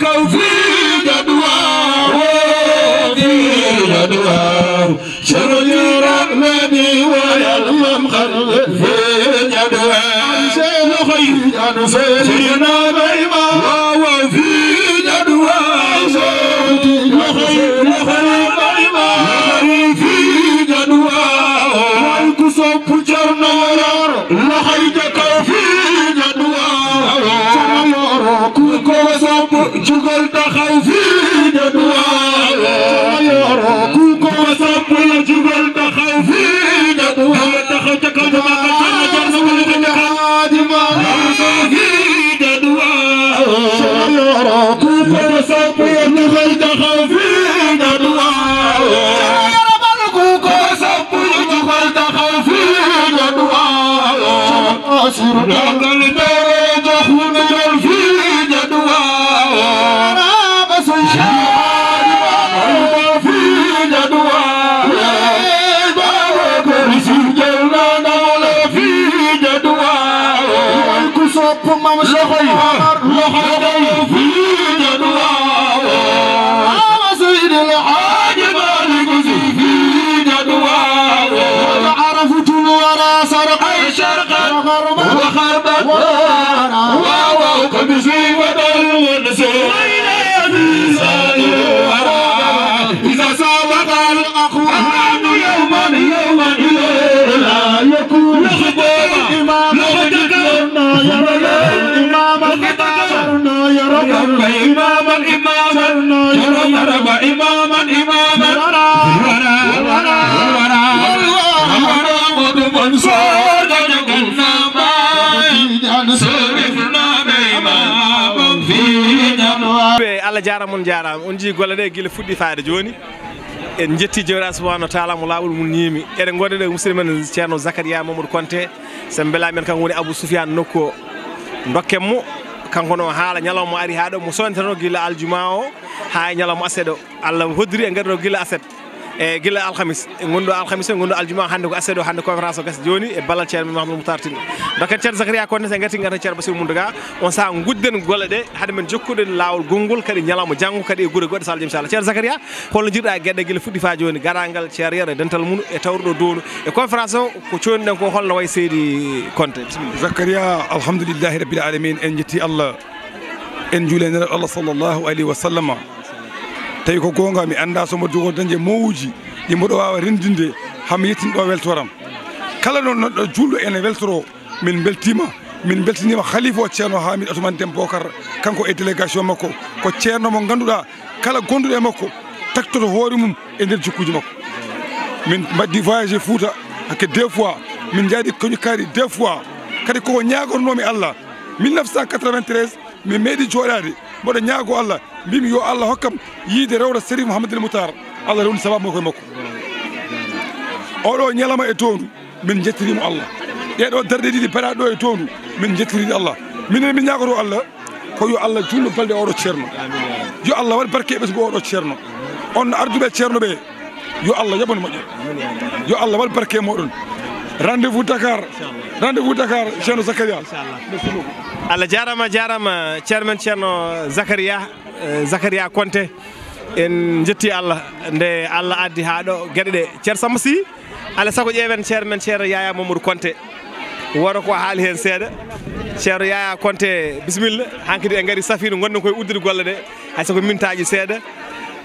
شكوا في جدواه في جدواه شرج الرحمن ويلمم خلق في جدواه أنسان خير أنسان Para allah jarama on jarama on ji golle ɗe guila fuɗɗi faade joni en jetti jewra subahanau taala mo laɓol mum ñiimi eɗen goɗe ɗe musidɗo men ceerno zacharia mamadou conté sen mbelami en kanko woni abou soufiane nokku o dokken mo kanko no haala ñalawma ari ha ɗo mo sodeteno guila aljuma o ha ñalawma aset o allah hoddiri e gaɗeɗo guila aset e gila alhamis gonɗo alhamis o gonɗo aljuma hande ko assede o hande conférence o gasa joni e ballal ceerno mahmoudou moutar tine dokkat ceerno zacharia konne se gati gata ceerno basir mundo ga on saaha gudden gole ɗe haade men jokkuden lawol gongol kadi ñalawma janggo kadi e guure goɗɗo salah jom salah ceerno zacharia holno jirɗa e gueɗɗe guila fuɗɗi fa joni garagal ceerere dental mum e tawruɗo e downo e conférence o ko coni ɗen ko holno way seedi conte zacharia alhamdoulillahi rabbil alamin en jetti allah en juulenera allah sallllahu alayhi wa sallam tawi ko gonga mi anda somo jogo dañde mawuji ɗimboɗo wawa rendinde hami yettinɗo weltoram kala no noɗɗo julɗo ene weltoro min beltima min beltinima khalife o ceerno hamid atuman dem bocar kanko e délégation makko ko ceerno mo ganduɗa kala gonduɗo e makko taktoto hoore mum e nder jikkuji makko min mbaddi voyagé fouta hakke deux fois min jaadi koñu kaari deux fois kadi koko ñagotnomi allah 1993 min meeɗi jooɗade mboɗo ñaago allah mbimi yo allah hokkam yiide rewra série mouhamadine moutar allah rewni sababu mokoye makko oɗo ñalama e toondu min jettirimo allah ɗeɗo darde ɗiɗi baɗaɗ ɗo e toondu min jettiriɗe allah minen min ñagoto allah ko yo allah junno balɗe oɗo ceerno yo allah waɗ barke e ɓesgo oɗo ceerno on arduɓe ceerno ɓe yo allah yaɓan moƴƴe yo allah waɗ barke e moɗon rendez vous dakar rendez vous dakar ceerno zacaria allah jarama jarama ceermen ceerno zacaria eh, zacaria conté en jetti allah nde allah addi ha ɗo gueɗe ɗe ceer samba sy alay saago ƴeewen ceer men ceero yaya mamadou conté woto ko haali hen seeɗa ceero yaya conté bisimilla hankkadi en gari safino gonɗen koye uddude golle ɗe hay sago mintaji seeɗa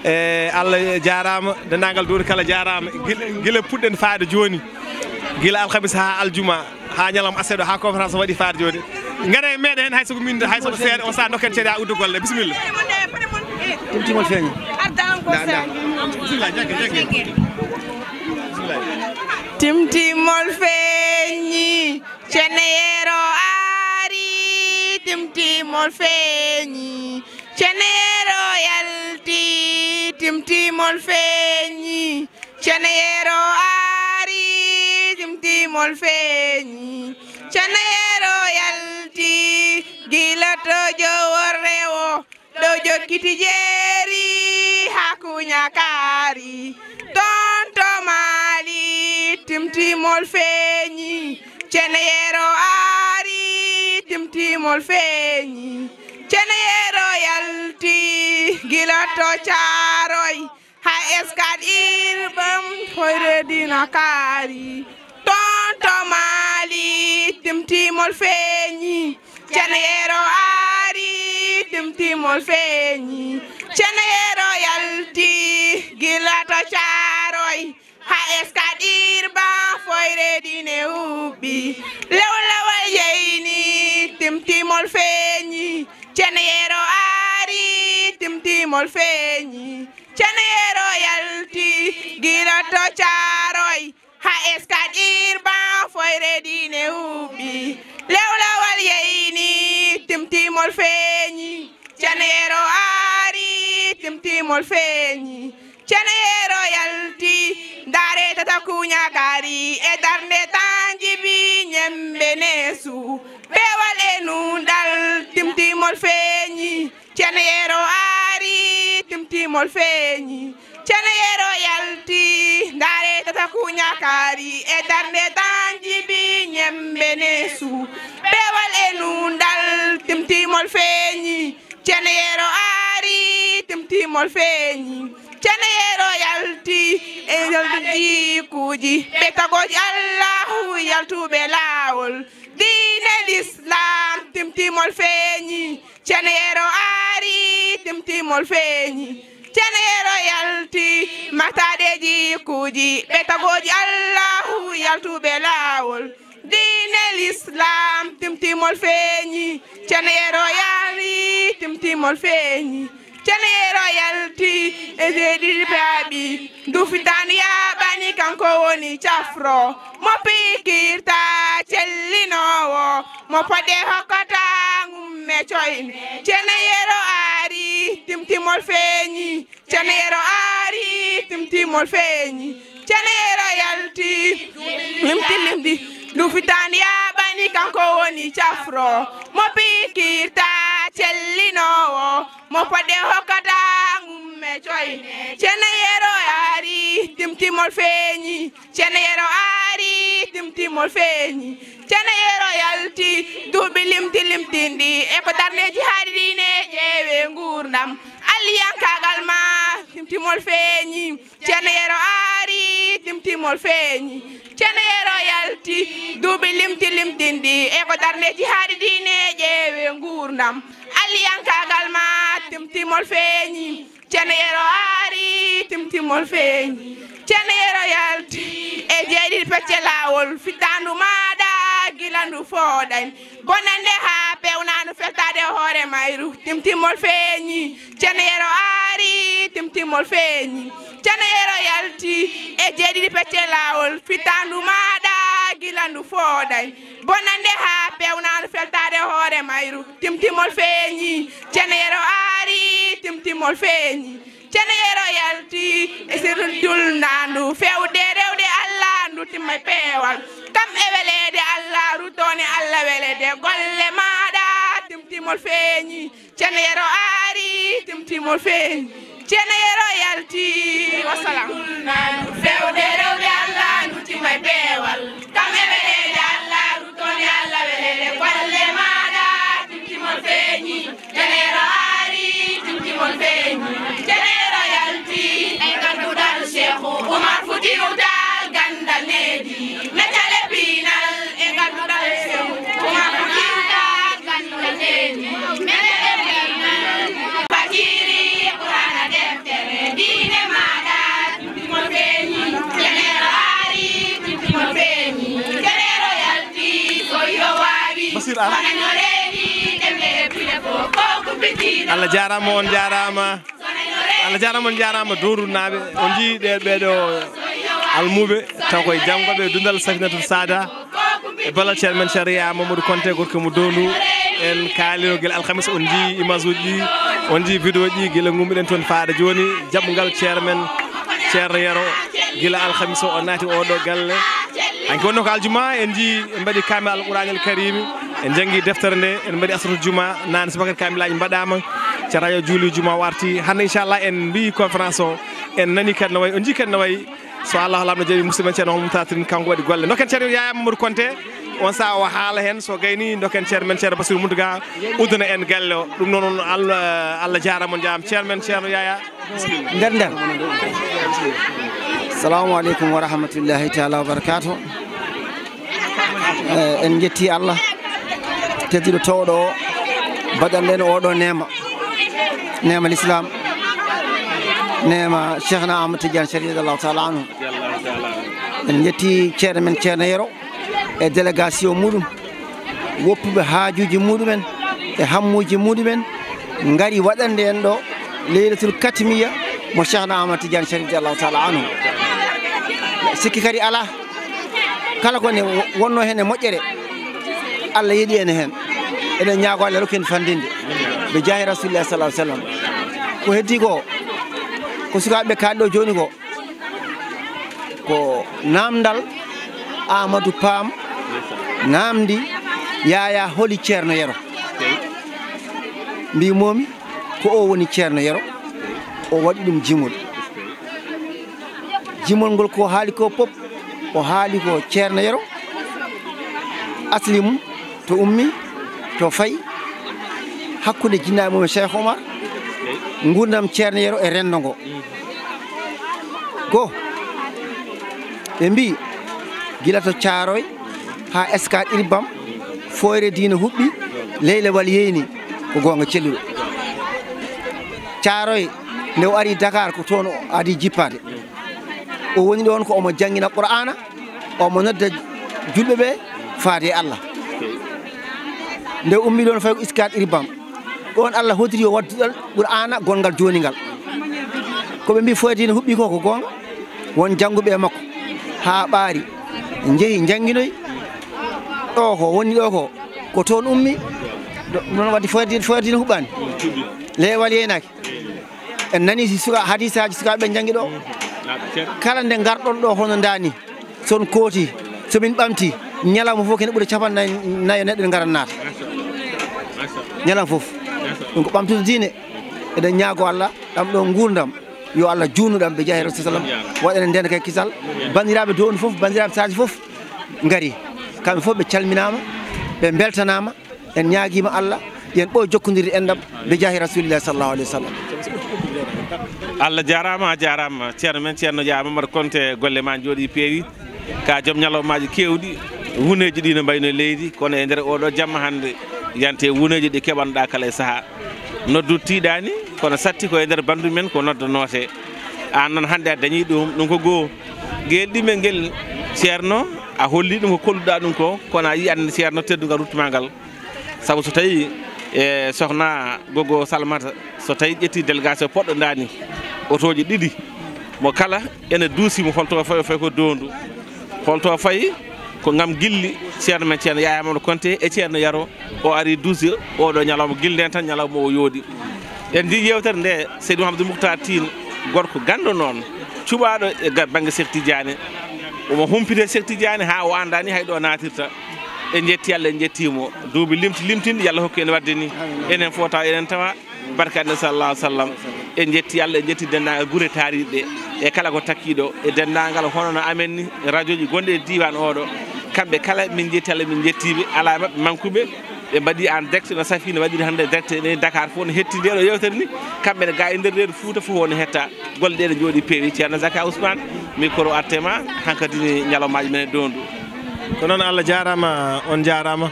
e allah jarama dendagal duuni kala jarama guila puɗɗen faade joni guila alhamis ha aljuma ha ñalam aseɗo ha conférence waɗi faar joni gara e meɗe hen haysogo min haysogo seeɗa on saa dokken ceede ha udde golle bisimilla timtimol feeño timtimol feeñi ceneyero aari timtimol feeñi ceneyero yalti timtimol feeñi ceneyero aari nimol feeñi canayero yalti gilato joworrewo ɗo jokkiti jeeri hakuñakaari ton to maali timtimol feeñi canayero aari timtimol feeñi canayero yalti gilato caaroy ha eskat irɓam hoyredina kaari Tonto Mali timtimol feeñi Ceneyero aari timtimol feeñi Ceneyero yalti gilato caaroy ha eskaɗirba foyre dine huɓɓi lewlawal yeyni timtimol feeñi Ceneyero aari timtimol feeñi Ceneyero yalti gilato caaroy ha eskadir ban foyre diine ni lewlawal yeyni timtimol feeñi caneyero aari timtimol feeñi caneyero yalti dare tata kunya kuñakari e darde tanjibi ñembe neesu ɓewal e nunɗal timtimol feeñi caneyero tim timtimol feeñi ceneyero yalti ndare tata kuñakaari e darnde danjibi ñembene su ɓewal e nundal timtimol feeñi ceneyero aari timtimol feeñi ceneyero yalti e jikuji ɓe tagoji allahu yaltuɓe laawol dine l'islam timtimol feeñi ceneyero aari timtimol feeñi tenero yalti mataɗeji kuuji ɓe tagoji allahu yaltuɓe laawol diinel islam timtimol feeñi ceneero yaali timtimol feeñi cene royalty e seydi baaɓi dufitan bani kanko woni cafro mo pikirta wo, mo paɗe hokkata gumme coyn cene yero aari timtimol feni. cene yero aari timtimol feeñi cene yero yalti limtilimdi dufitan yaɓani kanko woni mo pikirta cellinowo mo poɗe hokkata gumme coyi ceene yero aari timtimol feeñi ceene yero aari timtimol feeñi ceene yero yalti duuɓi limti limtinɗi e ko darneji haariɗine ƴeewe ngurdam alliyankagal maa timtimol feeñi ceneyero aari timtimol feeñi ceneyero yalti duuɓi limti limtin ɗi e ko darneji haari dine ƴeewe nguurdam alliyankagal ma timtimol feeñi ceneyero aari timtimol feeñi ceneyero yalti e jeeɗiɗi pecce laawol fittandu maaɗaa gila ndu fooɗani bonande ha pewnandu fettade hoore mayru timtimmol feeñi ceno yero aari timtimmol feeñi ceno yero yalti e jeeɗiɗi pecce lawol fittandu maɗa gila ndu fooɗani bonande ha pewnandu fettade hoore mayru timtimmol feeñi ceno yero aari timtimmol feeñi ceneye royalti e sirl julnandu fewde rewde allah ndu timma e peewal kam e welede allah rutone allah welede golle maɗa timtimol feeñi ceneyero aari timtimol feeñi ceneye royalti wasalam ceneyero aari timtimol feeñi ceneye E e ko omar fudiudal gandal leydi metale pinal e ngalludal sew omar fudiudal gandal leydi allah jarama on jarama allah jarama on jarama doru naɓe o ji ɗe ɓeɗo almuɓe taw koye janggoɓe dundal safinatu sada e ballal ceer men caria mamadou conté gorko mo dondu en kaalino guila alkamisa on ji image uji ɗi on ji vidéo ji guila gummiɗen toon faada joni jaɓɓogal ceer men ceerno yero guila alkamisa o naati oɗo galle hanki wonno ko aljuma en ji mbaɗi kamel alqouranel karimi en janggi deftere nde en mbaɗi asru juma nane sebagai kamilaji mbaɗama ci rayo juuli juma warti hande inshallah en bi conference o en nani kadi no on jikan kadi so allah haalamno jeewi musidɗo men ceerno holmo tatrin kanko waɗi golle dokken ceerno yaya mamadou konté on sa o haala hen so gayni dokken ceerno men ceerno basir mouduga uduna en galle o ɗum allah allah jaara mon jaama ceerno men ceerno yaya nder nder assalamu alaikum wa rahmatullahi taala wa barakatuh eh, en jetti allah tediɗo towɗo o badal nden oɗo nema nema l'islam nema cheikhna ama tidiane chéri radiallahu taala anhu en jetti ceeɗa men ceerna yero e délégation muɗum woppuɓe haajuji muɗumen e hammuji muɗumen gaari waɗande en ɗo leylatul katmiya mo cheikhna ama tidiane chéri radiallahu taala anhu sikki kadi ala kala kone wonno hen e moƴƴere allah yiiɗi en heen eɗen ñaago allah rokki en fandinde ɓe jaahi rasulillah sa ah sallam ko heddi ko ko sukaɓeɓe kaaɗi ɗo joni ko ko namdal amadou paam namdi yaya holi ceerno yero mbimomi ko o woni ceerno yero o waɗi ɗum jimol jimol ngol ko haali ko pop o haali ko ceerno yero asli mum to ummi to fayi hakkude jinnaɓe mum e cheikh omar gurdam ceerneyero e rendo ngo goo ɓe mbi gila to caaroy ha escal ilbam foyre diina huɓɓi leyle wal yeyni ko gonga celluɗo caaroy nde o ari dakar ko toon adi jippade o woni ɗon ko omo janggina qur'ana omo nodda julɓeɓe faade e allah nde ummi ɗon fayi ko iskat iri bam ɗon allah hotiri yo wadduɗal ɓuur ana gongal joni ngal koɓe mbi foyati no huɓɓi ko ko gonga won jangguɓe makko ha ɓaari jeehi jangguinoy ɗo ko woni ɗo ko ko toon ummi non wadde foyati foyatino huɓɓani lewal yeynaki en nani suka hadise aji sukaɓe jangui ɗo kala nde garɗon ɗo hono dani son kooti somin ɓamti ñalawma fof kene ɓuuri capannayi nayo neɗɗo ne garannata ñalan fof ɗum ko ɓamtude diine eɗen ñaago allah ɗam ɗo guurdam yo allah juutnuɗam ɓe jeehe rasul sallam waɗane ndena kay kisal bandiraɓe downi fof bandiraɓe saji fof gaari kamɓe fof ɓe calminama ɓe beltanama en ñaaguima allah yen ɓo jokkodirde enɗam ɓe jeehe rasulillahi sallallahu alayhi wa sallam allah jarama a jarama ceerno men ceerno ja mamado konte golle ma jooɗi peewi ka joom ñalawmaji kewɗi wuneji ɗi no mbayno leydi kono e nder oɗo jamma hande yante wuneji ɗi keɓanoɗa kala e saaha noddu tiɗani kono satti koye nder bandu men ko nodda note an noon hande a dañi ɗum ɗum ko goho guel ɗimel guel ceerno a holli ɗum ko kolluɗa ɗum ko kono a yi ande ceerno teddugal ruttuma ngal saabu so tawi e sohna gogo salmata so tawi ƴetti délégation poɗɗo dani otoji ɗiɗi mo kala ene duusimo holto e fayi o fayi ko dondu holto fayi ko gam guilli ceerno men ceerno yayamadou conté e ceerno yaro o ari 12 heures oɗo ñalawma guillinen tan ñalawma o yooɗi en ndi yewtere nde seydi mahamadou moukhtar tine gorko gandu noon cuɓaɗo e banggue sekh tidiane omo humpite sekh tidiane ha o andani hayɗo natirta en jetti allah en jettimo duuɓi limti limtinde yallah hokki en wadde ni enen fo taw enen tawa barka alla sallah sallam en jetti allah en jetti dendagal guure taariɗe ɗe e kala ko takkiɗo e dendagal honono amen ni radio ji gonɗe e diwan oɗo kamɓe kala min jetti allah min jettiɓe ala mabɓe manqueɓe ɓe mbaɗi en directe no safi ne waɗiri hande directe ne dakar fof ne hetti ndeɗo yewtere ni kamɓe ne ga e nder reedo fouta fof ne hetta golle ɗe ne jooɗi peewi ceerno zaka ousmane micro artema hankkadini ñalomaji men e dondu ko noon allah jarama on jarama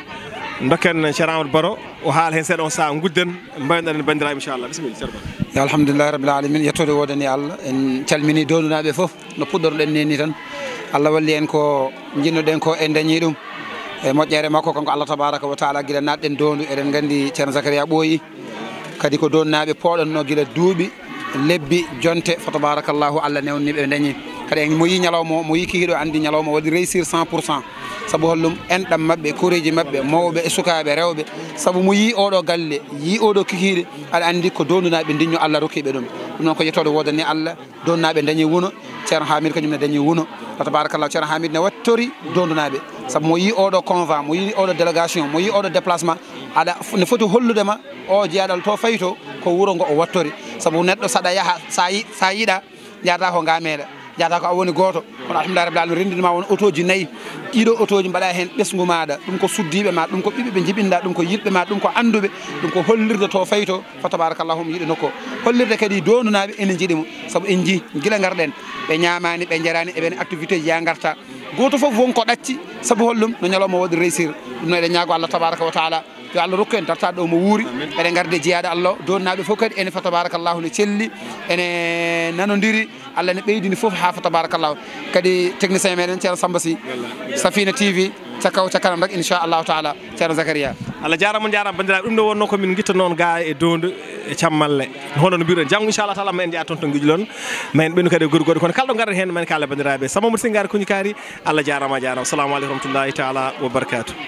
dokken ceer amadou baro o haala hen seeɗa on saha gudden mbayɗaen bandiraɓe inchallah bisimilla ceer baro yo alhamdoulillahi rabbil alamin yettode wooda ni allah en calmini donunaɓe foof no puɗɗorɗen neni tan allah walli en ko jinnoɗen ko e dañi ɗum e moƴƴere makko kanko allah tabaraka wa taala guila natɗen dondu eɗen gandi ceerno zacharia ɓooyi kadi ko donunaɓe poɗonno guila duuɓi lebbi jonte fo tabarakallahu allah newniɓe ɓe dañi kadi en mo yi ñalawma o mo yi kihiɗo andi ñalawma waɗi réussir 100 pourcent saabu hollum enɗam maɓɓe koreji maɓɓe mawɓe e sukaɓe rewɓe saabu mo yi oɗo galle yi oɗo kikiɗe aɗa andi ko donunaɓe ndiño allah rokkiɓe ɗum ɗum noon ko yettode wodani allah donnaɓe dañi wuno ceerno hamid kañum ne dañi wuno ta tabarakallah ceerno hamid ne wattori donnunaɓe saabu mo yi oɗo convent mo yi oɗo délégation mo yi oɗo déplacement aɗa ne foti holludema o jeeyaɗal to fayi to ko wuuro ngo o wattori saabu neɗɗo saɗa yaaha sa yiɗa jaada ko ga meeɗa jata ko a woni goto kono alhamdulah rabbil alamin rendinima won autoji nayyi ɗiɗo autoji mbaɗa hen ɓesgu maɗa ɗum ko suddiɓe ma ɗum ko ɓiɓe ɓe jibinɗa ɗum ko yiɗɓe ma ɗum ko anduɓe ɗum ko hollirde to fayi to fo tabarakallahum yiiɗe nokko hollirde kadi donunaɓe ene jiiɗimo saabu en ji guila garɗen ɓe ñamani ɓe jarani eɓen activité ya garta goto foof wonko ɗacci saabu hollum no ñalawma waɗi réussir ɗum noeɗen ñaago allah tabaraka wa taala yo allah rokku en darta ɗo mo wuuri eɗen garde jeeyaɗe allah donnaɓe foof kadi ene fa tabarakallahu ne celli ene nanodiri allah ne ɓeydini fof ha fo tabarakallah kadi technicien meɗen ceerno samba sy safina tv cakaw cakanam rek inchallahu taala ceerno zacharia allah jarama jarama bandiraɓe ɗum ɗo wonno komin guitta noon ga e dondu e cammalle hono no mbiruɗen janggo inchallah taala ma en jeya toon to guijlon ma en ɓenni kadi e gorgode kono kala ɗo garat hen mane kalle bandiraɓe samamoudo sin gari kuñi kaari allah jarama jarama salamu aleykum rahmatullahi taala wabarakatu